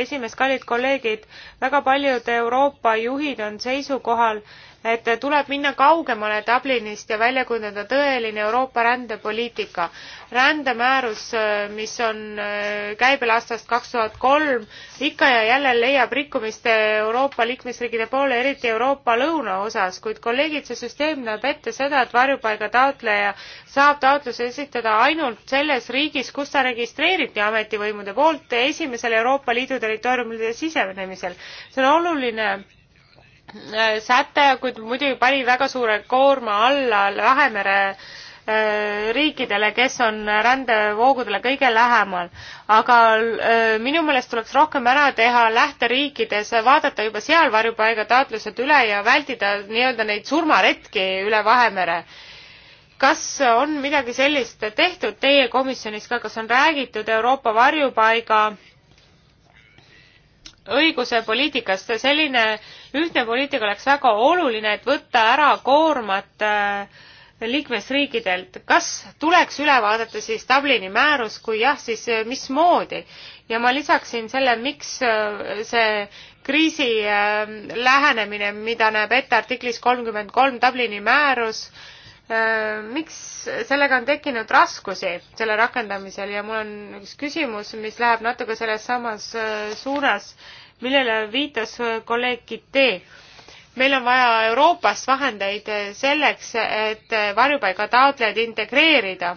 esimees, kallid kolleegid, väga paljud Euroopa juhid on seisukohal, et tuleb minna kaugemale Dublinist ja välja kujundada tõeline Euroopa rändepoliitika. rändemäärus, mis on äh, käibel aastast kaks tuhat kolm, ikka ja jälle leiab rikkumist Euroopa liikmesriikide poole, eriti Euroopa lõunaosas, kuid kolleegid, see süsteem näeb ette seda, et varjupaiga taotleja saab taotluse esitada ainult selles riigis, kus ta registreeriti ametivõimude poolt esimesel Euroopa Liidu territooriumile sisenemisel. see on oluline Äh, säte, kuid muidugi pani väga suure koorma alla Vahemere äh, riikidele, kes on rändevoogudele kõige lähemal. aga äh, minu meelest tuleks rohkem ära teha lähteriikides, vaadata juba seal varjupaigataotlused üle ja vältida nii-öelda neid surmaretki üle Vahemere. kas on midagi sellist tehtud teie komisjonis ka, kas on räägitud Euroopa varjupaiga õiguse poliitikast, selline äh, ühtne poliitika oleks väga oluline, et võtta ära koormat äh, liikmesriikidelt. kas tuleks üle vaadata siis Dublini määrus, kui jah, siis äh, mismoodi? ja ma lisaksin selle, miks äh, see kriisi lähenemine, mida näeb ette artiklis kolmkümmend kolm Dublini määrus, miks sellega on tekkinud raskusi, selle rakendamisel ja mul on üks küsimus, mis läheb natuke selles samas suunas äh, millele viitas kolleeg Kitee. meil on vaja Euroopast vahendeid selleks, et varjupaiga taotlejad integreerida.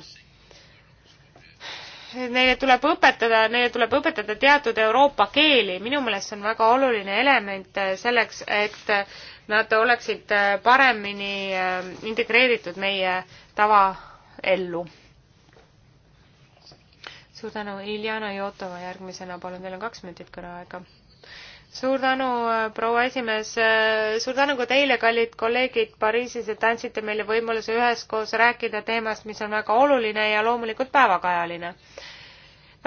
Neile tuleb õpetada, neile tuleb õpetada teatud Euroopa keeli, minu meelest see on väga oluline element selleks, et nad oleksid paremini integreeritud meie tavaellu. suur tänu, Iljana Jotova järgmisena, palun, teil on kaks minutit kõneaega suur tänu, äh, proua esimees, äh, suur tänu ka teile, kallid kolleegid Pariisis, et andsite meile võimaluse üheskoos rääkida teemast, mis on väga oluline ja loomulikult päevakajaline.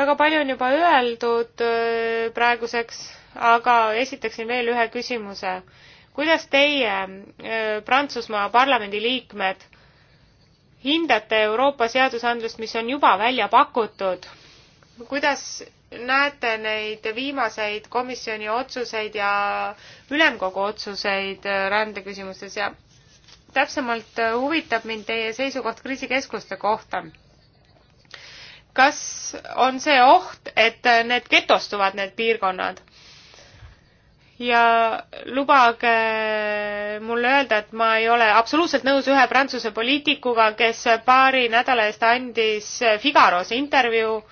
väga palju on juba öeldud äh, praeguseks, aga esitaksin veel ühe küsimuse. kuidas teie, Prantsusmaa parlamendi liikmed, hindate Euroopa seadusandlust, mis on juba välja pakutud? kuidas näete neid viimaseid komisjoni otsuseid ja ülemkogu otsuseid äh, rändeküsimustes ja täpsemalt äh, huvitab mind teie seisukoht kriisikeskuste kohta. kas on see oht, et äh, need getostuvad, need piirkonnad? ja lubage mulle öelda, et ma ei ole absoluutselt nõus ühe Prantsuse poliitikuga, kes paari nädala eest andis Figaros intervjuu äh,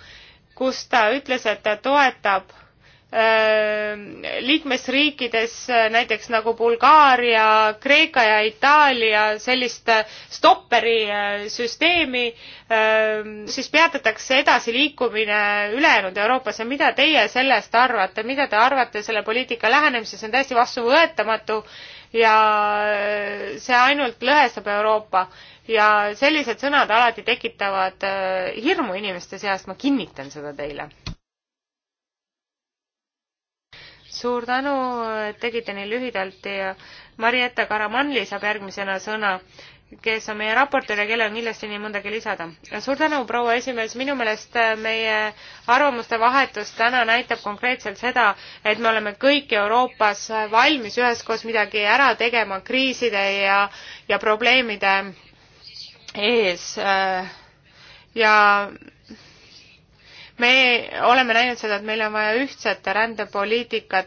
kus ta ütles, et ta toetab ähm, liikmesriikides äh, näiteks nagu Bulgaaria, Kreeka ja Itaalia sellist äh, stopperi äh, süsteemi, ähm, siis peatatakse edasiliikumine ülejäänud Euroopasse. mida teie sellest arvate, mida te arvate selle poliitika lähenemisest, see on täiesti vastuvõetamatu ja see ainult lõhestab Euroopa ja sellised sõnad alati tekitavad äh, hirmu inimeste seas, ma kinnitan seda teile. suur tänu, tegite nii lühidalt ja Marietta Karamanli saab järgmisena sõna kes on meie raportöör ja kellel on kindlasti nii mõndagi lisada. suur tänu, proua esimees, minu meelest äh, meie arvamuste vahetus täna näitab konkreetselt seda, et me oleme kõik Euroopas valmis üheskoos midagi ära tegema kriiside ja, ja probleemide ees. Äh, ja me oleme näinud seda, et meil on vaja ühtset rändepoliitikat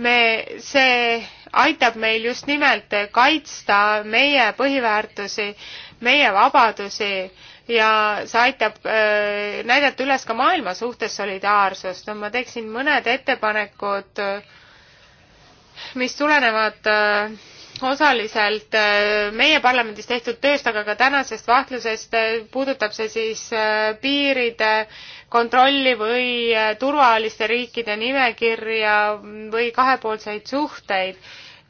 me, see aitab meil just nimelt kaitsta meie põhiväärtusi, meie vabadusi ja see aitab öö, äh, näidata üles ka maailma suhtes solidaarsust. no ma teeksin mõned ettepanekud, mis tulenevad öö, äh, osaliselt äh, meie parlamendis tehtud tööst, aga ka tänasest vahtlusest äh, puudutab see siis äh, piiride kontrolli või turvaliste riikide nimekirja või kahepoolseid suhteid.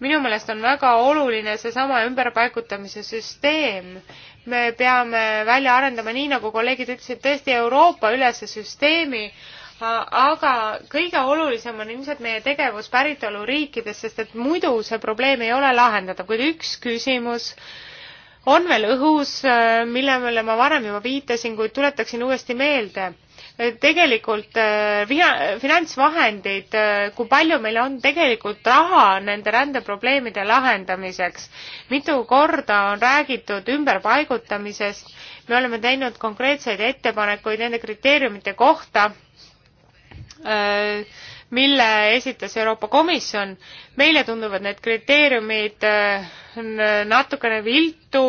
minu meelest on väga oluline seesama ümberpaigutamise süsteem. me peame välja arendama, nii nagu kolleegid ütlesid, tõesti Euroopa-ülese süsteemi aga kõige olulisem on ilmselt meie tegevus päritoluriikides, sest et muidu see probleem ei ole lahendatav, kuid üks küsimus on veel õhus, äh, millele ma varem juba viitasin, kuid tuletaksin uuesti meelde. Äh, tegelikult fina-, äh, finantsvahendid, kui palju meil on tegelikult raha nende rändeprobleemide lahendamiseks. mitu korda on räägitud ümberpaigutamisest, me oleme teinud konkreetseid ettepanekuid nende kriteeriumite kohta Äh, mille esitas Euroopa Komisjon. meile tunduvad need kriteeriumid äh, natukene viltu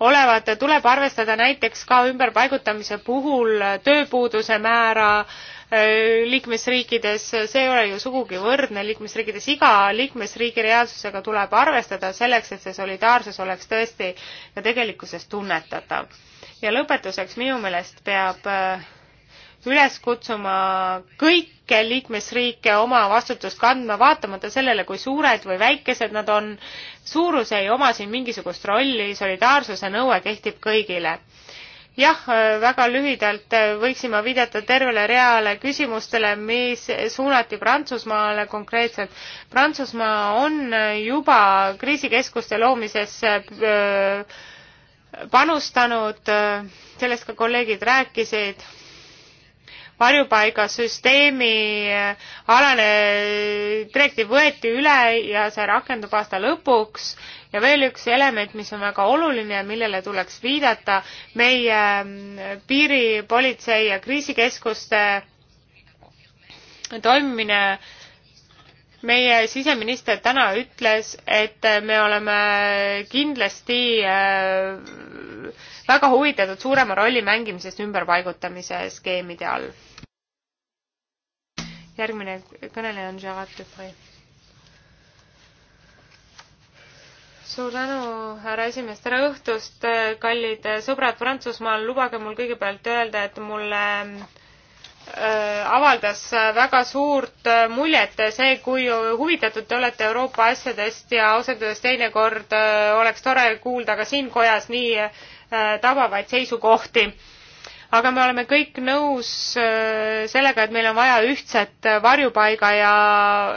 olevat, tuleb arvestada näiteks ka ümberpaigutamise puhul tööpuuduse määra äh, liikmesriikides, see ei ole ju sugugi võrdne liikmesriikides, iga liikmesriigi reaalsusega tuleb arvestada selleks, et see solidaarsus oleks tõesti ka tegelikkuses tunnetatav. ja lõpetuseks minu meelest peab üles kutsuma kõike liikmesriike oma vastutust kandma, vaatamata sellele, kui suured või väikesed nad on. suurus ei oma siin mingisugust rolli, solidaarsuse nõue kehtib kõigile jah, väga lühidalt võiksin ma viidata tervele reale küsimustele, mis suunati Prantsusmaale konkreetselt. Prantsusmaa on juba kriisikeskuste loomisesse äh, panustanud, äh, sellest ka kolleegid rääkisid varjupaigasüsteemi eh, alane direktiiv võeti üle ja see rakendub aasta lõpuks ja veel üks element, mis on väga oluline ja millele tuleks viidata, meie mm, piiripolitsei ja kriisikeskuste toimimine äh, meie siseminister täna ütles, et me oleme kindlasti äh, väga huvitatud suurema rolli mängimisest ümberpaigutamise skeemide all. järgmine kõneleja on Gerard Dupree. suur tänu, härra esimees, tere õhtust, kallid sõbrad Prantsusmaal, lubage mul kõigepealt öelda, et mulle äh, Äh, avaldas väga suurt äh, muljet äh, see, kui huvitatud te olete Euroopa asjadest ja ausalt öeldes teinekord oleks tore kuulda ka siin kojas nii tabavaid seisukohti aga me oleme kõik nõus äh, sellega, et meil on vaja ühtset äh, varjupaiga ja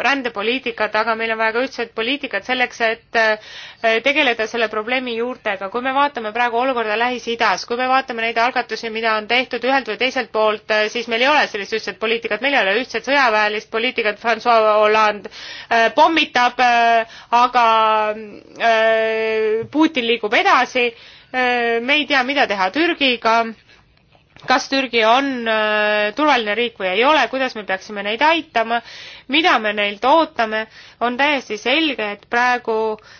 rändepoliitikat, aga meil on vaja ka ühtset poliitikat selleks, et äh, tegeleda selle probleemi juurtega. kui me vaatame praegu olukorda Lähis-Idas, kui me vaatame neid algatusi, mida on tehtud ühelt või teiselt poolt, siis meil ei ole sellist ühtset poliitikat, meil ei ole ühtset sõjaväelist poliitikat, Francois Hollande pommitab, aga Putin liigub edasi me ei tea, mida teha Türgiga kas Türgi on äh, turvaline riik või ei ole, kuidas me peaksime neid aitama, mida me neilt ootame, on täiesti selge, et praegu äh,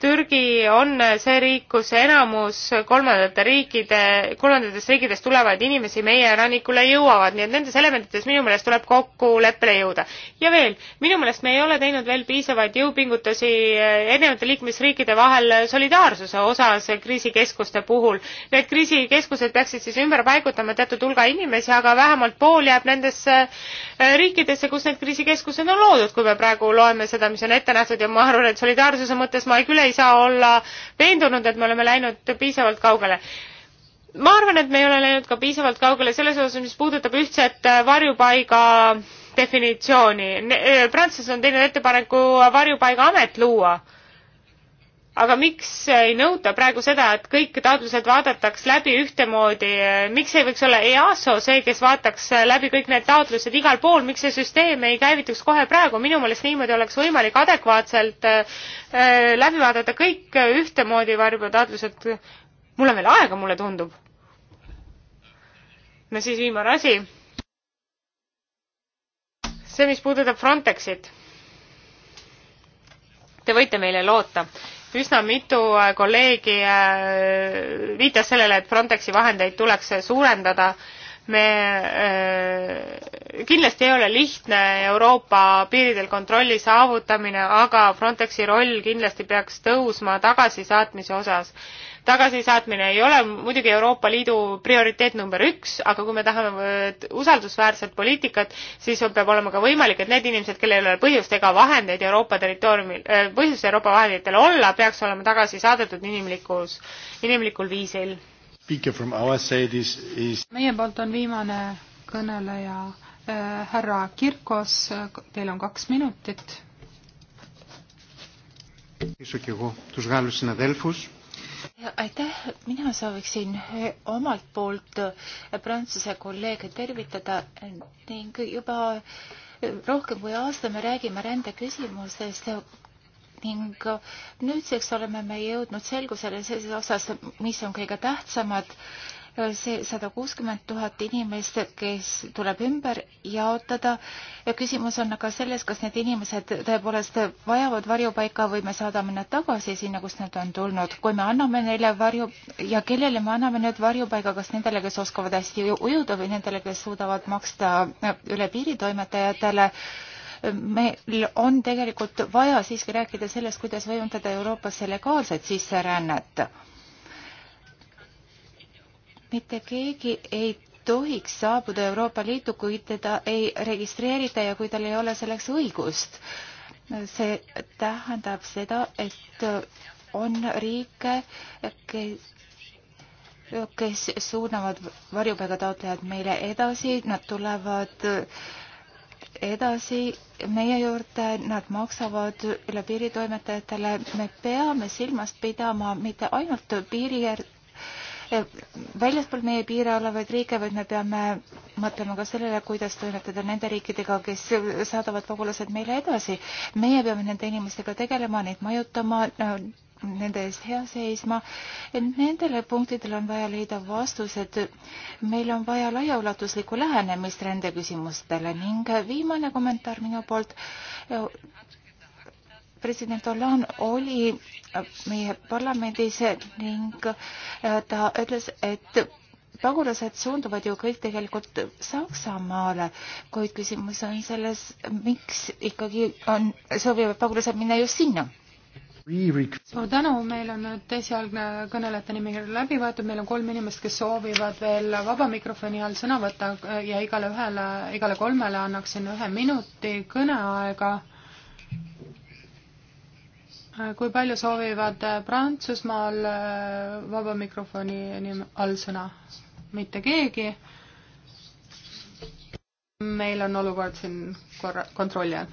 Türgi on see riik, kus enamus kolmandate riikide, kolmandatest riikidest tulevaid inimesi meie elanikule jõuavad, nii et nendes elementides minu meelest tuleb kokkuleppele jõuda. ja veel, minu meelest me ei ole teinud veel piisavaid jõupingutusi eh, erinevate liikmesriikide vahel solidaarsuse osas kriisikeskuste puhul. Need kriisikeskused peaksid siis ümber paigutama teatud hulga inimesi, aga vähemalt pool jääb nendesse eh, riikidesse, kus need kriisikeskused on loodud, kui me praegu loeme seda, mis on ette nähtud ja ma arvan, et solidaarsuse mõttes ma ma küll ei saa olla veendunud, et me oleme läinud piisavalt kaugele ma arvan, et me ei ole läinud ka piisavalt kaugele selles osas, mis puudutab ühtset varjupaiga definitsiooni. Äh, prantslased on teinud ettepaneku varjupaigaamet luua aga miks ei nõuta praegu seda, et kõik taotlused vaadataks läbi ühtemoodi, miks ei võiks olla EASO see, kes vaataks läbi kõik need taotlused igal pool, miks see süsteem ei käivituks kohe praegu, minu meelest niimoodi oleks võimalik adekvaatselt äh, läbi vaadata kõik ühtemoodi varjupaigataotlused. mul on veel aega, mulle tundub. no siis viimane asi. see, mis puudutab Frontexit te võite meile loota üsna mitu äh, kolleegi äh, viitas sellele, et Frontexi vahendeid tuleks äh, suurendada. me kindlasti ei ole lihtne Euroopa piiridel kontrolli saavutamine, aga Frontexi roll kindlasti peaks tõusma tagasisaatmise osas tagasisaatmine ei ole muidugi Euroopa Liidu prioriteet number üks, aga kui me tahame usaldusväärset poliitikat, siis peab olema ka võimalik, et need inimesed, kellel ei ole põhjust ega vahendeid Euroopa territooriumil, äh, põhjust Euroopa vahenditel olla, peaks olema tagasi saadetud inimlikus, inimlikul viisil. Is... meie poolt on viimane kõneleja äh, härra Kirkos, teil on kaks minutit aitäh, mina sooviksin eh, omalt poolt eh, Prantsuse kolleege tervitada eh, ning juba rohkem kui aasta me räägime rändeküsimustest ning nüüdseks oleme me jõudnud selgusele selles osas, mis on kõige tähtsamad see sada kuuskümmend tuhat inimest, kes tuleb ümber jaotada ja küsimus on aga selles, kas need inimesed tõepoolest vajavad varjupaika või me saadame nad tagasi sinna, kust nad on tulnud. kui me anname neile varju ja kellele me anname nüüd varjupaiga, kas nendele, kes oskavad hästi ujuda või nendele, kes suudavad maksta üle piiri toimetajatele meil on tegelikult vaja siiski rääkida sellest, kuidas võimendada Euroopasse legaalset sisserännet mitte keegi ei tohiks saabuda Euroopa Liitu, kui teda ei registreerita ja kui tal ei ole selleks õigust. see tähendab seda, et on riike, kes kes suunavad varjupaigataotlejad meile edasi, nad tulevad edasi meie juurde, nad maksavad üle piiritoimetajatele, me peame silmas pidama mitte ainult piiri väljaspoolt meie piire olevaid riike, vaid me peame mõtlema ka sellele, kuidas toimetada nende riikidega, kes saadavad pagulased meile edasi. meie peame nende inimestega tegelema, neid majutama, nende eest hea seisma. Nendele punktidele on vaja leida vastused. meil on vaja laiaulatuslikku lähenemist rändeküsimustele ning viimane kommentaar minu poolt president Olan oli äh, meie parlamendis ning äh, ta ütles, et pagulased suunduvad ju kõik tegelikult Saksamaale, kuid küsimus on selles, miks ikkagi on, soovivad pagulased minna just sinna suur tänu, meil on nüüd esialgne kõnelejate nimekiri läbi võetud, meil on kolm inimest, kes soovivad veel vaba mikrofoni all sõna võtta ja igale ühele, igale kolmele annaksin ühe minuti kõneaega. Äh, kui palju soovivad äh, Prantsusmaal äh, vaba mikrofoni all sõna? mitte keegi. meil on olukord siin korra, kontrolli all.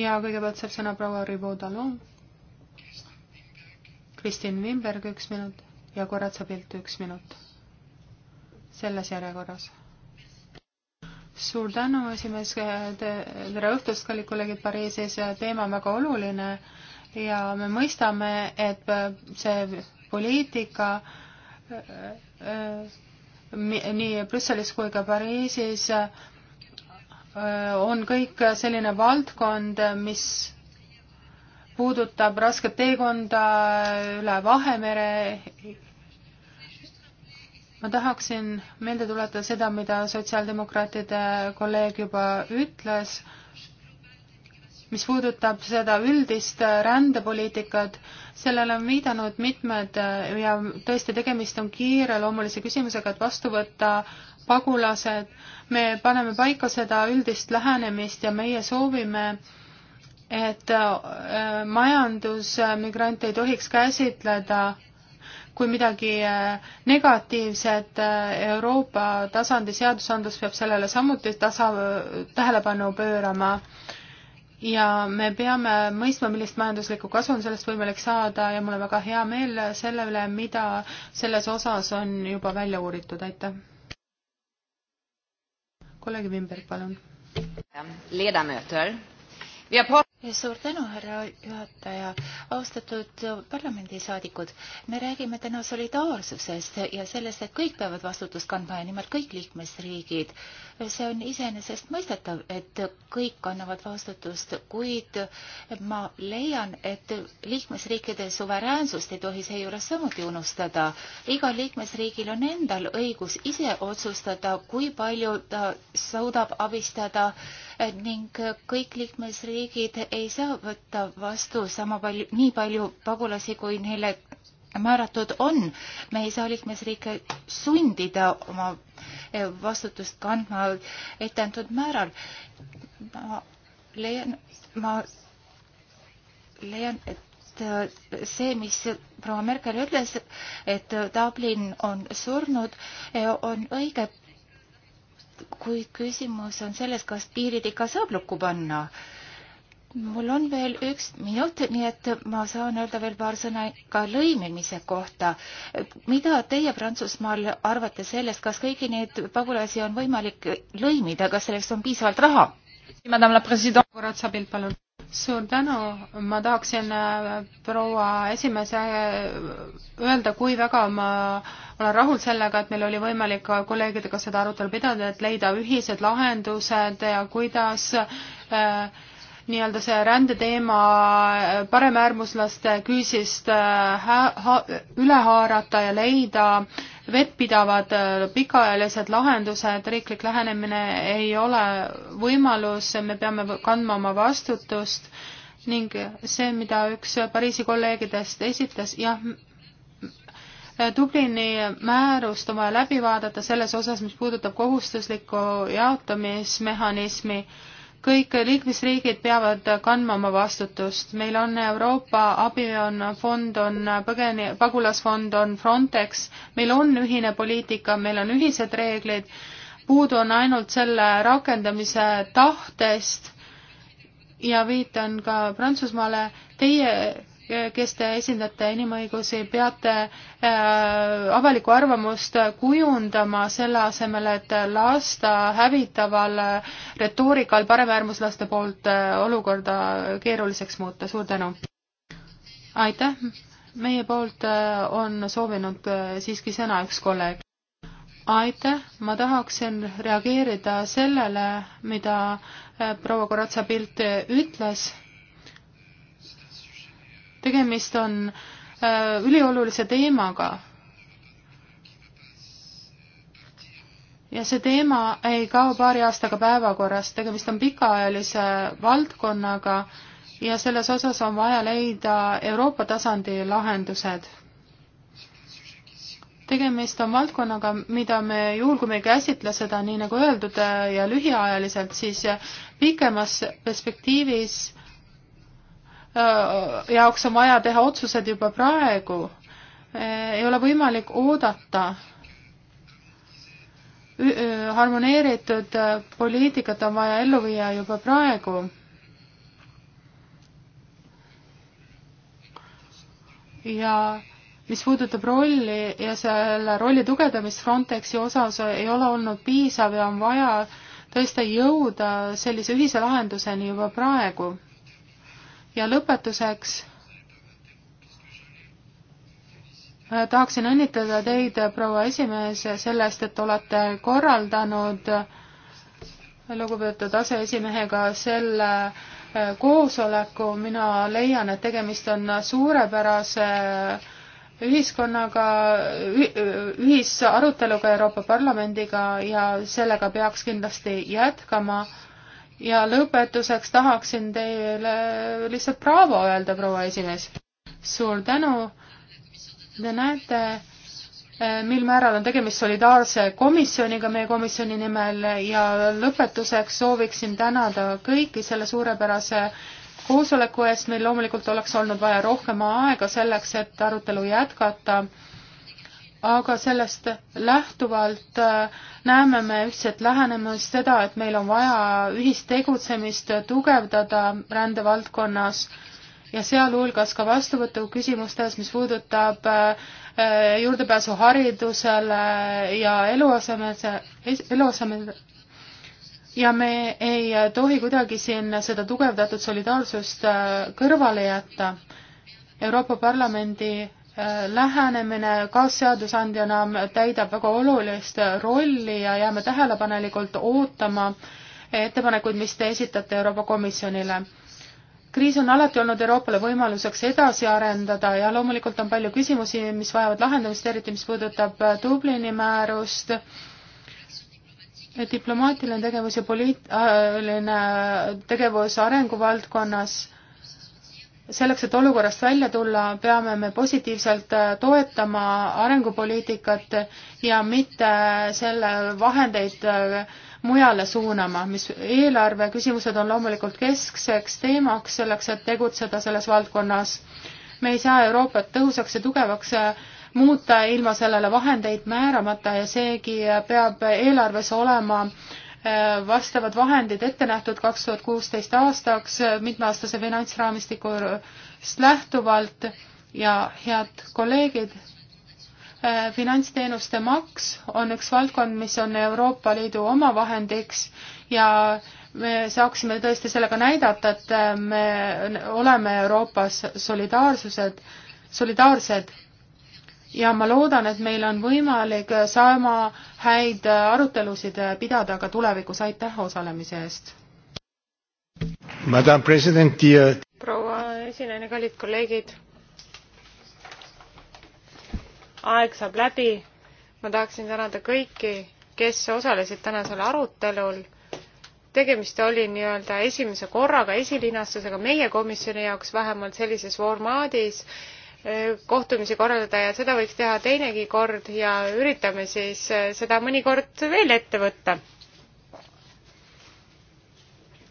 ja kõigepealt saab sõna proua Ribodalu. Kristin Wimberg üks minut ja Koratsa Pilt üks minut. selles järjekorras suur tänu, esimees, tere õhtust, kallid kolleegid Pariisis, teema on väga oluline ja me mõistame, et see poliitika nii Brüsselis kui ka Pariisis on kõik selline valdkond, mis puudutab rasket teekonda üle Vahemere ma tahaksin meelde tuletada seda, mida sotsiaaldemokraatide kolleeg juba ütles, mis puudutab seda üldist rändepoliitikat, sellele on viidanud mitmed ja tõesti, tegemist on kiireloomulise küsimusega, et vastu võtta pagulased. me paneme paika seda üldist lähenemist ja meie soovime, et äh, majandusmigrante äh, ei tohiks käsitleda kui midagi äh, negatiivset äh, Euroopa tasandi seadusandlus peab sellele samuti tasa, tähelepanu pöörama. ja me peame mõistma, millist majanduslikku kasu on sellest võimalik saada ja mul on väga hea meel selle üle, mida selles osas on juba välja uuritud, aitäh. kolleeg Vimberg, palun. ledamöter ja suur tänu, härra juhataja. austatud parlamendisaadikud, me räägime täna solidaarsusest ja sellest, et kõik peavad vastutust kandma ja nimelt kõik liikmesriigid. see on iseenesestmõistetav, et kõik kannavad vastutust, kuid ma leian, et liikmesriikide suveräänsust ei tohi seejuures samuti unustada. igal liikmesriigil on endal õigus ise otsustada, kui palju ta suudab abistada ning kõik liikmesriigid ei saa võtta vastu sama palju, nii palju pagulasi, kui neile määratud on. me ei saa liikmesriike sundida oma eh, vastutust kandma etendatud määral. ma leian, ma leian, et eh, see, mis proua Merkel ütles, et Dublin on surnud, eh, on õige kuid küsimus on selles, kas piirid ikka saab lukku panna. mul on veel üks minut, nii et ma saan öelda veel paar sõna ka lõimimise kohta. mida teie Prantsusmaal arvate sellest, kas kõiki neid pagulasi on võimalik lõimida, kas selleks on piisavalt raha? Madame la President, korra otsa pilt, palun suur tänu, ma tahaksin äh, proua esimese äh, öelda, kui väga ma olen rahul sellega, et meil oli võimalik kolleegidega seda arutelu pidada, et leida ühised lahendused ja kuidas äh, nii-öelda see rändeteema paremäärmuslaste küüsist äh, üle haarata ja leida vettpidavad äh, pikaajalised lahendused, riiklik lähenemine ei ole võimalus, me peame kandma oma vastutust ning see, mida üks Pariisi kolleegidest esitas, jah, Dublini määrust on vaja läbi vaadata selles osas, mis puudutab kohustuslikku jaotamismehhanismi kõik liikmesriigid peavad kandma oma vastutust. meil on Euroopa abi, on fond, on põgeni-, pagulasfond, on Frontex, meil on ühine poliitika, meil on ühised reeglid, puudu on ainult selle rakendamise tahtest ja viitan ka Prantsusmaale, teie kes te esindate inimõigusi, peate äh, avalikku arvamust kujundama selle asemel, et lasta hävitaval äh, retoorikal paremäärmuslaste poolt äh, olukorda keeruliseks muuta. suur tänu! aitäh! meie poolt on soovinud siiski sõna üks kolleeg. aitäh, ma tahaksin reageerida sellele, mida proua Koratsa-Pilt ütles tegemist on äh, üliolulise teemaga. ja see teema ei kao paari aastaga päevakorrast, tegemist on pikaajalise valdkonnaga ja selles osas on vaja leida Euroopa tasandi lahendused. tegemist on valdkonnaga, mida me, juhul kui me ei käsitle seda nii nagu öeldud ja lühiajaliselt, siis pikemas perspektiivis Äh, jaoks on vaja teha otsused juba praegu. Äh, ei ole võimalik oodata. Äh, harmoneeritud poliitikat on vaja ellu viia juba praegu. ja mis puudutab rolli ja selle rolli tugevdamist Frontexi osas ei ole olnud piisav ja on vaja tõesti jõuda sellise ühise lahenduseni juba praegu ja lõpetuseks äh, tahaksin õnnitleda teid, äh, proua esimees, selle eest, et olete korraldanud äh, lugupeetud aseesimehega selle koosoleku, mina leian, et tegemist on suurepärase ühiskonnaga, ühisaruteluga Euroopa Parlamendiga ja sellega peaks kindlasti jätkama ja lõpetuseks tahaksin teile lihtsalt braavo öelda, proua esimees. suur tänu. Te näete, eh, mil määral on tegemist solidaarse komisjoniga meie komisjoni nimel ja lõpetuseks sooviksin tänada kõiki selle suurepärase koosoleku eest. meil loomulikult oleks olnud vaja rohkem aega selleks, et arutelu jätkata aga sellest lähtuvalt äh, näeme me ühtset lähenemist, seda, et meil on vaja ühist tegutsemist tugevdada rändevaldkonnas ja sealhulgas ka vastuvõtu küsimustes, mis puudutab äh, juurdepääsu haridusele ja eluasemese, eluasemele ja me ei tohi kuidagi siin seda tugevdatud solidaarsust äh, kõrvale jätta. Euroopa Parlamendi Äh, lähenemine kaasseadusandjana täidab väga olulist rolli ja jääme tähelepanelikult ootama ettepanekuid, mis te esitate Euroopa Komisjonile. kriis on alati olnud Euroopale võimaluseks edasi arendada ja loomulikult on palju küsimusi, mis vajavad lahendamist, eriti mis puudutab äh, Dublini määrust, diplomaatiline tegevus ja poliitiline äh, tegevus arenguvaldkonnas selleks, et olukorrast välja tulla, peame me positiivselt äh, toetama arengupoliitikat ja mitte selle vahendeid äh, mujale suunama, mis eelarve küsimused on loomulikult keskseks teemaks selleks, et tegutseda selles valdkonnas. me ei saa Euroopat tõhusaks ja tugevaks äh, muuta ilma sellele vahendeid määramata ja seegi peab eelarves olema äh, vastavad vahendid ette nähtud kaks tuhat kuusteist aastaks mitmeaastase finantsraamistikust lähtuvalt ja head kolleegid, finantsteenuste maks on üks valdkond, mis on Euroopa Liidu omavahendiks ja me saaksime tõesti sellega näidata, et me oleme Euroopas solidaarsused, solidaarsed ja ma loodan, et meil on võimalik sama häid arutelusid pidada ka tulevikus, aitäh osalemise eest! proua esineja, kallid kolleegid, aeg saab läbi, ma tahaksin tänada kõiki, kes osalesid tänasel arutelul, tegemist oli nii-öelda esimese korraga, esilinastusega meie komisjoni jaoks vähemalt sellises formaadis, kohtumisi korraldada ja seda võiks teha teinegi kord ja üritame siis eh, seda mõnikord veel ette võtta.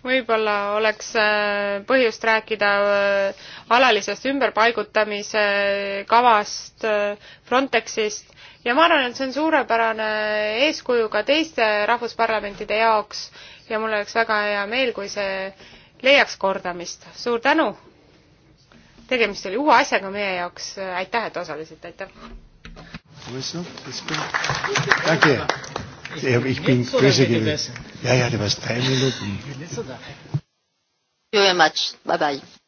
võib-olla oleks eh, põhjust rääkida eh, alalisest ümberpaigutamise kavast, Frontexist ja ma arvan, et see on suurepärane eeskuju ka teiste rahvusparlamentide jaoks ja mul oleks väga hea meel, kui see leiaks kordamist. suur tänu! tegemist oli uue asjaga meie jaoks, aitäh, et osalesite, aitäh! Ich bin böse gewesen. Ja, ja, du warst drei Minuten. Thank you very much. Bye bye.